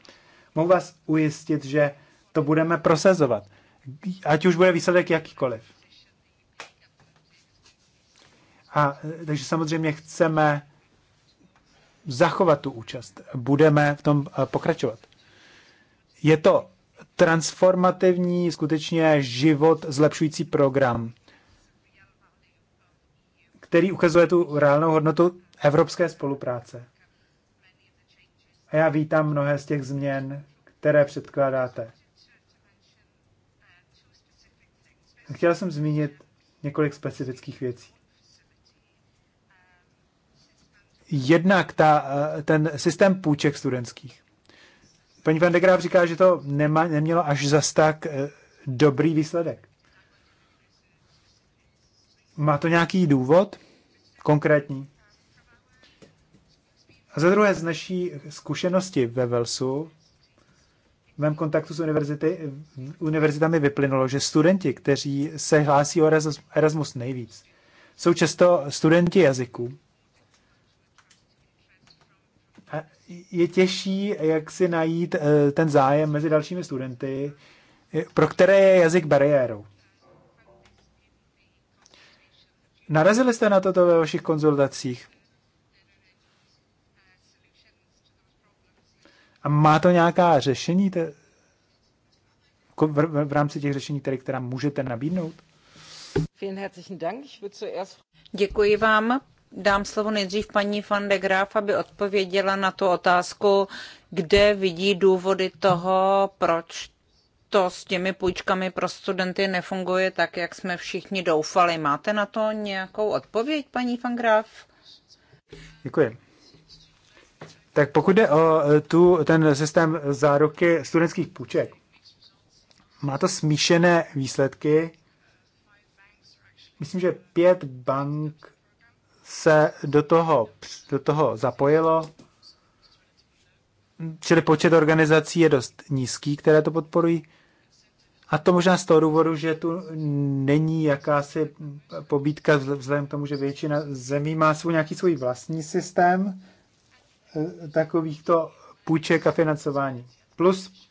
Mohu vás ujistit, že to budeme prosazovat ať už bude výsledek jakýkoliv. A takže samozřejmě chceme zachovat tu účast. Budeme v tom eh, pokračovat. Je to transformativní, skutečně život zlepšující program, který ukazuje tu reálnou hodnotu evropské spolupráce. A já vítám mnohé z těch změn, které předkládáte. chtěl jsem zmínit několik specifických věcí. Jednak ta, eh, ten systém půjček studentských. Paní Van de Graaf říká, že to nema, nemělo až zas tak eh, dobrý výsledek. Má to nějaký důvod? Konkrétní. A za druhé, z naší zkušenosti ve Velsu v mém kontaktu s univerzity, univerzitami vyplynulo, že studenti, kteří se hlásí o Erasmus nejvíc, jsou často studenti jazyků. A je těžší, jak si najít eh, ten zájem mezi dalšími studenty, pro které je jazyk bariérou. Narazili jste na toto ve vašich konzultacích? A má to nějaká řešení te, jako v, v, v rámci těch řešení, které, která můžete nabídnout? Děkuji vám. Dám slovo nejdřív paní van de Graaf, aby odpověděla na tu otázku, kde vidí důvody toho, proč to s těmi půjčkami pro studenty nefunguje tak, jak jsme všichni doufali. Máte na to nějakou odpověď, paní van Graaf? Děkuji. Tak pokud jde o e, tu, ten systém záruky studentských půjček, má to smíšené výsledky. Myslím, že pět bank se do toho, do toho zapojilo, čili počet organizací je dost nízký, které to podporují. A to možná z toho důvodu, že tu není jakási pobídka vzhledem k tomu, že většina zemí má svůj nějaký svůj vlastní systém Eh, takovýchto půjček a financování. Plus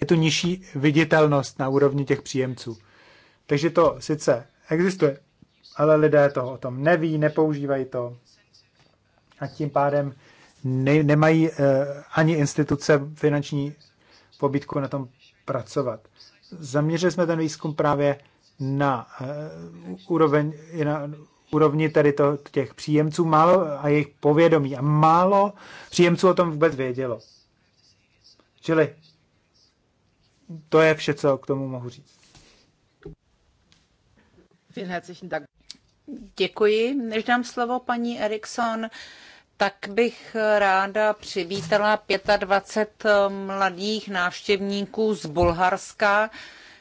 je tu nižší viditelnost na úrovni těch příjemců. Takže to sice existuje, ale lidé to o tom neví, nepoužívají to a tím pádem ne, nemají eh, ani instituce finanční pobytku na tom pracovat. Zaměřili jsme ten výzkum právě na eh, úroveň, na úrovni tedy to, těch příjemců málo a jejich povědomí a málo příjemců o tom vůbec vědělo. Čili to je vše, co k tomu mohu říct. Děkuji. Než dám slovo paní Erikson, tak bych ráda přivítala 25 mladých návštěvníků z Bulharska,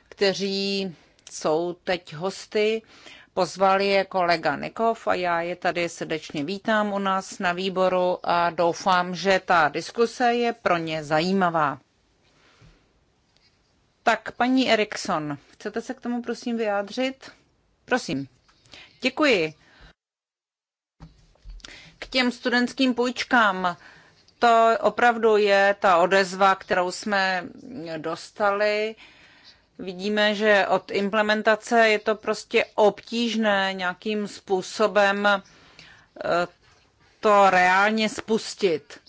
kteří jsou teď hosty. Pozval je kolega Nikov a já je tady srdečně vítám u nás na výboru a doufám, že ta diskuse je pro ně zajímavá. Tak, paní Erikson, chcete se k tomu prosím vyjádřit? Prosím. Děkuji. K těm studentským půjčkám to opravdu je ta odezva, kterou jsme dostali. Vidíme, že od implementace je to prostě obtížné nějakým způsobem eh, to reálně spustit.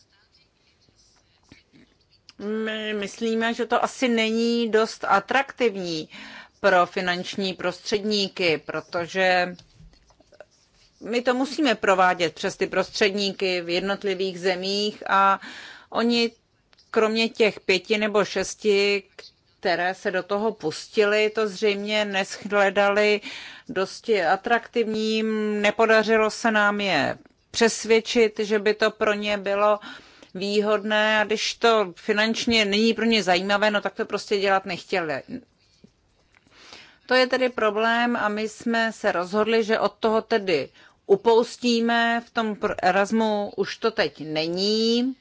My myslíme, že to asi není dost atraktivní pro finanční prostředníky, protože my to musíme provádět přes ty prostředníky v jednotlivých zemích a oni kromě těch pěti nebo šesti, které se do toho pustily, to zřejmě neschledali dosti atraktivním, nepodařilo se nám je přesvědčit, že by to pro ně bylo výhodné a když to finančně není pro ně zajímavé, no tak to prostě dělat nechtěli. To je tedy problém a my jsme se rozhodli, že od toho tedy upoustíme. V tom Erasmu už to teď není.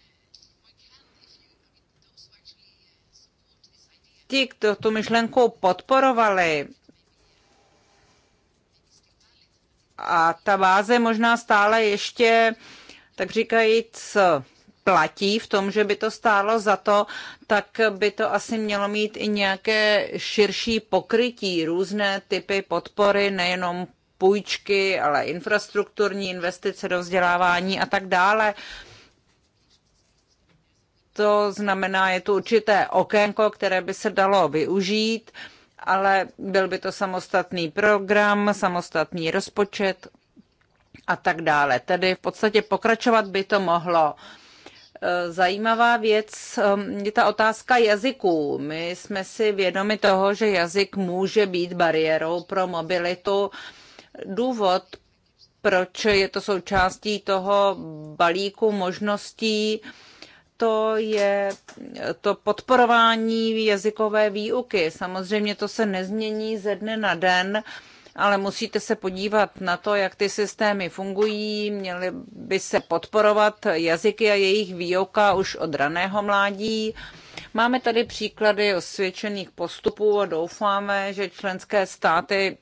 ti, kdo tu myšlenku podporovali, a ta báze možná stále ještě, tak říkajíc, platí v tom, že by to stálo za to, tak by to asi mělo mít i nějaké širší pokrytí, různé typy podpory, nejenom půjčky, ale infrastrukturní investice do vzdělávání a tak dále to znamená, je tu určité okénko, které by se dalo využít, ale byl by to samostatný program, samostatný rozpočet a tak dále. Tedy v podstatě pokračovat by to mohlo. E, zajímavá věc um, je ta otázka jazyků. My jsme si vědomi toho, že jazyk může být bariérou pro mobilitu. Důvod, proč je to součástí toho balíku možností, to je to podporování jazykové výuky. Samozřejmě to se nezmění ze dne na den, ale musíte se podívat na to, jak ty systémy fungují. Měly by se podporovat jazyky a jejich výuka už od raného mládí. Máme tady příklady osvědčených postupů a doufáme, že členské státy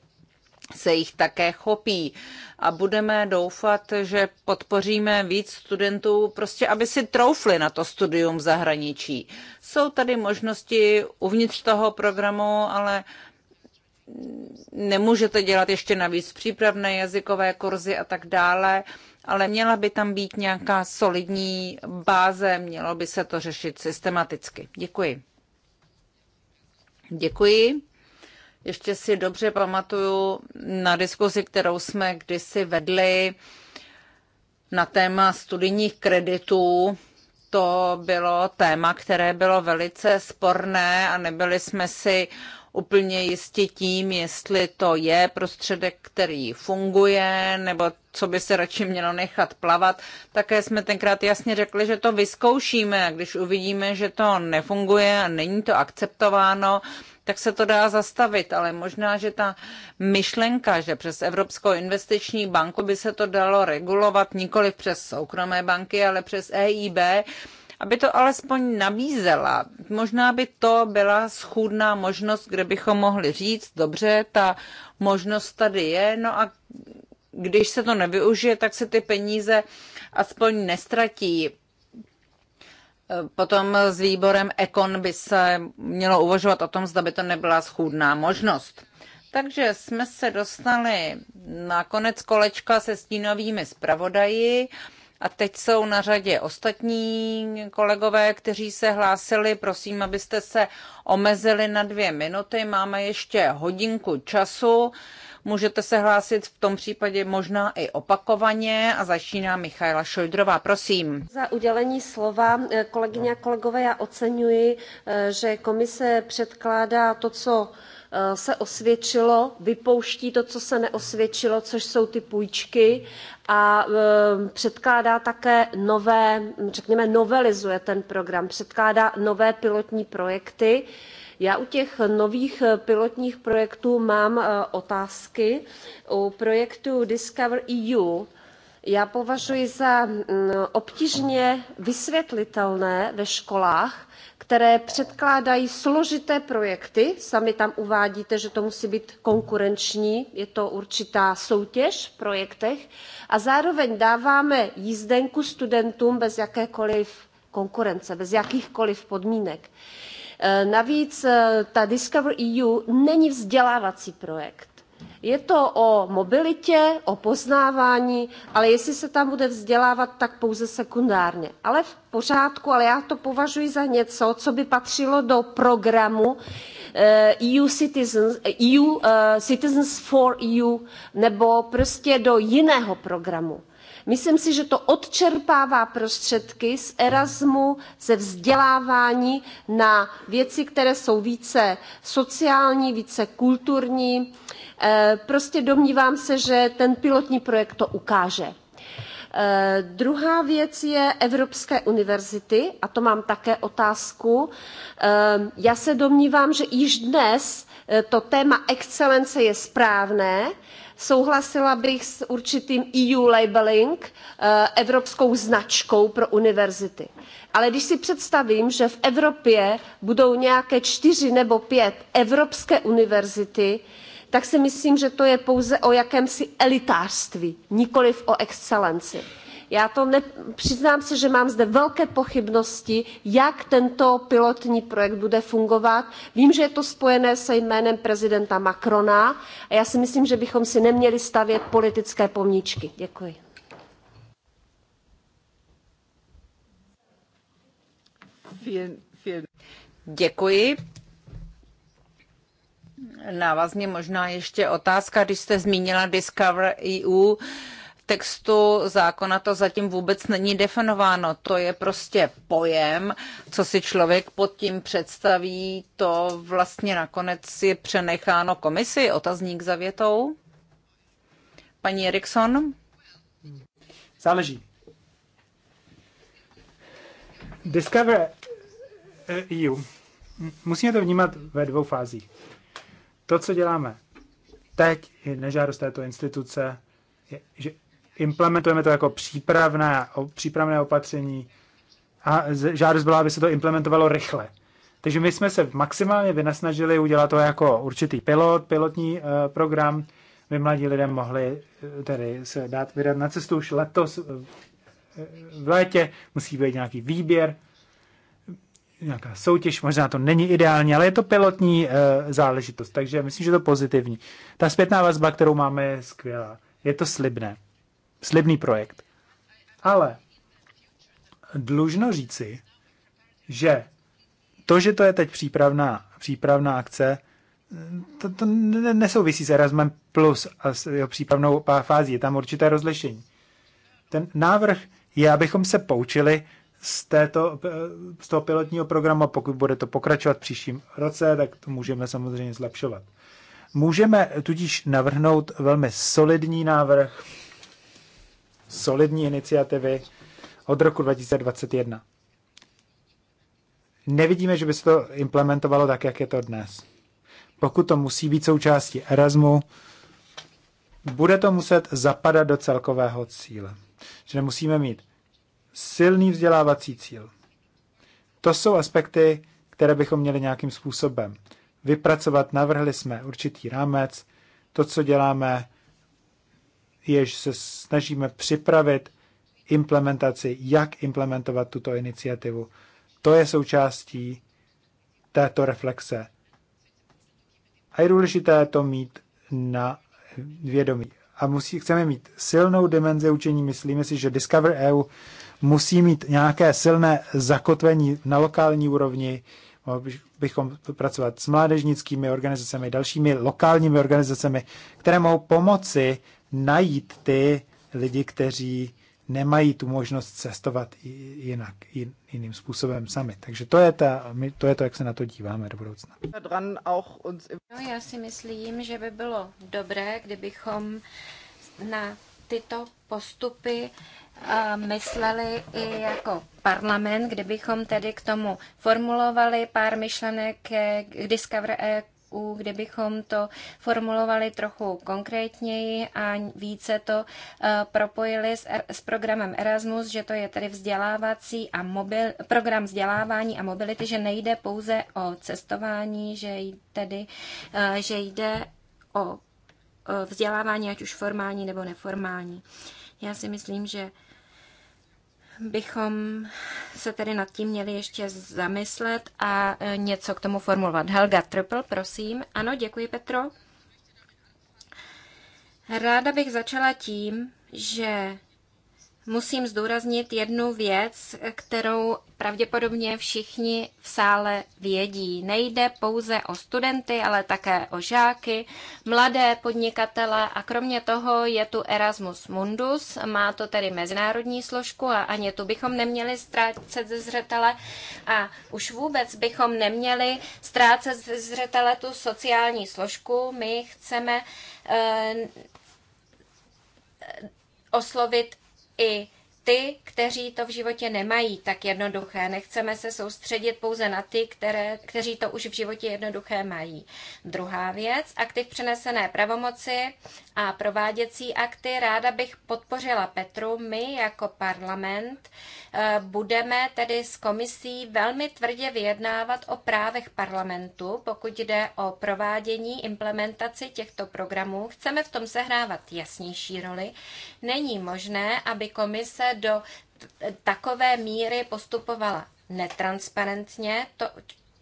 se jich také chopí. A budeme doufat, že podpoříme víc studentů, prostě aby si troufli na to studium v zahraničí. Jsou tady možnosti uvnitř toho programu, ale nemůžete dělat ještě navíc přípravné jazykové kurzy a tak dále, ale měla by tam být nějaká solidní báze, mělo by se to řešit systematicky. Děkuji. Děkuji. Ještě si dobře pamatuju na diskuzi, kterou jsme kdysi vedli na téma studijních kreditů. To bylo téma, které bylo velice sporné a nebyli jsme si úplně jistě tím, jestli to je prostředek, který funguje, nebo co by se radši mělo nechat plavat. Také jsme tenkrát jasně řekli, že to vyzkoušíme a když uvidíme, že to nefunguje a není to akceptováno, tak se to dá zastavit, ale možná, že ta myšlenka, že přes Evropskou investiční banku by se to dalo regulovat nikoli přes soukromé banky, ale přes EIB, aby to alespoň nabízela. Možná by to byla schůdná možnost, kde bychom mohli říct, dobře, ta možnost tady je, no a když se to nevyužije, tak se ty peníze aspoň nestratí. Potom s výborem Ekon by se mělo uvažovat o tom, zda by to nebyla schůdná možnost. Takže jsme se dostali na konec kolečka se stínovými zpravodaji. A teď jsou na řadě ostatní kolegové, kteří se hlásili. Prosím, abyste se omezili na dvě minuty. Máme ještě hodinku času. Můžete se hlásit v tom případě možná i opakovaně a začíná Michaela Šojdrová. Prosím. Za udělení slova, eh, kolegyně a kolegové, já oceňuji, eh, že komise předkládá to, co Eh, se osvědčilo, vypouští to, co se neosvědčilo, což jsou ty půjčky a eh, předkládá také nové, řekněme, novelizuje ten program, předkládá nové pilotní projekty. Já u těch nových eh, pilotních projektů mám otázky. U projektu Discover EU já považuji za mm, obtížně vysvětlitelné ve školách které předkládají složité projekty sami tam uvádíte že to musí být konkurenční je to určitá soutěž v projektech a zároveň dáváme jízdenku studentům bez jakékoliv konkurence bez jakýchkoliv podmínek. E, navíc e, ta discovereu není vzdělávací projekt je to o mobilitě, o poznávání, ale jestli se tam bude vzdělávat, tak pouze sekundárně. Ale v pořádku, ale já to považuji za něco, co by patřilo do programu EU eh, e Citizens, EU eh, e eh, Citizens for EU nebo prostě do jiného programu. Myslím si, že to odčerpává prostředky z Erasmu, ze vzdělávání na věci, které jsou více sociální, více kulturní, Eh, prostě domnívám se, že ten pilotní projekt to ukáže. Eh, druhá věc je Evropské univerzity, a to mám také otázku. Eh, já se domnívám, že již dnes to téma excelence je správné, souhlasila bych s určitým eu labelling evropskou značkou pro univerzity ale když si představím že v evropě budou nějaké čtyři nebo pět evropské univerzity tak tak si myslím, že to je pouze o jakémsi elitářství, nikoliv o excelenci. Já to ne, přiznám se, že mám zde velké pochybnosti, jak tento pilotní projekt bude fungovat. Vím, že je to spojené se jménem prezidenta Macrona a já si myslím, že bychom si neměli stavět politické pomníčky. Děkuji. Děkuji Návazně možná ještě otázka, když jste zmínila Discover EU, v textu zákona to zatím vůbec není definováno. To je prostě pojem, co si člověk pod tím představí, to vlastně nakonec je přenecháno komisi, otazník za větou. Paní Erikson? Záleží. Discover EU. Musíme to vnímat ve dvou fázích. To, co děláme teď, je nežádost této instituce, je, že implementujeme to jako přípravné, přípravné opatření a žádost byla, aby se to implementovalo rychle. Takže my jsme se maximálně vynasnažili udělat to jako určitý pilot, pilotní eh, program, by mladí lidé mohli eh, tedy se dát vydat na cestu už letos eh, v létě, musí být nějaký výběr nějaká soutěž, možná to není ideální, ale je to pilotní e, záležitost, takže myslím, že to pozitivní. Ta zpětná vazba, kterou máme, je skvělá. Je to slibné. Slibný projekt. Ale dlužno říci, že to, že to je teď přípravná, přípravná akce, to, to nesouvisí s Erasmem Plus a s jeho přípravnou fází. Je tam určité rozlišení. Ten návrh je, abychom se poučili z, této, eh, z toho pilotního programu, pokud bude to pokračovat příštím roce, tak to můžeme samozřejmě zlepšovat. Můžeme tudíž navrhnout velmi solidní návrh, solidní iniciativy od roku 2021. Nevidíme, že by se to implementovalo tak, jak je to dnes. Pokud to musí být součástí Erasmu, bude to muset zapadat do celkového cíle. Že nemusíme mít silný vzdělávací cíl. To jsou aspekty, které bychom měli nějakým způsobem vypracovat. Navrhli jsme určitý rámec. To, co děláme, je, že se snažíme připravit implementaci, jak implementovat tuto iniciativu. To je součástí této reflexe. A je důležité to mít na vědomí. A musí, chceme mít silnou dimenzi učení. Myslíme si, že Discover EU musí mít nějaké silné zakotvení na lokální úrovni, mohli bychom pracovat s mládežnickými organizacemi, dalšími lokálními organizacemi, které mohou pomoci najít ty lidi, kteří nemají tu možnost cestovat jinak, jiným způsobem sami. Takže to je, ta, to je to, jak se na to díváme do budoucna. No, já si myslím, že by bylo dobré, kdybychom na tyto postupy eh, mysleli i jako parlament, kdybychom tedy k tomu formulovali pár myšlenek k eh, Discover EU, kdybychom to formulovali trochu konkrétněji a více to eh, propojili s, e s programem Erasmus, že to je tedy vzdělávací a mobil, program vzdělávání a mobility, že nejde pouze o cestování, že jde tedy že jde o Eh, vzdělávání, ať už formální nebo neformální. Já si myslím, že bychom se tedy nad tím měli ještě zamyslet a eh, něco k tomu formulovat. Helga Triple, prosím. Ano, děkuji, Petro. Ráda bych začala tím, že musím zdůraznit jednu věc, kterou pravděpodobně všichni v sále vědí. Nejde pouze o studenty, ale také o žáky, mladé podnikatele a kromě toho je tu Erasmus Mundus, má to tedy mezinárodní složku a ani tu bychom neměli ztrácet ze zřetele a už vůbec bychom neměli ztrácet ze zřetele tu sociální složku. My chceme eh, oslovit i ty, kteří to v životě nemají tak jednoduché. Nechceme se soustředit pouze na ty, které, kteří to už v životě jednoduché mají. Druhá věc, aktiv přenesené pravomoci a prováděcí akty. Ráda bych podpořila Petru. My jako parlament eh, budeme tedy s komisí velmi tvrdě vyjednávat o právech parlamentu, pokud jde o provádění, implementaci těchto programů. Chceme v tom sehrávat jasnější roli. Není možné, aby komise do takové míry postupovala netransparentně. To,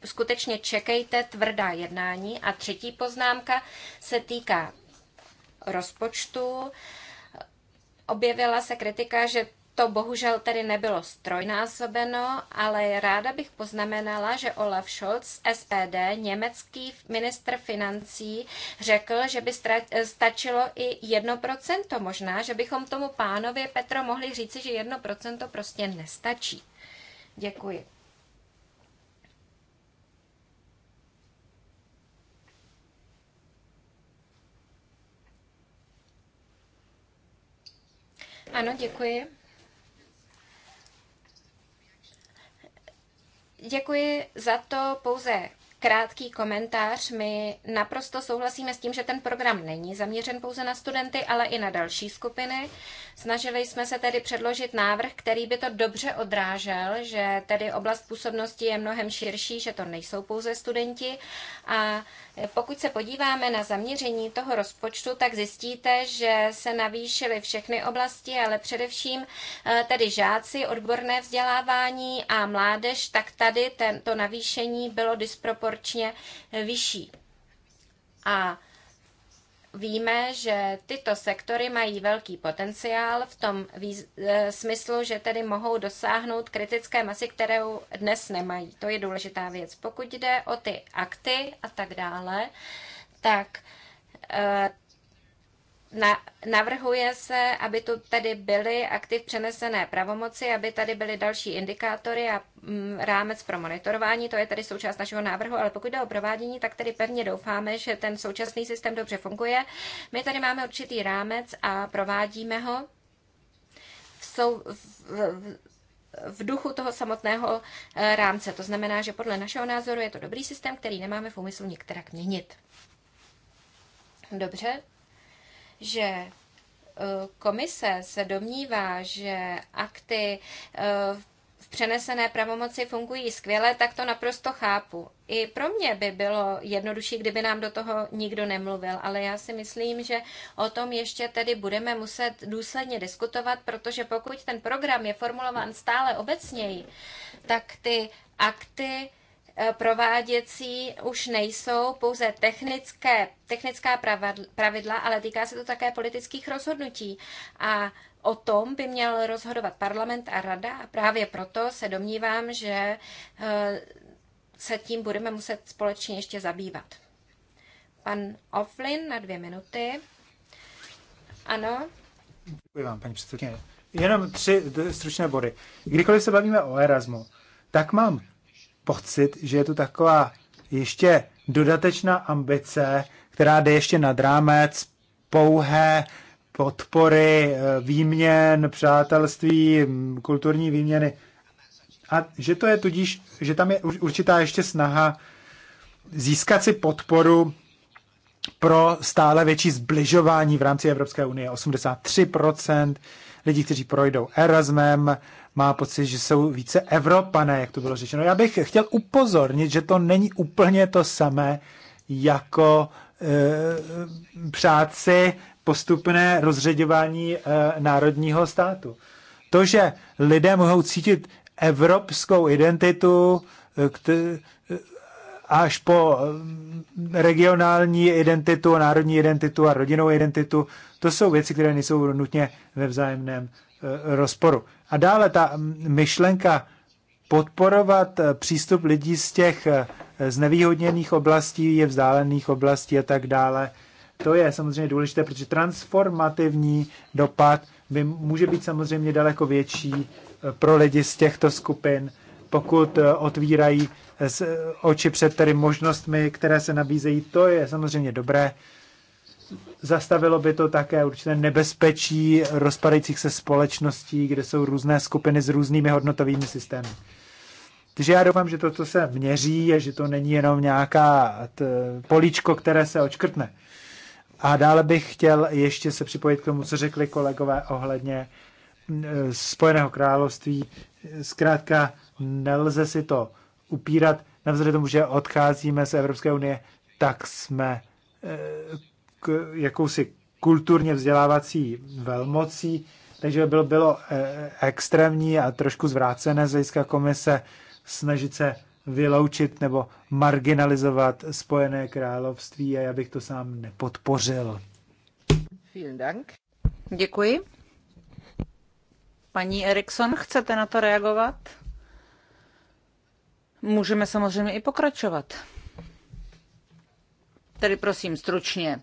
skutečně čekejte tvrdá jednání. A třetí poznámka se týká rozpočtu. Objevila se kritika, že to bohužel tedy nebylo strojnásobeno, ale ráda bych poznamenala, že Olaf Scholz, SPD, německý ministr financí, řekl, že by stačilo i 1%. Možná, že bychom tomu pánovi Petro mohli říci, že 1% prostě nestačí. Děkuji. Ano, děkuji. Děkuji za to pouze krátký komentář. My naprosto souhlasíme s tím, že ten program není zaměřen pouze na studenty, ale i na další skupiny. Snažili jsme se tedy předložit návrh, který by to dobře odrážel, že tedy oblast působnosti je mnohem širší, že to nejsou pouze studenti a pokud se podíváme na zaměření toho rozpočtu, tak zjistíte, že se navýšily všechny oblasti, ale především eh, tedy žáci, odborné vzdělávání a mládež, tak tady to navýšení bylo disproporčně eh, vyšší. A Víme, že tyto sektory mají velký potenciál v tom e, smyslu, že tedy mohou dosáhnout kritické masy, kterou dnes nemají. To je důležitá věc. Pokud jde o ty akty a tak dále, tak e, na, navrhuje se, aby tu tady byly aktiv přenesené pravomoci, aby tady byly další indikátory a mm, rámec pro monitorování. To je tady součást našeho návrhu, ale pokud jde o provádění, tak tady pevně doufáme, že ten současný systém dobře funguje. My tady máme určitý rámec a provádíme ho v, sou, v, v, v duchu toho samotného e, rámce. To znamená, že podle našeho názoru je to dobrý systém, který nemáme v úmyslu některak měnit. Dobře, že e, komise se domnívá, že akty e, v přenesené pravomoci fungují skvěle, tak to naprosto chápu. I pro mě by bylo jednodušší, kdyby nám do toho nikdo nemluvil, ale já si myslím, že o tom ještě tedy budeme muset důsledně diskutovat, protože pokud ten program je formulován stále obecněji, tak ty akty Eh, prováděcí už nejsou pouze technické, technická pravidla, ale týká se to také politických rozhodnutí. A o tom by měl rozhodovat parlament a rada a právě proto se domnívám, že eh, se tím budeme muset společně ještě zabývat. Pan Oflin na dvě minuty. Ano. Děkuji vám, paní předsedkyně. Jenom tři stručné body. Kdykoliv se bavíme o Erasmu, tak mám pocit, že je tu taková ještě dodatečná ambice, která jde ještě nad rámec pouhé podpory, eh, výměn, přátelství, mm, kulturní výměny. A že to je tudíž, že tam je určitá ještě snaha získat si podporu pro stále větší zbližování v rámci Evropské unie. 83% lidí, kteří projdou Erasmem, má pocit, že jsou více Evropané, jak to bylo řečeno. Já bych chtěl upozornit, že to není úplně to samé jako e, přáci postupné rozředěvání e, národního státu. To, že lidé mohou cítit evropskou identitu, e, až po mm, regionální identitu, národní identitu a rodinnou identitu. To jsou věci, které nejsou nutně ve vzájemném eh, rozporu. A dále ta mm, myšlenka podporovat eh, přístup lidí z těch eh, znevýhodněných oblastí, je vzdálených oblastí a tak dále. To je samozřejmě důležité, protože transformativní dopad by, může být samozřejmě daleko větší pro lidi z těchto skupin pokud eh, otvírají eh, oči před tedy možnostmi, které se nabízejí, to je samozřejmě dobré. Zastavilo by to také určité nebezpečí rozpadajících se společností, kde jsou různé skupiny s různými hodnotovými systémy. Takže já doufám, že to, co se měří, je, že to není jenom nějaká políčko, které se očkrtne. A dále bych chtěl ještě se připojit k tomu, co řekli kolegové ohledně eh, Spojeného království. Zkrátka, nelze si to upírat. Navzdory tomu, že odcházíme z Evropské unie, tak jsme eh, k jakousi kulturně vzdělávací velmocí, takže bylo, bylo eh, extrémní a trošku zvrácené z hlediska komise snažit se vyloučit nebo marginalizovat Spojené království a já bych to sám nepodpořil. Dank. Děkuji. Paní Erikson, chcete na to reagovat? Můžeme samozřejmě i pokračovat. Tedy prosím, stručně.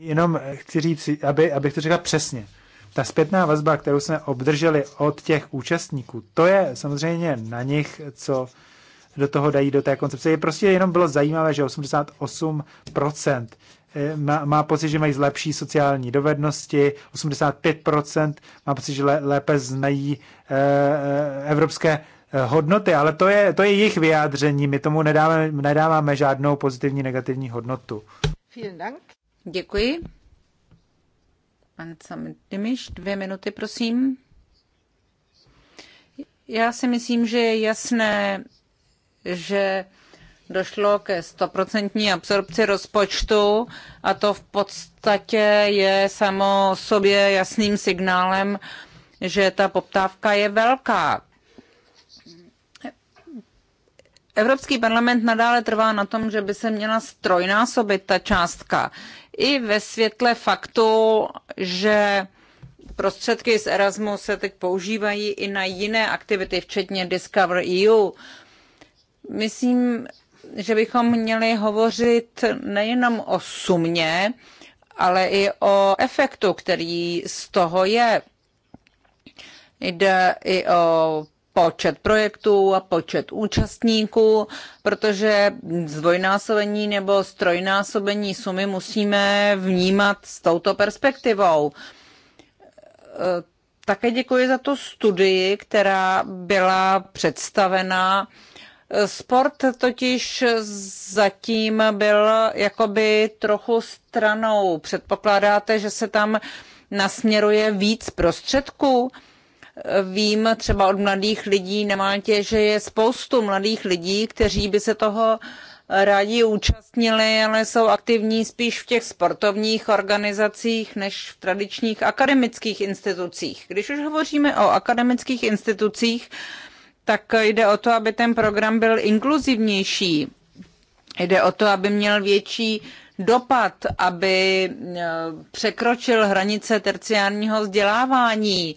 Jenom chci říct, aby, abych to řekla přesně. Ta zpětná vazba, kterou jsme obdrželi od těch účastníků, to je samozřejmě na nich, co do toho dají, do té koncepce. Je prostě jenom bylo zajímavé, že 88% eh, má, má pocit, že mají lepší sociální dovednosti, 85% má pocit, že lépe znají eh, eh, evropské Eh, hodnoty, ale to je, to je jejich vyjádření. My tomu nedáváme, nedáváme žádnou pozitivní, negativní hodnotu. Děkuji. Pan Samitimiš, dvě minuty, prosím. Já si myslím, že je jasné, že došlo ke stoprocentní absorpci rozpočtu a to v podstatě je samo sobě jasným signálem, že ta poptávka je velká. Evropský parlament nadále trvá na tom, že by se měla strojnásobit ta částka. I ve světle faktu, že prostředky z Erasmu se teď používají i na jiné aktivity, včetně Discover EU. Myslím, že bychom měli hovořit nejenom o sumě, ale i o efektu, který z toho je. Jde i o počet projektů a počet účastníků, protože zdvojnásobení nebo strojnásobení sumy musíme vnímat s touto perspektivou. E, také děkuji za tu studii, která byla představena. Sport totiž zatím byl jakoby trochu stranou. Předpokládáte, že se tam nasměruje víc prostředků? Vím třeba od mladých lidí na Maltě, že je spoustu mladých lidí, kteří by se toho rádi účastnili, ale jsou aktivní spíš v těch sportovních organizacích než v tradičních akademických institucích. Když už hovoříme o akademických institucích, tak jde o to, aby ten program byl inkluzivnější. Jde o to, aby měl větší dopad, aby e, překročil hranice terciárního vzdělávání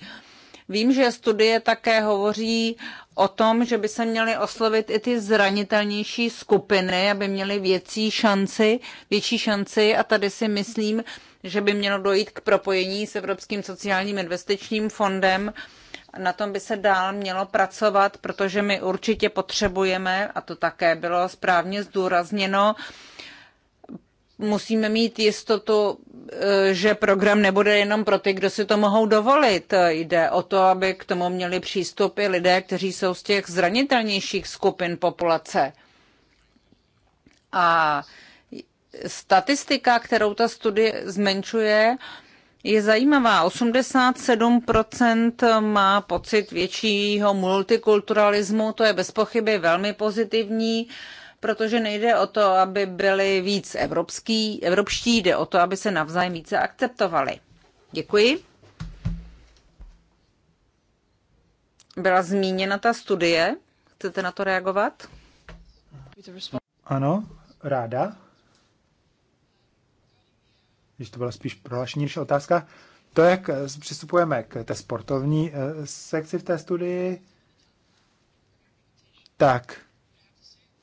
Vím, že studie také hovoří o tom, že by se měly oslovit i ty zranitelnější skupiny, aby měly větší šanci, větší šanci a tady si myslím, že by mělo dojít k propojení s Evropským sociálním investičním fondem. Na tom by se dál mělo pracovat, protože my určitě potřebujeme, a to také bylo správně zdůrazněno, musíme mít jistotu, eh, že program nebude jenom pro ty, kdo si to mohou dovolit. Jde o to, aby k tomu měli přístup i lidé, kteří jsou z těch zranitelnějších skupin populace. A statistika, kterou ta studie zmenšuje, je zajímavá. 87% má pocit většího multikulturalismu, to je bez pochyby velmi pozitivní. Uh, protože nejde o to, aby byli víc evropský, evropští, jde o to, aby se navzájem více akceptovali. Děkuji. Byla zmíněna ta studie. Chcete na to reagovat? Ano, ráda. Když to byla spíš prohlášení než otázka. To, jak přistupujeme k té sportovní eh, sekci v té studii, tak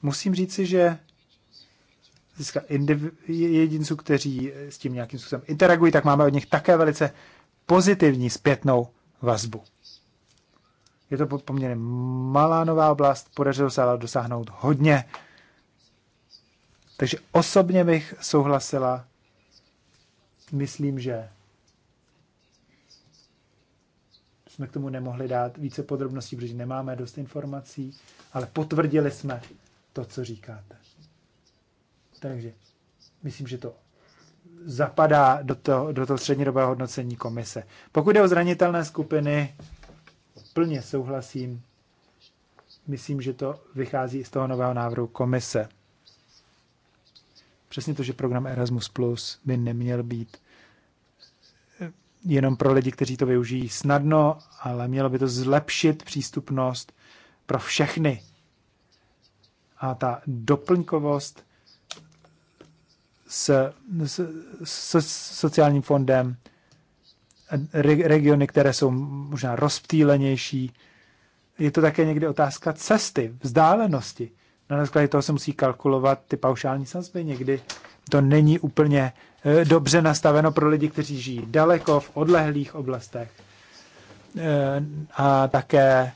musím říci, že získá jedinců, kteří s tím nějakým způsobem interagují, tak máme od nich také velice pozitivní zpětnou vazbu. Je to poměrně malá nová oblast, podařilo se ale dosáhnout hodně. Takže osobně bych souhlasila, myslím, že jsme k tomu nemohli dát více podrobností, protože nemáme dost informací, ale potvrdili jsme to, co říkáte. Takže myslím, že to zapadá do toho, do toho střednědobého hodnocení komise. Pokud jde o zranitelné skupiny, plně souhlasím. Myslím, že to vychází z toho nového návrhu komise. Přesně to, že program Erasmus Plus by neměl být eh, jenom pro lidi, kteří to využijí snadno, ale mělo by to zlepšit přístupnost pro všechny a ta doplňkovost s, s, s sociálním fondem, re, regiony, které jsou možná rozptýlenější. Je to také někdy otázka cesty, vzdálenosti. Na základě toho se musí kalkulovat ty paušální sazby. Někdy to není úplně eh, dobře nastaveno pro lidi, kteří žijí daleko, v odlehlých oblastech. Eh, a také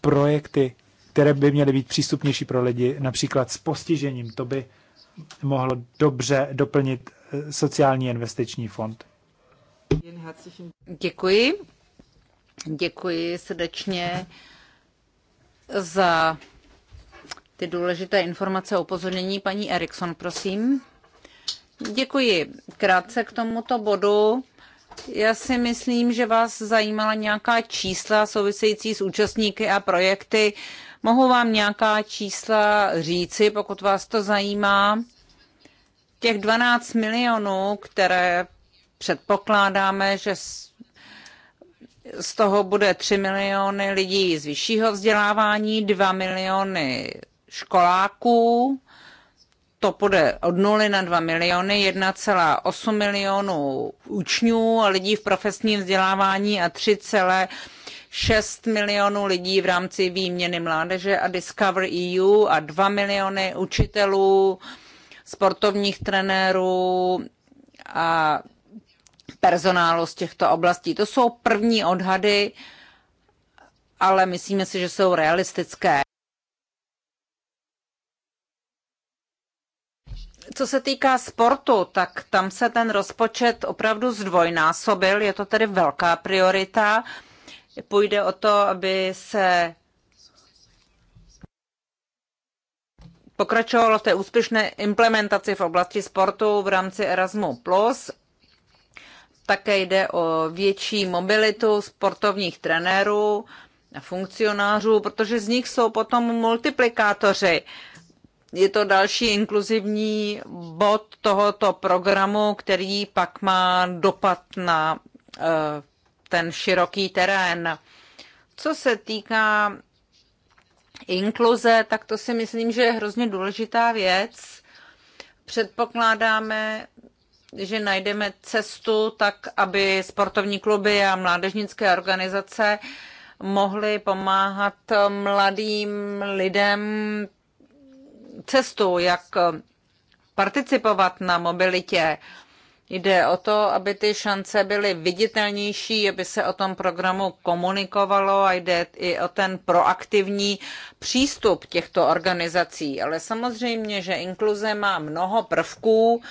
projekty, které by měly být přístupnější pro lidi, například s postižením. To by mohlo dobře doplnit eh, sociální investiční fond. Děkuji. Děkuji srdečně za ty důležité informace o upozornění. Paní Erikson, prosím. Děkuji. Krátce k tomuto bodu. Já si myslím, že vás zajímala nějaká čísla související s účastníky a projekty. Uh, Mohu vám nějaká čísla říci, pokud vás to zajímá. Těch 12 milionů, které předpokládáme, že z toho bude 3 miliony lidí z vyššího vzdělávání, 2 miliony školáků, to bude od 0 na 2 miliony, 1,8 milionů učňů a lidí v profesním vzdělávání a 3, 6 milionů lidí v rámci výměny mládeže a Discover EU a 2 miliony učitelů, sportovních trenérů a personálu z těchto oblastí. To jsou první odhady, ale myslíme si, že jsou realistické. Co se týká sportu, tak tam se ten rozpočet opravdu zdvojnásobil, je to tedy velká priorita. Půjde o to, aby se pokračovalo v té úspěšné implementaci v oblasti sportu v rámci Erasmu+. Také jde o větší mobilitu sportovních trenérů a funkcionářů, protože z nich jsou potom multiplikátoři. Je to další inkluzivní bod tohoto programu, který pak má dopad na eh, ten široký terén. Co se týká inkluze, tak to si myslím, že je hrozně důležitá věc. Předpokládáme, že najdeme cestu tak, aby sportovní kluby a mládežnické organizace mohly pomáhat mladým lidem cestu, jak participovat na mobilitě. Jde o to, aby ty šance byly viditelnější, aby se o tom programu komunikovalo a jde i o ten proaktivní přístup těchto organizací. Ale samozřejmě, že inkluze má mnoho prvků,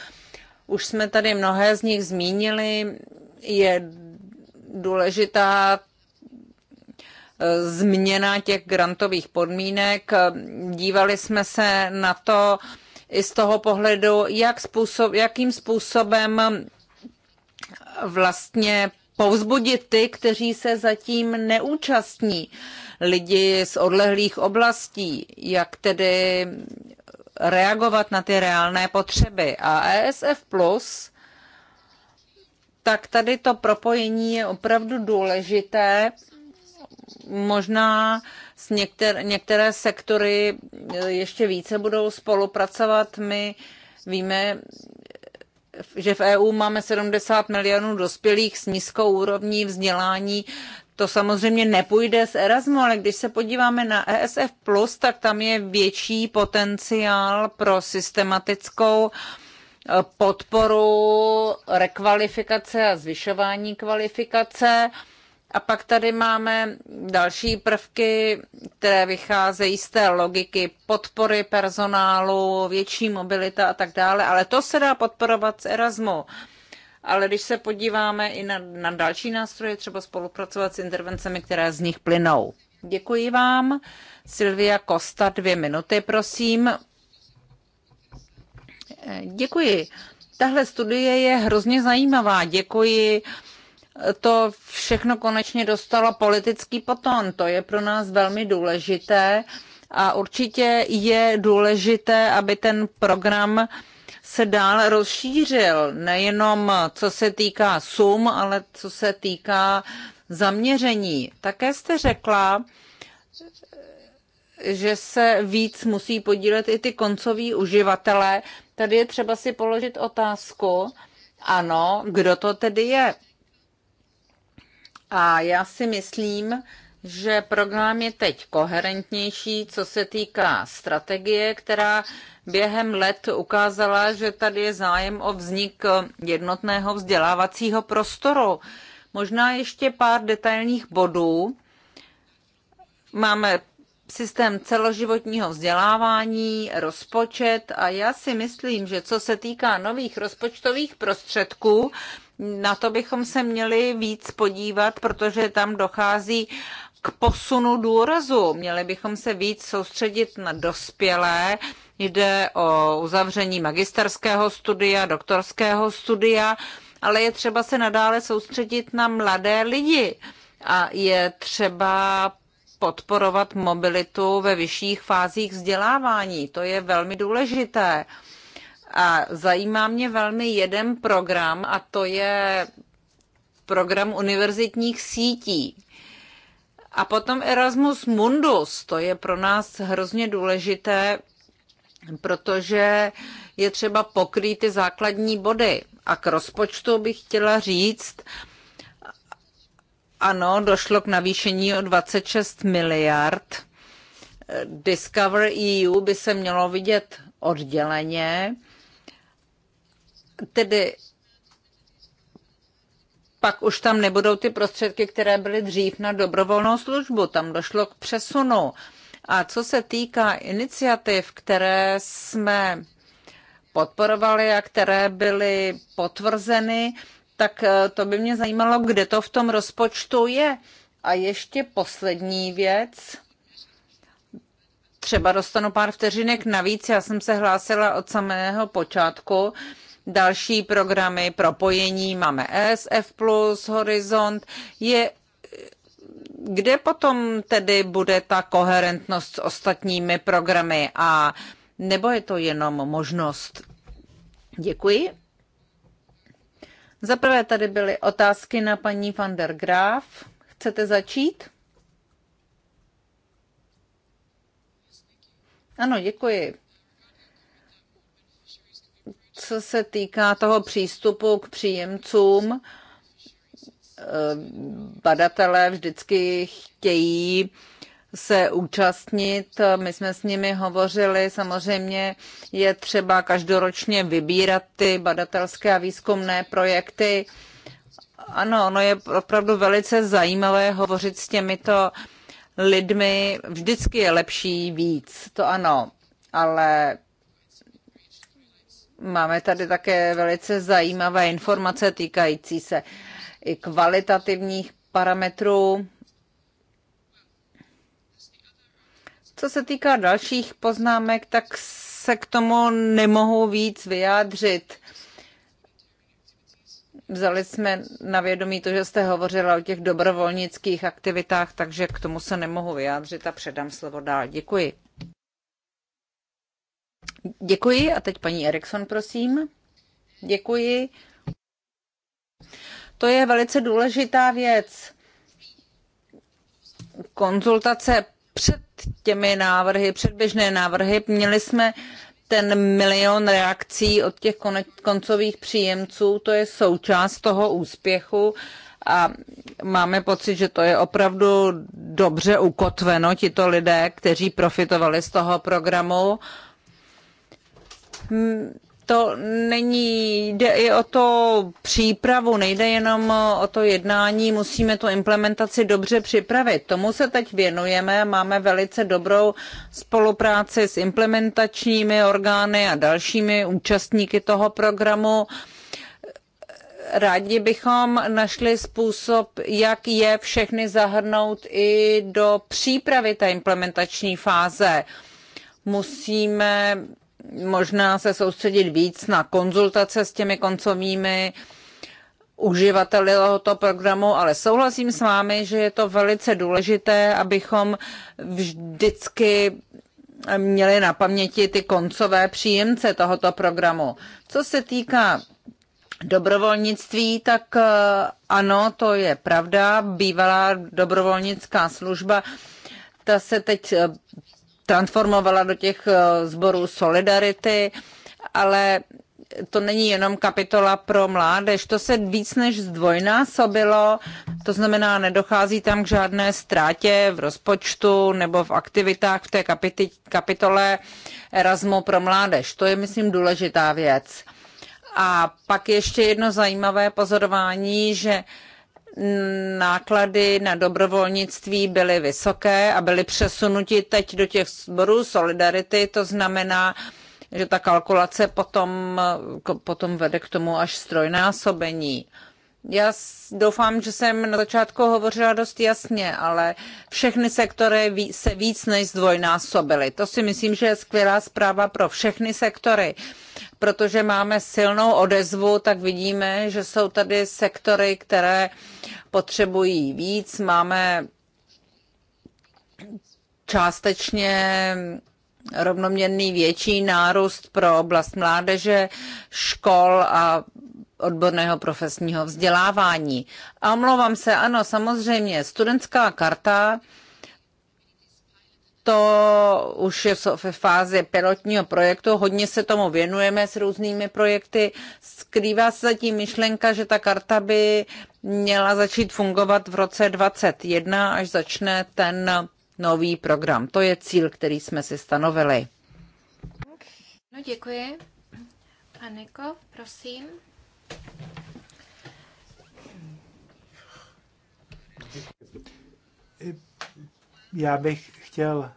už jsme tady mnohé z nich zmínili, je důležitá eh, změna těch grantových podmínek. Dívali jsme se na to, i z toho pohledu, jak způsob, jakým způsobem vlastně povzbudit ty, kteří se zatím neúčastní, lidi z odlehlých oblastí, jak tedy reagovat na ty reálné potřeby. A ESF Plus, tak tady to propojení je opravdu důležité. Možná s někter, některé sektory eh, ještě více budou spolupracovat. My víme, že v EU máme 70 milionů dospělých s nízkou úrovní vzdělání. To samozřejmě nepůjde z Erasmu, ale když se podíváme na ESF+, tak tam je větší potenciál pro systematickou eh, podporu rekvalifikace a zvyšování kvalifikace. A pak tady máme další prvky, které vycházejí z té logiky podpory personálu, větší mobilita a tak dále, ale to se dá podporovat z Erasmu. Ale když se podíváme i na, na další nástroje, třeba spolupracovat s intervencemi, které z nich plynou. Děkuji vám. Silvia Kosta, dvě minuty, prosím. Děkuji. Tahle studie je hrozně zajímavá. Děkuji to všechno konečně dostalo politický poton. To je pro nás velmi důležité a určitě je důležité, aby ten program se dál rozšířil, nejenom co se týká sum, ale co se týká zaměření. Také jste řekla, že se víc musí podílet i ty koncoví uživatelé. Tady je třeba si položit otázku, ano, kdo to tedy je? A já si myslím, že program je teď koherentnější, co se týká strategie, která během let ukázala, že tady je zájem o vznik jednotného vzdělávacího prostoru. Možná ještě pár detailních bodů. Máme systém celoživotního vzdělávání, rozpočet a já si myslím, že co se týká nových rozpočtových prostředků, na to bychom se měli víc podívat, protože tam dochází k posunu důrazu. Měli bychom se víc soustředit na dospělé. Jde o uzavření magisterského studia, doktorského studia, ale je třeba se nadále soustředit na mladé lidi a je třeba podporovat mobilitu ve vyšších fázích vzdělávání. To je velmi důležité. A zajímá mě velmi jeden program, a to je program univerzitních sítí. A potom Erasmus Mundus, to je pro nás hrozně důležité, protože je třeba pokrýt ty základní body. A k rozpočtu bych chtěla říct, ano, došlo k navýšení o 26 miliard. Discover EU by se mělo vidět odděleně tedy pak už tam nebudou ty prostředky, které byly dřív na dobrovolnou službu. Tam došlo k přesunu. A co se týká iniciativ, které jsme podporovali a které byly potvrzeny, tak eh, to by mě zajímalo, kde to v tom rozpočtu je. A ještě poslední věc. Třeba dostanu pár vteřinek navíc, já jsem se hlásila od samého počátku. Uh, další programy propojení, máme ESF+, Horizont, je kde potom tedy bude ta koherentnost s ostatními programy a nebo je to jenom možnost? Děkuji. Zaprvé tady byly otázky na paní van der Graaf. Chcete začít? Ano, děkuji co se týká toho přístupu k příjemcům, eh, badatelé vždycky chtějí se účastnit. My jsme s nimi hovořili. Samozřejmě je třeba každoročně vybírat ty badatelské a výzkumné projekty. Ano, ono je opravdu velice zajímavé hovořit s těmito lidmi. Vždycky je lepší víc, to ano, ale Máme tady také velice zajímavé informace týkající se i kvalitativních parametrů. Co se týká dalších poznámek, tak se k tomu nemohu víc vyjádřit. Vzali jsme na vědomí to, že jste hovořila o těch dobrovolnických aktivitách, takže k tomu se nemohu vyjádřit a předám slovo dál. Děkuji. Děkuji a teď paní Erikson, prosím. Děkuji. To je velice důležitá věc. Konzultace před těmi návrhy, předběžné návrhy, měli jsme ten milion reakcí od těch koncových příjemců, to je součást toho úspěchu a máme pocit, že to je opravdu dobře ukotveno, tito lidé, kteří profitovali z toho programu. Mm, to není, jde i o to přípravu, nejde jenom o to jednání, musíme tu implementaci dobře připravit. Tomu se teď věnujeme, máme velice dobrou spolupráci s implementačními orgány a dalšími účastníky toho programu. Rádi bychom našli způsob, jak je všechny zahrnout i do přípravy té implementační fáze. Musíme možná se soustředit víc na konzultace s těmi koncovými uživateli tohoto programu, ale souhlasím s vámi, že je to velice důležité, abychom vždycky měli na paměti ty koncové příjemce tohoto programu. Co se týká dobrovolnictví, tak eh, ano, to je pravda. Bývalá dobrovolnická služba, ta se teď eh, transformovala do těch eh, sborů Solidarity, ale to není jenom kapitola pro mládež, to se víc než zdvojnásobilo, to znamená, nedochází tam k žádné ztrátě v rozpočtu nebo v aktivitách v té kapitole Erasmu pro mládež. To je, myslím, důležitá věc. A pak ještě jedno zajímavé pozorování, že uh, náklady na dobrovolnictví byly vysoké a byly přesunuti teď do těch sborů Solidarity, to znamená, že ta kalkulace potom, eh, potom vede k tomu až strojnásobení. Já doufám, že jsem na začátku hovořila dost jasně, ale všechny sektory se víc než zdvojnásobily. To si myslím, že je skvělá zpráva pro všechny sektory, protože máme silnou odezvu, tak vidíme, že jsou tady sektory, které potřebují víc. Máme částečně rovnoměrný větší nárůst pro oblast mládeže, škol a odborného profesního vzdělávání. A omlouvám se, ano, samozřejmě, studentská karta, to už je ve fázi pilotního projektu, hodně se tomu věnujeme s různými projekty. Skrývá se zatím myšlenka, že ta karta by měla začít fungovat v roce 2021, až začne ten nový program. To je cíl, který jsme si stanovili. No děkuji. Paniko, prosím. Já bych chtěl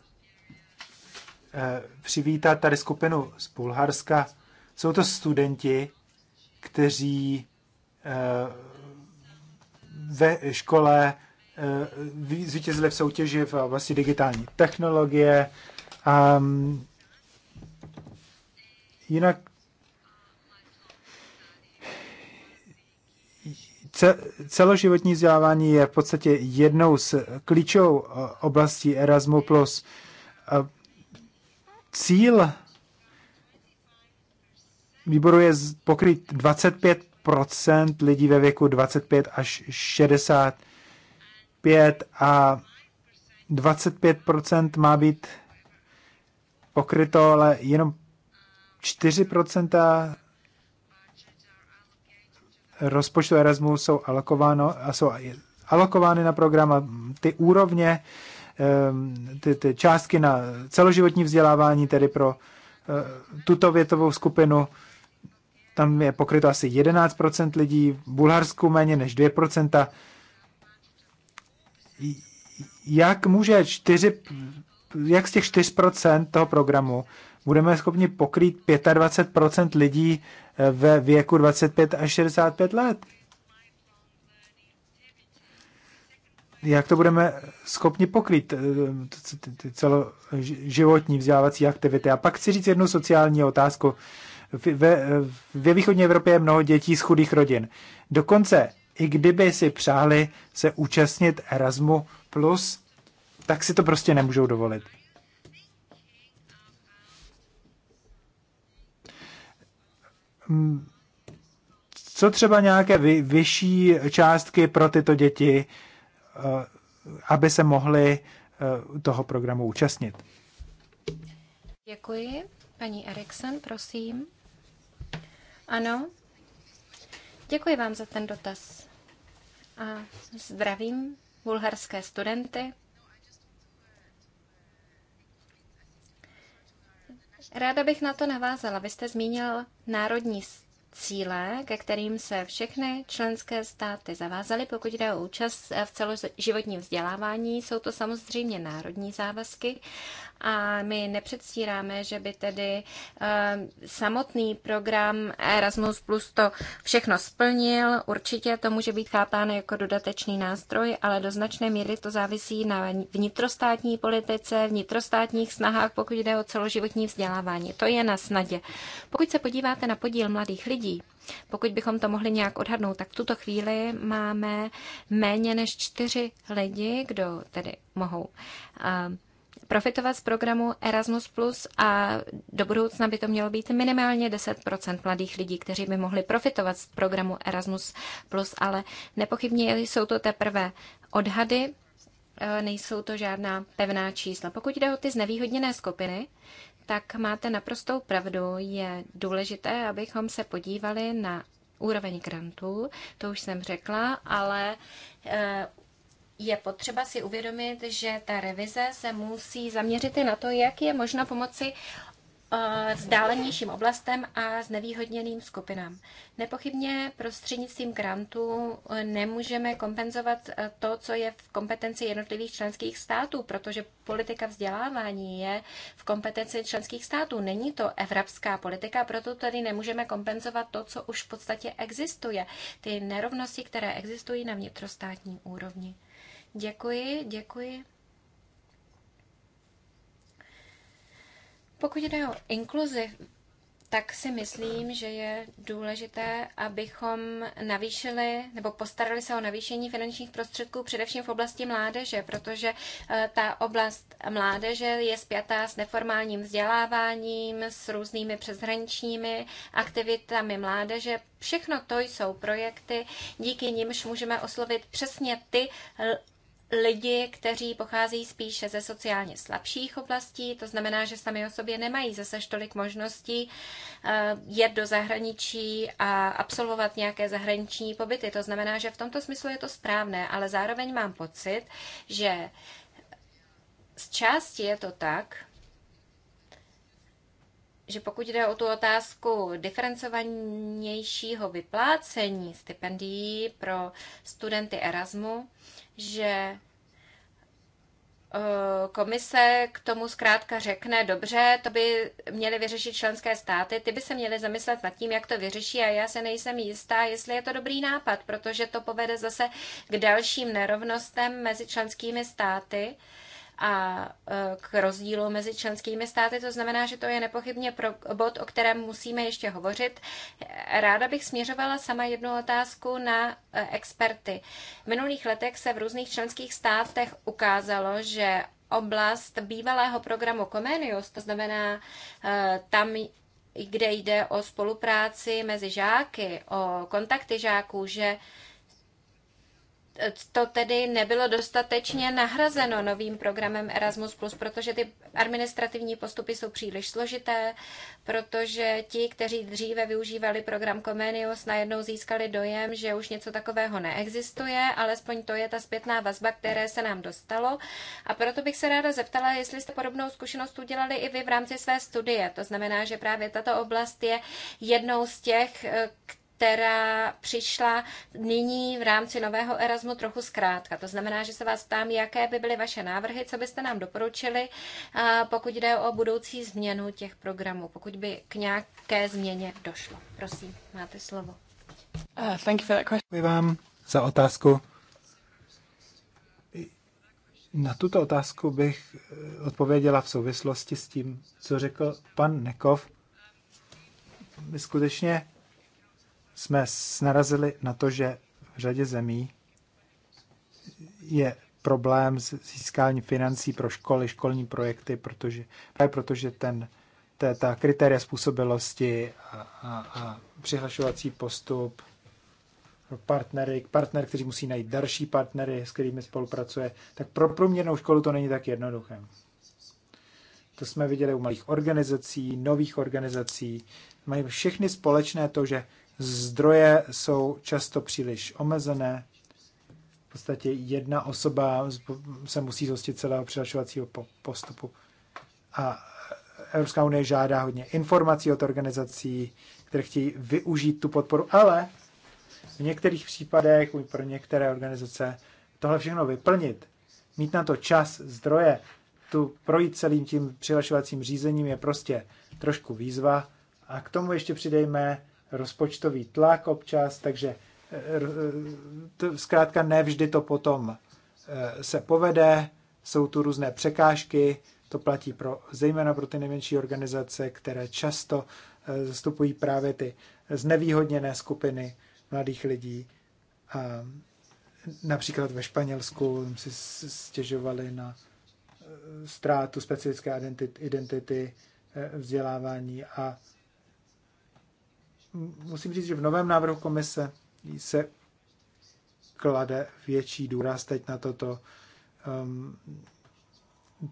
eh, přivítat tady skupinu z Bulharska. Jsou to studenti, kteří eh, ve škole eh, zvítězili v soutěži v oblasti digitální technologie. Ehm, jinak celoživotní vzdělávání je v podstatě jednou z klíčovou eh, oblastí Erasmu+. Eh, cíl výboru je pokryt 25 lidí ve věku 25 až 65 a 25 má být pokryto, ale jenom 4 rozpočtu Erasmu jsou, alokováno, a jsou alokovány na program a ty úrovně, ehm, ty, ty částky na celoživotní vzdělávání, tedy pro eh, tuto větovou skupinu, tam je pokryto asi 11% lidí, v Bulharsku méně než 2%. Jak může 4, jak z těch 4% toho programu budeme schopni pokrýt 25% lidí ve věku 25 až 65 let. Jak to budeme schopni pokryt eh, ty celoživotní vzdělávací aktivity? A pak chci říct jednu sociální otázku. Ve, ve východní Evropě je mnoho dětí z chudých rodin. Dokonce i kdyby si přáli se účastnit Erasmu+, tak si to prostě nemůžou dovolit. Mm, co třeba nějaké vy, vyšší částky pro tyto děti, eh, aby se mohly eh, toho programu účastnit. Děkuji. Paní Eriksen, prosím. Ano. Děkuji vám za ten dotaz. A zdravím bulharské studenty. Ráda bych na to navázala. Vy jste zmínil národní cíle, ke kterým se všechny členské státy zavázaly, pokud jde o účast v celoživotním vzdělávání. Jsou to samozřejmě národní závazky, a my nepředstíráme, že by tedy eh, samotný program Erasmus Plus to všechno splnil. Určitě to může být chápáno jako dodatečný nástroj, ale do značné míry to závisí na vnitrostátní politice, vnitrostátních snahách, pokud jde o celoživotní vzdělávání. To je na snadě. Pokud se podíváte na podíl mladých lidí, pokud bychom to mohli nějak odhadnout, tak v tuto chvíli máme méně než čtyři lidi, kdo tedy mohou eh, profitovat z programu Erasmus+, a do budoucna by to mělo být minimálně 10% mladých lidí, kteří by mohli profitovat z programu Erasmus+, ale nepochybně jsou to teprve odhady, e, nejsou to žádná pevná čísla. Pokud jde o ty znevýhodněné skupiny, tak máte naprostou pravdu. Je důležité, abychom se podívali na úroveň grantů, to už jsem řekla, ale e, je potřeba si uvědomit, že ta revize se musí zaměřit i na to, jak je možno pomoci eh, vzdálenějším oblastem a znevýhodněným skupinám. Nepochybně prostřednictvím grantů eh, nemůžeme kompenzovat eh, to, co je v kompetenci jednotlivých členských států, protože politika vzdělávání je v kompetenci členských států. Není to evropská politika, proto tady nemůžeme kompenzovat to, co už v podstatě existuje, ty nerovnosti, které existují na vnitrostátní úrovni. Děkuji, děkuji. Pokud jde o inkluzi, tak si myslím, že je důležité, abychom navýšili nebo postarali se o navýšení finančních prostředků především v oblasti mládeže, protože eh, ta oblast mládeže je spjatá s neformálním vzděláváním, s různými přeshraničními aktivitami mládeže. Všechno to jsou projekty, díky nimž můžeme oslovit přesně ty eh, lidi, kteří pocházejí spíše ze sociálně slabších oblastí, to znamená, že sami o sobě nemají zase tolik možností eh, jet do zahraničí a absolvovat nějaké zahraniční pobyty. To znamená, že v tomto smyslu je to správné, ale zároveň mám pocit, že z části je to tak, že pokud jde o tu otázku diferencovanějšího vyplácení stipendií pro studenty Erasmu, že eh, komise k tomu zkrátka řekne, dobře, to by měly vyřešit členské státy, ty by se měly zamyslet nad tím, jak to vyřeší a já se nejsem jistá, jestli je to dobrý nápad, protože to povede zase k dalším nerovnostem mezi členskými státy a e, k rozdílu mezi členskými státy. To znamená, že to je nepochybně pro bod, o kterém musíme ještě hovořit. Ráda bych směřovala sama jednu otázku na e, experty. V minulých letech se v různých členských státech ukázalo, že oblast bývalého programu Comenius, to znamená e, tam kde jde o spolupráci mezi žáky, o kontakty žáků, že to tedy nebylo dostatečně nahrazeno novým programem Erasmus+, protože ty administrativní postupy jsou příliš složité, protože ti, kteří dříve využívali program Comenius, najednou získali dojem, že už něco takového neexistuje, alespoň to je ta zpětná vazba, které se nám dostalo. A proto bych se ráda zeptala, jestli jste podobnou zkušenost udělali i vy v rámci své studie. To znamená, že právě tato oblast je jednou z těch, která přišla nyní v rámci nového Erasmu trochu zkrátka. To znamená, že se vás ptám, jaké by byly vaše návrhy, co byste nám doporučili, pokud jde o budoucí změnu těch programů, pokud by k nějaké změně došlo. Prosím, máte slovo. Uh, Děkuji vám za otázku. Na tuto otázku bych eh, odpověděla v souvislosti s tím, co řekl pan Nekov. Skutečně jsme narazili na to, že v řadě zemí je problém s získáním financí pro školy, školní projekty, protože, právě protože ten, ta, ta kritéria způsobilosti a, a, a přihlašovací postup pro partnery, partner, kteří musí najít další partnery, s kterými spolupracuje, tak pro průměrnou školu to není tak jednoduché. To jsme viděli u malých organizací, nových organizací. Mají všechny společné to, že Zdroje jsou často příliš omezené. V podstatě jedna osoba se musí zhostit celého přihlašovacího postupu. A Evropská unie žádá hodně informací od organizací, které chtějí využít tu podporu, ale v některých případech, pro některé organizace, tohle všechno vyplnit, mít na to čas, zdroje, tu projít celým tím přihlašovacím řízením je prostě trošku výzva. A k tomu ještě přidejme rozpočtový tlak občas, takže eh, zkrátka nevždy to potom eh, se povede, jsou tu různé překážky, to platí pro, zejména pro ty nejmenší organizace, které často eh, zastupují právě ty znevýhodněné skupiny mladých lidí. A například ve Španělsku si stěžovali na ztrátu specifické identity, vzdělávání a musím říct, že v novém návrhu komise se klade větší důraz teď na toto. Um,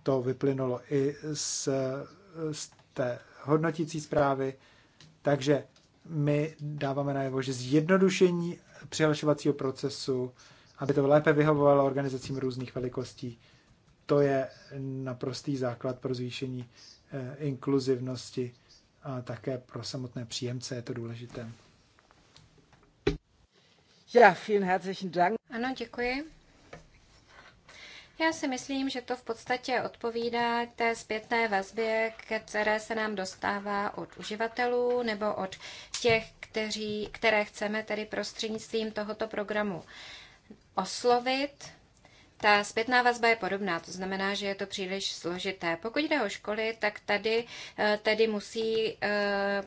to vyplynulo i z, z té hodnotící zprávy, takže my dáváme najevo, že zjednodušení přihlašovacího procesu, aby to lépe vyhovovalo organizacím různých velikostí, to je naprostý základ pro zvýšení eh, inkluzivnosti a také pro samotné příjemce je to důležité. Ja, vielen herzlichen Dank. Ano, děkuji. Já si myslím, že to v podstatě odpovídá té zpětné vazbě, které se nám dostává od uživatelů nebo od těch, kteří, které chceme tedy prostřednictvím tohoto programu oslovit. Ta zpětná vazba je podobná, to znamená, že je to příliš složité. Pokud jde o školy, tak tady, eh, tady musí eh,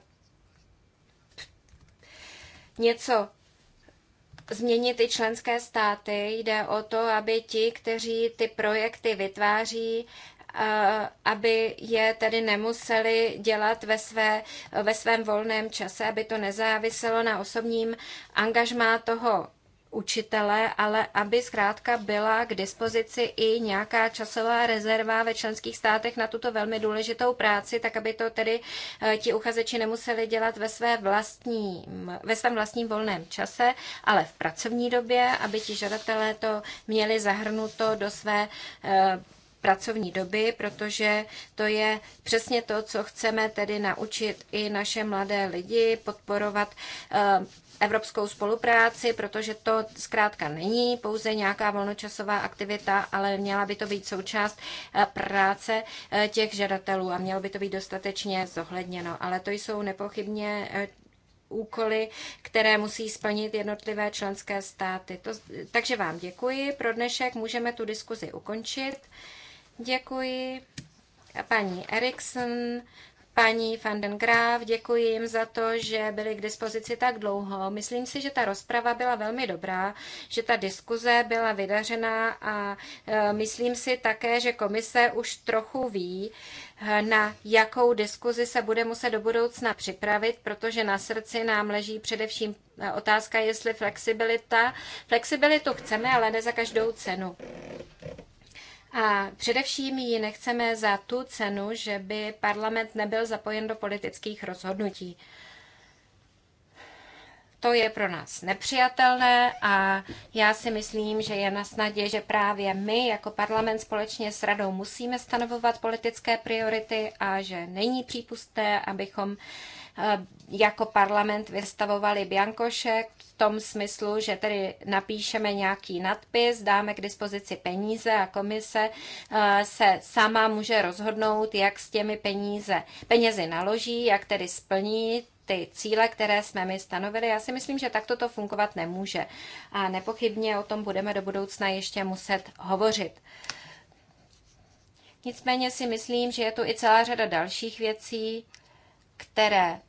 něco změnit i členské státy. Jde o to, aby ti, kteří ty projekty vytváří, eh, aby je tedy nemuseli dělat ve, své, ve svém volném čase, aby to nezáviselo na osobním angažmá toho učitele, ale aby zkrátka byla k dispozici i nějaká časová rezerva ve členských státech na tuto velmi důležitou práci, tak aby to tedy eh, ti uchazeči nemuseli dělat ve, své vlastní, ve svém vlastním volném čase, ale v pracovní době, aby ti žadatelé to měli zahrnuto do své eh, pracovní doby, protože to je přesně to, co chceme tedy naučit i naše mladé lidi, podporovat eh, evropskou spolupráci, protože to zkrátka není pouze nějaká volnočasová aktivita, ale měla by to být součást eh, práce eh, těch žadatelů a mělo by to být dostatečně zohledněno. Ale to jsou nepochybně eh, úkoly, které musí splnit jednotlivé členské státy. To, takže vám děkuji. Pro dnešek můžeme tu diskuzi ukončit. Děkuji paní Erikson paní van den Graaf, děkuji jim za to, že byli k dispozici tak dlouho. Myslím si, že ta rozprava byla velmi dobrá, že ta diskuze byla vydařená a e, myslím si také, že komise už trochu ví, e, na jakou diskuzi se bude muset do budoucna připravit, protože na srdci nám leží především e, otázka, jestli flexibilita. Flexibilitu chceme, ale ne za každou cenu. A především ji nechceme za tu cenu, že by parlament nebyl zapojen do politických rozhodnutí. To je pro nás nepřijatelné a já si myslím, že je na snadě, že právě my jako parlament společně s radou musíme stanovovat politické priority a že není přípustné, abychom Eh, jako parlament vystavovali Biankošek v tom smyslu, že tedy napíšeme nějaký nadpis, dáme k dispozici peníze a komise eh, se sama může rozhodnout, jak s těmi peníze, penězi naloží, jak tedy splní ty cíle, které jsme my stanovili. Já si myslím, že takto to fungovat nemůže. A nepochybně o tom budeme do budoucna ještě muset hovořit. Nicméně si myslím, že je tu i celá řada dalších věcí, které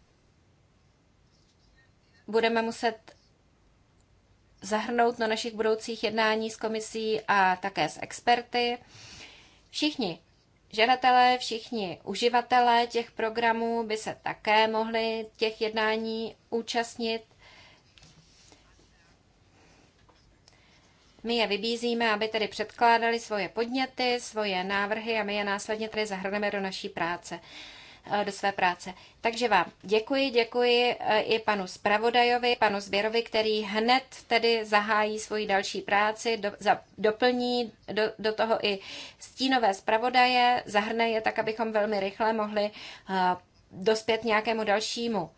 budeme muset zahrnout na našich budoucích jednání s komisí a také s experty. Všichni žadatelé, všichni uživatelé těch programů by se také mohli těch jednání účastnit. My je vybízíme, aby tedy předkládali svoje podněty, svoje návrhy a my je následně tedy zahrneme do naší práce. Eh, do své práce. Takže vám děkuji, děkuji eh, i panu Spravodajovi, panu Zběrovi, který hned tedy zahájí svoji další práci, do, za, doplní do, do toho i stínové zpravodaje, zahrne je tak, abychom velmi rychle mohli uh, dospět nějakému dalšímu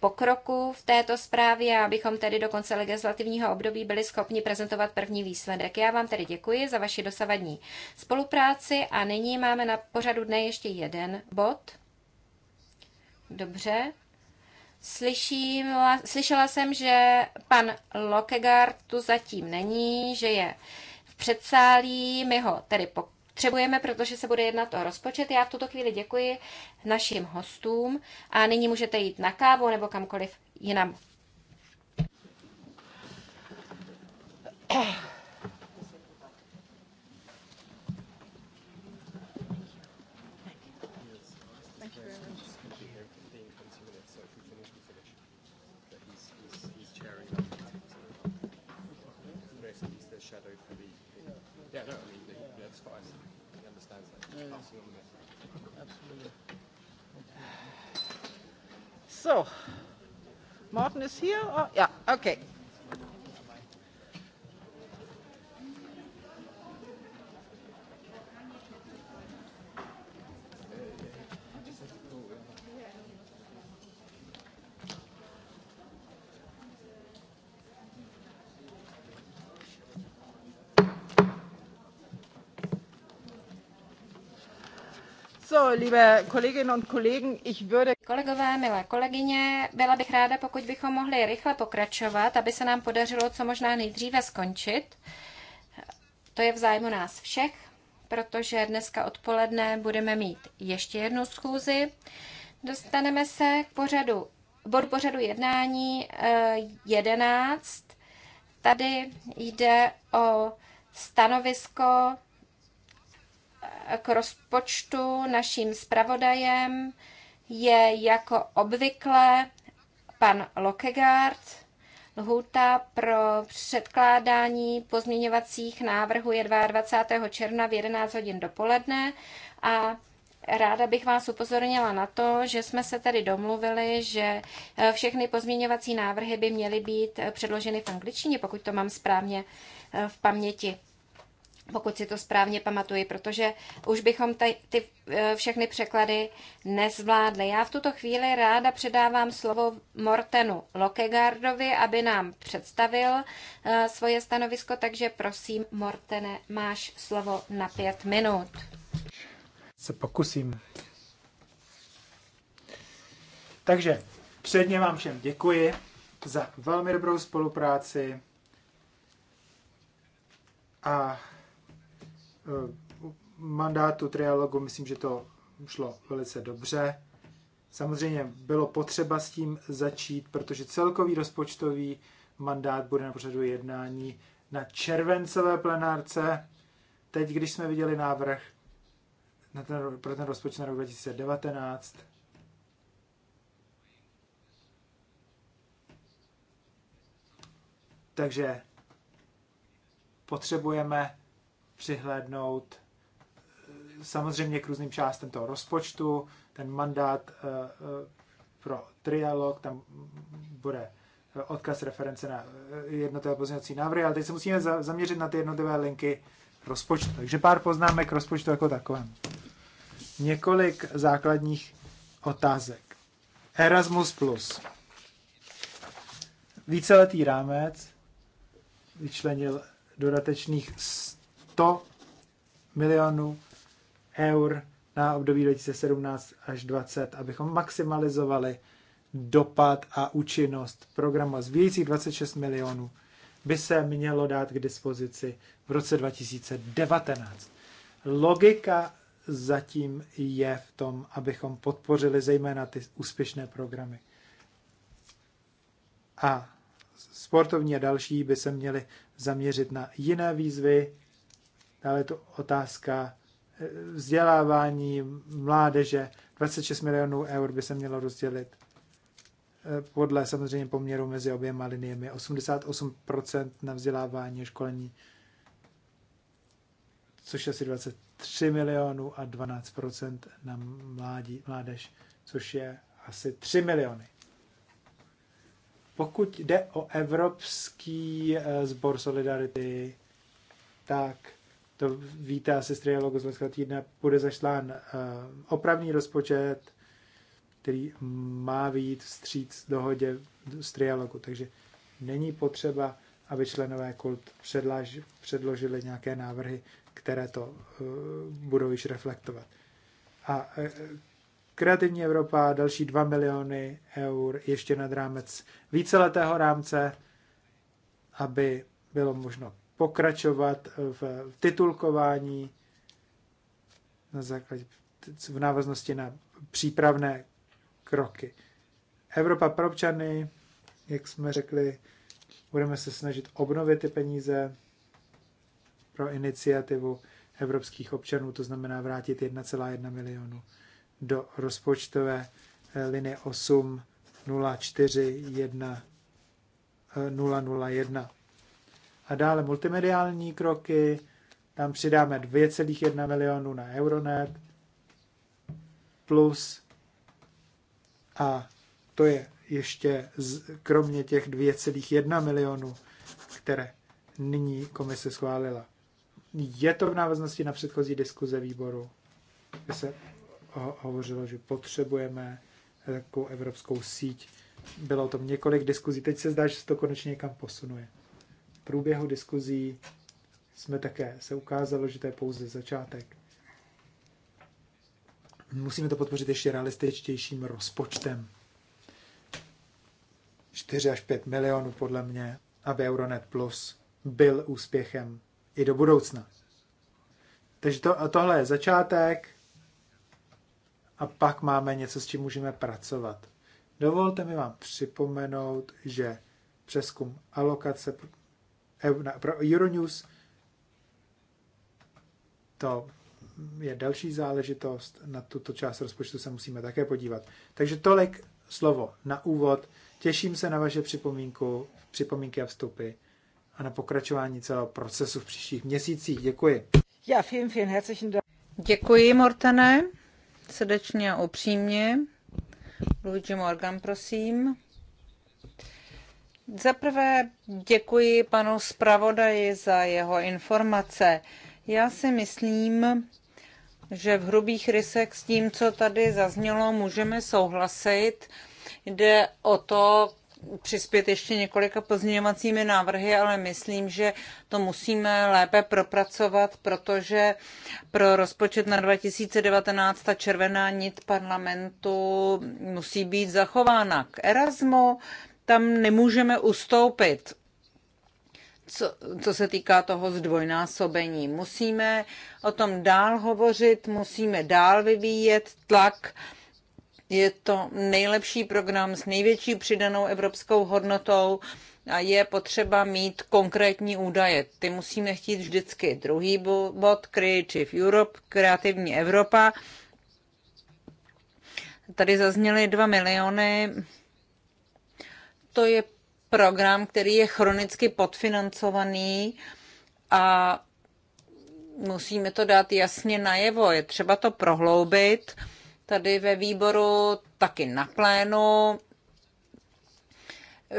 pokroku v této zprávě, abychom tedy do konce legislativního období byli schopni prezentovat první výsledek. Já vám tedy děkuji za vaši dosavadní spolupráci a nyní máme na pořadu dne ještě jeden bod. Dobře. Slyším, slyšela jsem, že pan Lokegard tu zatím není, že je v předsálí. My ho tedy potřebujeme, protože se bude jednat o rozpočet. Já v tuto chvíli děkuji našim hostům a nyní můžete jít na kávu nebo kamkoliv jinam. Oh. So, Martin is here? Or, yeah, okay. Kolegové, milé kolegyně, byla bych ráda, pokud bychom mohli rychle pokračovat, aby se nám podařilo co možná nejdříve skončit. To je v zájmu nás všech, protože dneska odpoledne budeme mít ještě jednu schůzi. Dostaneme se k pořadu, bod pořadu jednání 11. Eh, Tady jde o stanovisko k rozpočtu. Naším zpravodajem je jako obvykle pan Lokegard. Lhůta pro předkládání pozměňovacích návrhů je 22. června v 11 hodin dopoledne a Ráda bych vás upozornila na to, že jsme se tedy domluvili, že eh, všechny pozměňovací návrhy by měly být eh, předloženy v angličtině, pokud to mám správně eh, v paměti pokud si to správně pamatuji, protože už bychom ty, ty e, všechny překlady nezvládli. Já v tuto chvíli ráda předávám slovo Mortenu Lokegardovi, aby nám představil e, svoje stanovisko, takže prosím, Mortene, máš slovo na pět minut. Se pokusím. Takže předně vám všem děkuji za velmi dobrou spolupráci a Eh, mandátu trialogu, myslím, že to šlo velice dobře. Samozřejmě bylo potřeba s tím začít, protože celkový rozpočtový mandát bude na pořadu jednání na červencové plenárce. Teď, když jsme viděli návrh na ten, pro ten rozpočet na rok 2019, takže potřebujeme přihlédnout eh, samozřejmě k různým částem toho rozpočtu, ten mandát eh, eh, pro trialog, tam bude odkaz reference na jednotlivé pozměňovací návrhy, ale teď se musíme zaměřit na ty jednotlivé linky rozpočtu. Takže pár poznámek rozpočtu jako takovém. Několik základních otázek. Erasmus+. Plus. Víceletý rámec vyčlenil dodatečných 100 milionů eur na období 2017 až 2020, abychom maximalizovali dopad a účinnost programu. Zbývajících 26 milionů by se mělo dát k dispozici v roce 2019. Logika zatím je v tom, abychom podpořili zejména ty úspěšné programy. A sportovní a další by se měly zaměřit na jiné výzvy, Dále je to otázka eh, vzdělávání mládeže. 26 milionů eur by se mělo rozdělit eh, podle samozřejmě poměru mezi oběma liniemi. 88% na vzdělávání a školení, což je asi 23 milionů a 12% na mládí, mládež, což je asi 3 miliony. Pokud jde o Evropský eh, sbor Solidarity, tak to víte se z trialogu z loňského týdne, bude zašlán eh, opravný rozpočet, který má vyjít vstříc dohodě z trialogu. Takže není potřeba, aby členové kult předlaž, předložili nějaké návrhy, které to uh, budou již reflektovat. A uh, Kreativní Evropa, další 2 miliony eur ještě nad rámec víceletého rámce, aby bylo možno pokračovat v titulkování na základě v návaznosti na přípravné kroky. Evropa pro občany, jak jsme řekli, budeme se snažit obnovit ty peníze pro iniciativu evropských občanů, to znamená vrátit 1,1 milionu do rozpočtové eh, linie 8 041 001. A dále multimediální kroky, tam přidáme 2,1 milionu na Euronet plus a to je ještě z, kromě těch 2,1 milionů, které nyní komise schválila. Je to v návaznosti na předchozí diskuze výboru, kde se ho- hovořilo, že potřebujeme takovou evropskou síť. Bylo o tom několik diskuzí. Teď se zdá, že se to konečně někam posunuje průběhu diskuzí jsme také se ukázalo, že to je pouze začátek. Musíme to podpořit ještě realističtějším rozpočtem. 4 až 5 milionů podle mě, aby Euronet Plus byl úspěchem i do budoucna. Takže to, tohle je začátek a pak máme něco, s čím můžeme pracovat. Dovolte mi vám připomenout, že přeskum alokace E pro Euronews. To je další záležitost, na tuto část rozpočtu se musíme také podívat. Takže tolik slovo na úvod. Těším se na vaše připomínku, připomínky a vstupy a na pokračování celého procesu v příštích měsících. Děkuji. Já vielen, vielen herzlichen Dank. Děkuji, Mortane, srdečně a upřímně. Luigi Morgan, prosím. Zaprvé děkuji panu zpravodaji za jeho informace. Já si myslím, že v hrubých rysech s tím, co tady zaznělo, můžeme souhlasit. Jde o to přispět ještě několika pozměňovacími návrhy, ale myslím, že to musíme lépe propracovat, protože pro rozpočet na 2019 ta červená nit parlamentu musí být zachována k Erasmu, tam nemůžeme ustoupit. Co, co se týká toho zdvojnásobení, musíme o tom dál hovořit, musíme dál vyvíjet tlak. Je to nejlepší program s největší přidanou evropskou hodnotou a je potřeba mít konkrétní údaje. Ty musíme chtít vždycky. Druhý bod, Creative Europe, Kreativní Evropa. Tady zazněly dva miliony to je program, který je chronicky podfinancovaný a musíme to dát jasně najevo. Je třeba to prohloubit tady ve výboru, taky na plénu.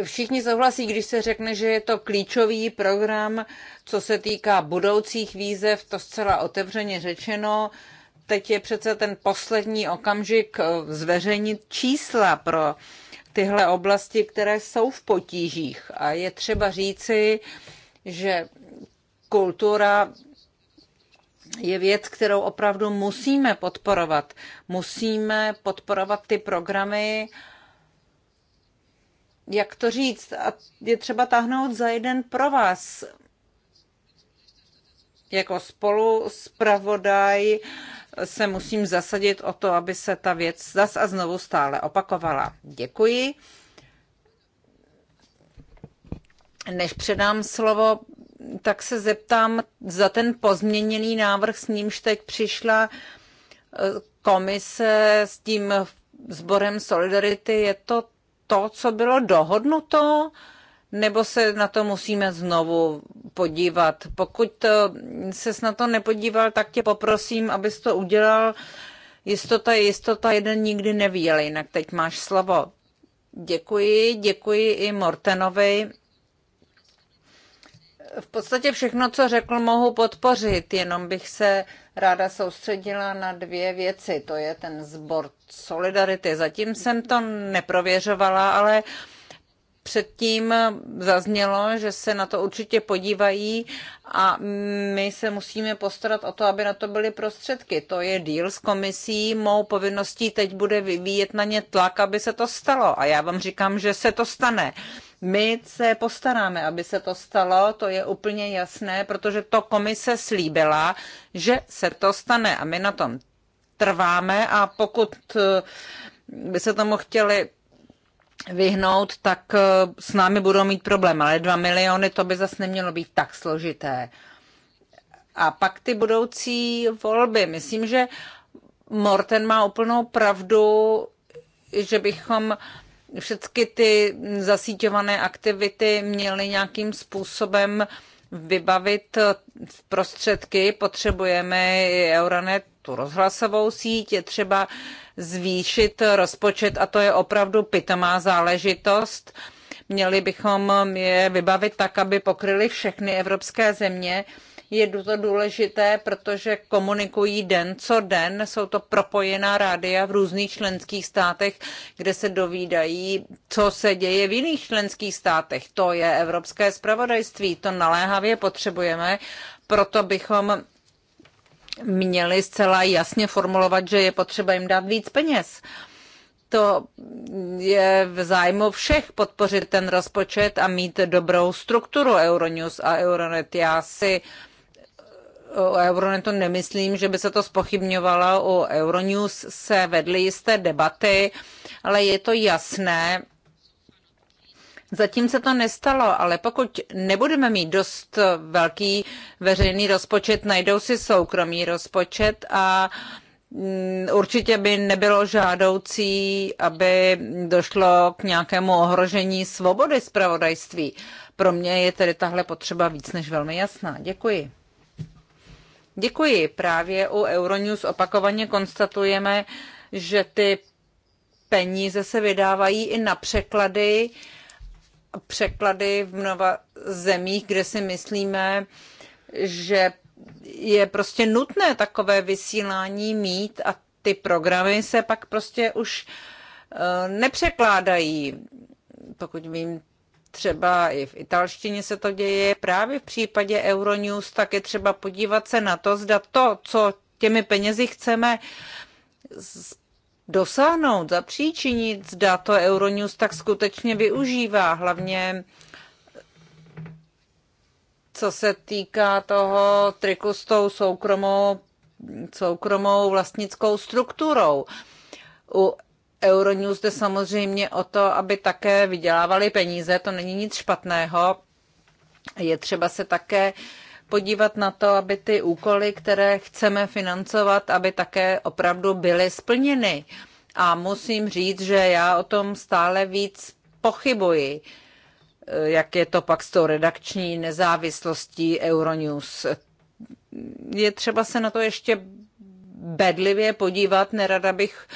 Všichni souhlasí, když se řekne, že je to klíčový program, co se týká budoucích výzev, to zcela otevřeně řečeno. Teď je přece ten poslední okamžik eh, zveřejnit čísla pro tyhle oblasti, které jsou v potížích. A je třeba říci, že kultura je věc, kterou opravdu musíme podporovat. Musíme podporovat ty programy, jak to říct, a je třeba tahnout za jeden pro vás. Jako spolu spravodaj se musím zasadit o to, aby se ta věc zas a znovu stále opakovala. Děkuji. Než předám slovo, tak se zeptám za ten pozměněný návrh, s nímž teď přišla eh, komise s tím sborem Solidarity. Je to to, co bylo dohodnuto? nebo se na to musíme znovu podívat. Pokud eh, se na to nepodíval, tak tě poprosím, abys to udělal. Jistota je jistota, jeden nikdy neví, ale jinak teď máš slovo. Děkuji, děkuji i Mortenovi. V podstatě všechno, co řekl, mohu podpořit, jenom bych se ráda soustředila na dvě věci. To je ten sbor solidarity. Zatím jsem to neprověřovala, ale uh, předtím zaznělo, že se na to určitě podívají a my se musíme postarat o to, aby na to byly prostředky. To je díl s komisí, mou povinností teď bude vyvíjet na ně tlak, aby se to stalo. A já vám říkám, že se to stane. My se postaráme, aby se to stalo, to je úplně jasné, protože to komise slíbila, že se to stane a my na tom trváme a pokud by se tomu chtěli vyhnout, tak e, s námi budou mít problém. Ale 2 miliony to by zase nemělo být tak složité. A pak ty budoucí volby. Myslím, že Morten má úplnou pravdu, že bychom všechny ty zasíťované aktivity měli nějakým způsobem vybavit e, v prostředky. Potřebujeme i Euronet, tu rozhlasovou síť, je třeba zvýšit rozpočet a to je opravdu pitomá záležitost. Měli bychom je vybavit tak, aby pokryli všechny evropské země. Je to důležité, protože komunikují den co den, jsou to propojená rádia v různých členských státech, kde se dovídají, co se děje v jiných členských státech. To je evropské spravodajství, to naléhavě potřebujeme, proto bychom měli zcela jasně formulovat, že je potřeba jim dát víc peněz. To je v zájmu všech podpořit ten rozpočet a mít dobrou strukturu Euronews a Euronet. Já si o Euronetu nemyslím, že by se to spochybňovalo. O Euronews se vedly jisté debaty, ale je to jasné, Zatím se to nestalo, ale pokud nebudeme mít dost velký veřejný rozpočet, najdou si soukromý rozpočet a mm, určitě by nebylo žádoucí, aby došlo k nějakému ohrožení svobody zpravodajství. Pro mě je tedy tahle potřeba víc než velmi jasná. Děkuji. Děkuji. Právě u Euronews opakovaně konstatujeme, že ty peníze se vydávají i na překlady překlady v mnoha zemích, kde si myslíme, že je prostě nutné takové vysílání mít a ty programy se pak prostě už eh, nepřekládají. Pokud vím, třeba i v italštině se to děje. Právě v případě Euronews tak je třeba podívat se na to, zda to, co těmi penězi chceme dosáhnout, zapříčinit, zda to Euronews tak skutečně využívá, hlavně co se týká toho triku s tou soukromou, soukromou vlastnickou strukturou. U Euronews jde samozřejmě o to, aby také vydělávali peníze, to není nic špatného. Je třeba se také uh, podívat na to, aby ty úkoly, které chceme financovat, aby také opravdu byly splněny. A musím říct, že já o tom stále víc pochybuji, jak je to pak s tou redakční nezávislostí Euronews. Je třeba se na to ještě bedlivě podívat, nerada bych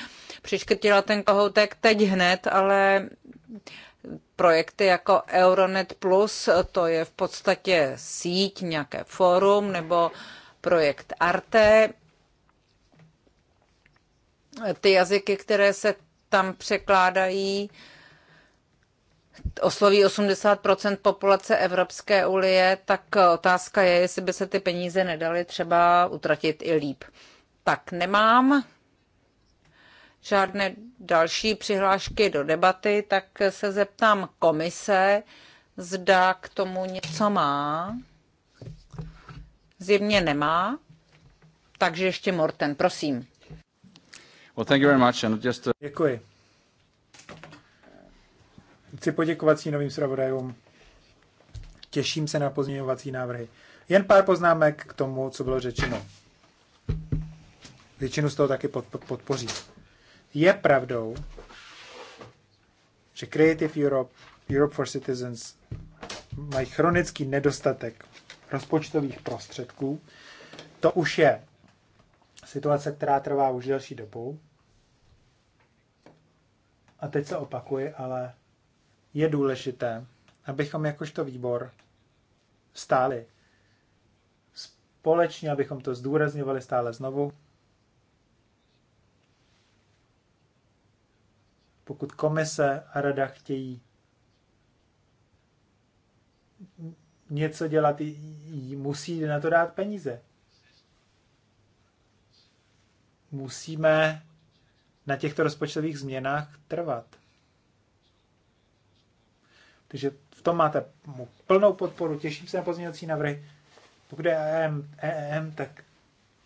přiškrtila ten kohoutek teď hned, ale projekty jako Euronet Plus, to je v podstatě síť, nějaké fórum, nebo projekt Arte. Ty jazyky, které se tam překládají, osloví 80 populace Evropské unie, tak otázka je, jestli by se ty peníze nedaly třeba utratit i líp. Tak nemám žádné další přihlášky do debaty, tak se zeptám komise, zda k tomu něco má. Zjevně nemá, takže ještě Morten, prosím. Well, thank you very much and just to... Děkuji. Chci poděkovat novým zpravodajům. Těším se na pozměňovací návrhy. Jen pár poznámek k tomu, co bylo řečeno. Většinu z toho taky podpoří. Je pravdou, že Creative Europe, Europe for Citizens mají chronický nedostatek rozpočtových prostředků. To už je situace, která trvá už delší dobu. A teď se opakuje, ale je důležité, abychom jakožto výbor stáli společně, abychom to zdůrazňovali stále znovu, pokud komise a rada chtějí něco dělat, musí na to dát peníze. Musíme na těchto rozpočtových změnách trvat. Takže v tom máte plnou podporu, těším se na pozměňovací návrhy. Pokud je EM, EM tak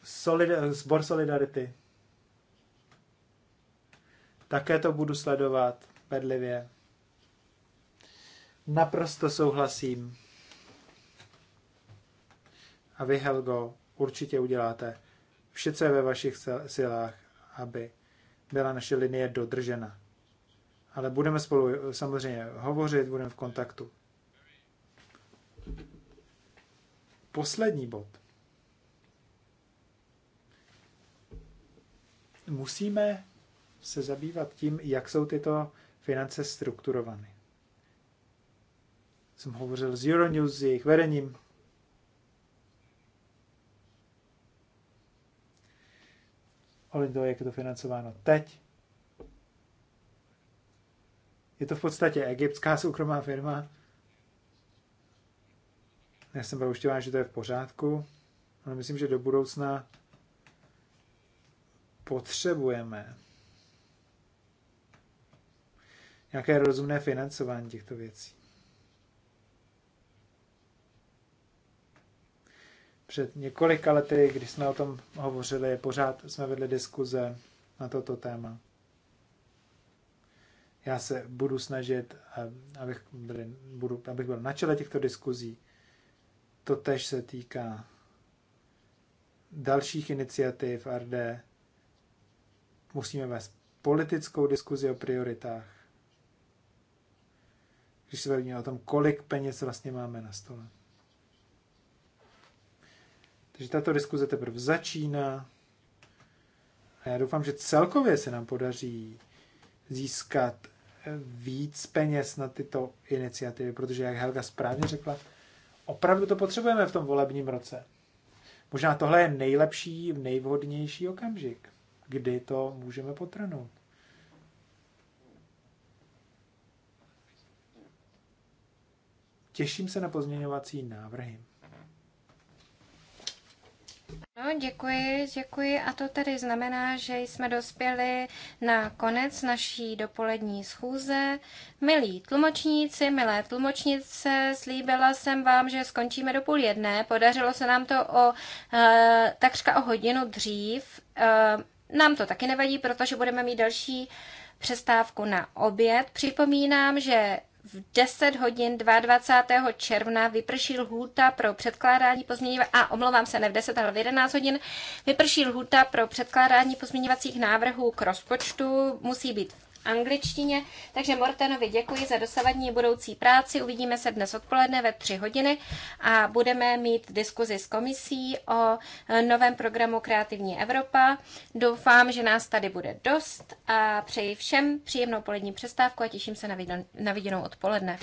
solid, sbor Solidarity také to budu sledovat bedlivě. Naprosto souhlasím. A vy, Helgo, určitě uděláte vše, co je ve vašich silách, aby byla naše linie dodržena. Ale budeme spolu samozřejmě hovořit, budeme v kontaktu. Poslední bod. Musíme se zabývat tím, jak jsou tyto finance strukturovány. Jsem hovořil s Euronews, s jejich vedením. Olindo, jak je to financováno teď. Je to v podstatě egyptská soukromá firma. Já jsem byl uštěván, že to je v pořádku, ale myslím, že do budoucna potřebujeme nějaké rozumné financování těchto věcí. Před několika lety, když jsme o tom hovořili, pořád jsme vedli diskuze na toto téma. Já se budu snažit, eh, abych byl, budu, abych byl na čele těchto diskuzí. To tež se týká dalších iniciativ RD. Musíme vést politickou diskuzi o prioritách když se bavíme o tom, kolik peněz vlastně máme na stole. Takže tato diskuze teprve začíná a já doufám, že celkově se nám podaří získat víc peněz na tyto iniciativy, protože, jak Helga správně řekla, opravdu to potřebujeme v tom volebním roce. Možná tohle je nejlepší, nejvhodnější okamžik, kdy to můžeme potrhnout. Těším se na pozměňovací návrhy. No, děkuji, děkuji. A to tedy znamená, že jsme dospěli na konec naší dopolední schůze. Milí tlumočníci, milé tlumočnice, slíbila jsem vám, že skončíme do půl jedné. Podařilo se nám to o e, takřka o hodinu dřív. E, nám to taky nevadí, protože budeme mít další přestávku na oběd. Připomínám, že v 10 hodin 22. června vyprší lhůta pro předkládání pozměňovacích a omlouvám se, ne v 10, ale v 11 hodin vyprší lhůta pro předkládání pozměňovacích návrhů k rozpočtu. Musí být angličtině. Takže Mortenovi děkuji za dosavadní budoucí práci. Uvidíme se dnes odpoledne ve 3 hodiny a budeme mít diskuzi s komisí o eh, novém programu Kreativní Evropa. Doufám, že nás tady bude dost a přeji všem příjemnou polední přestávku a těším se na viděnou odpoledne.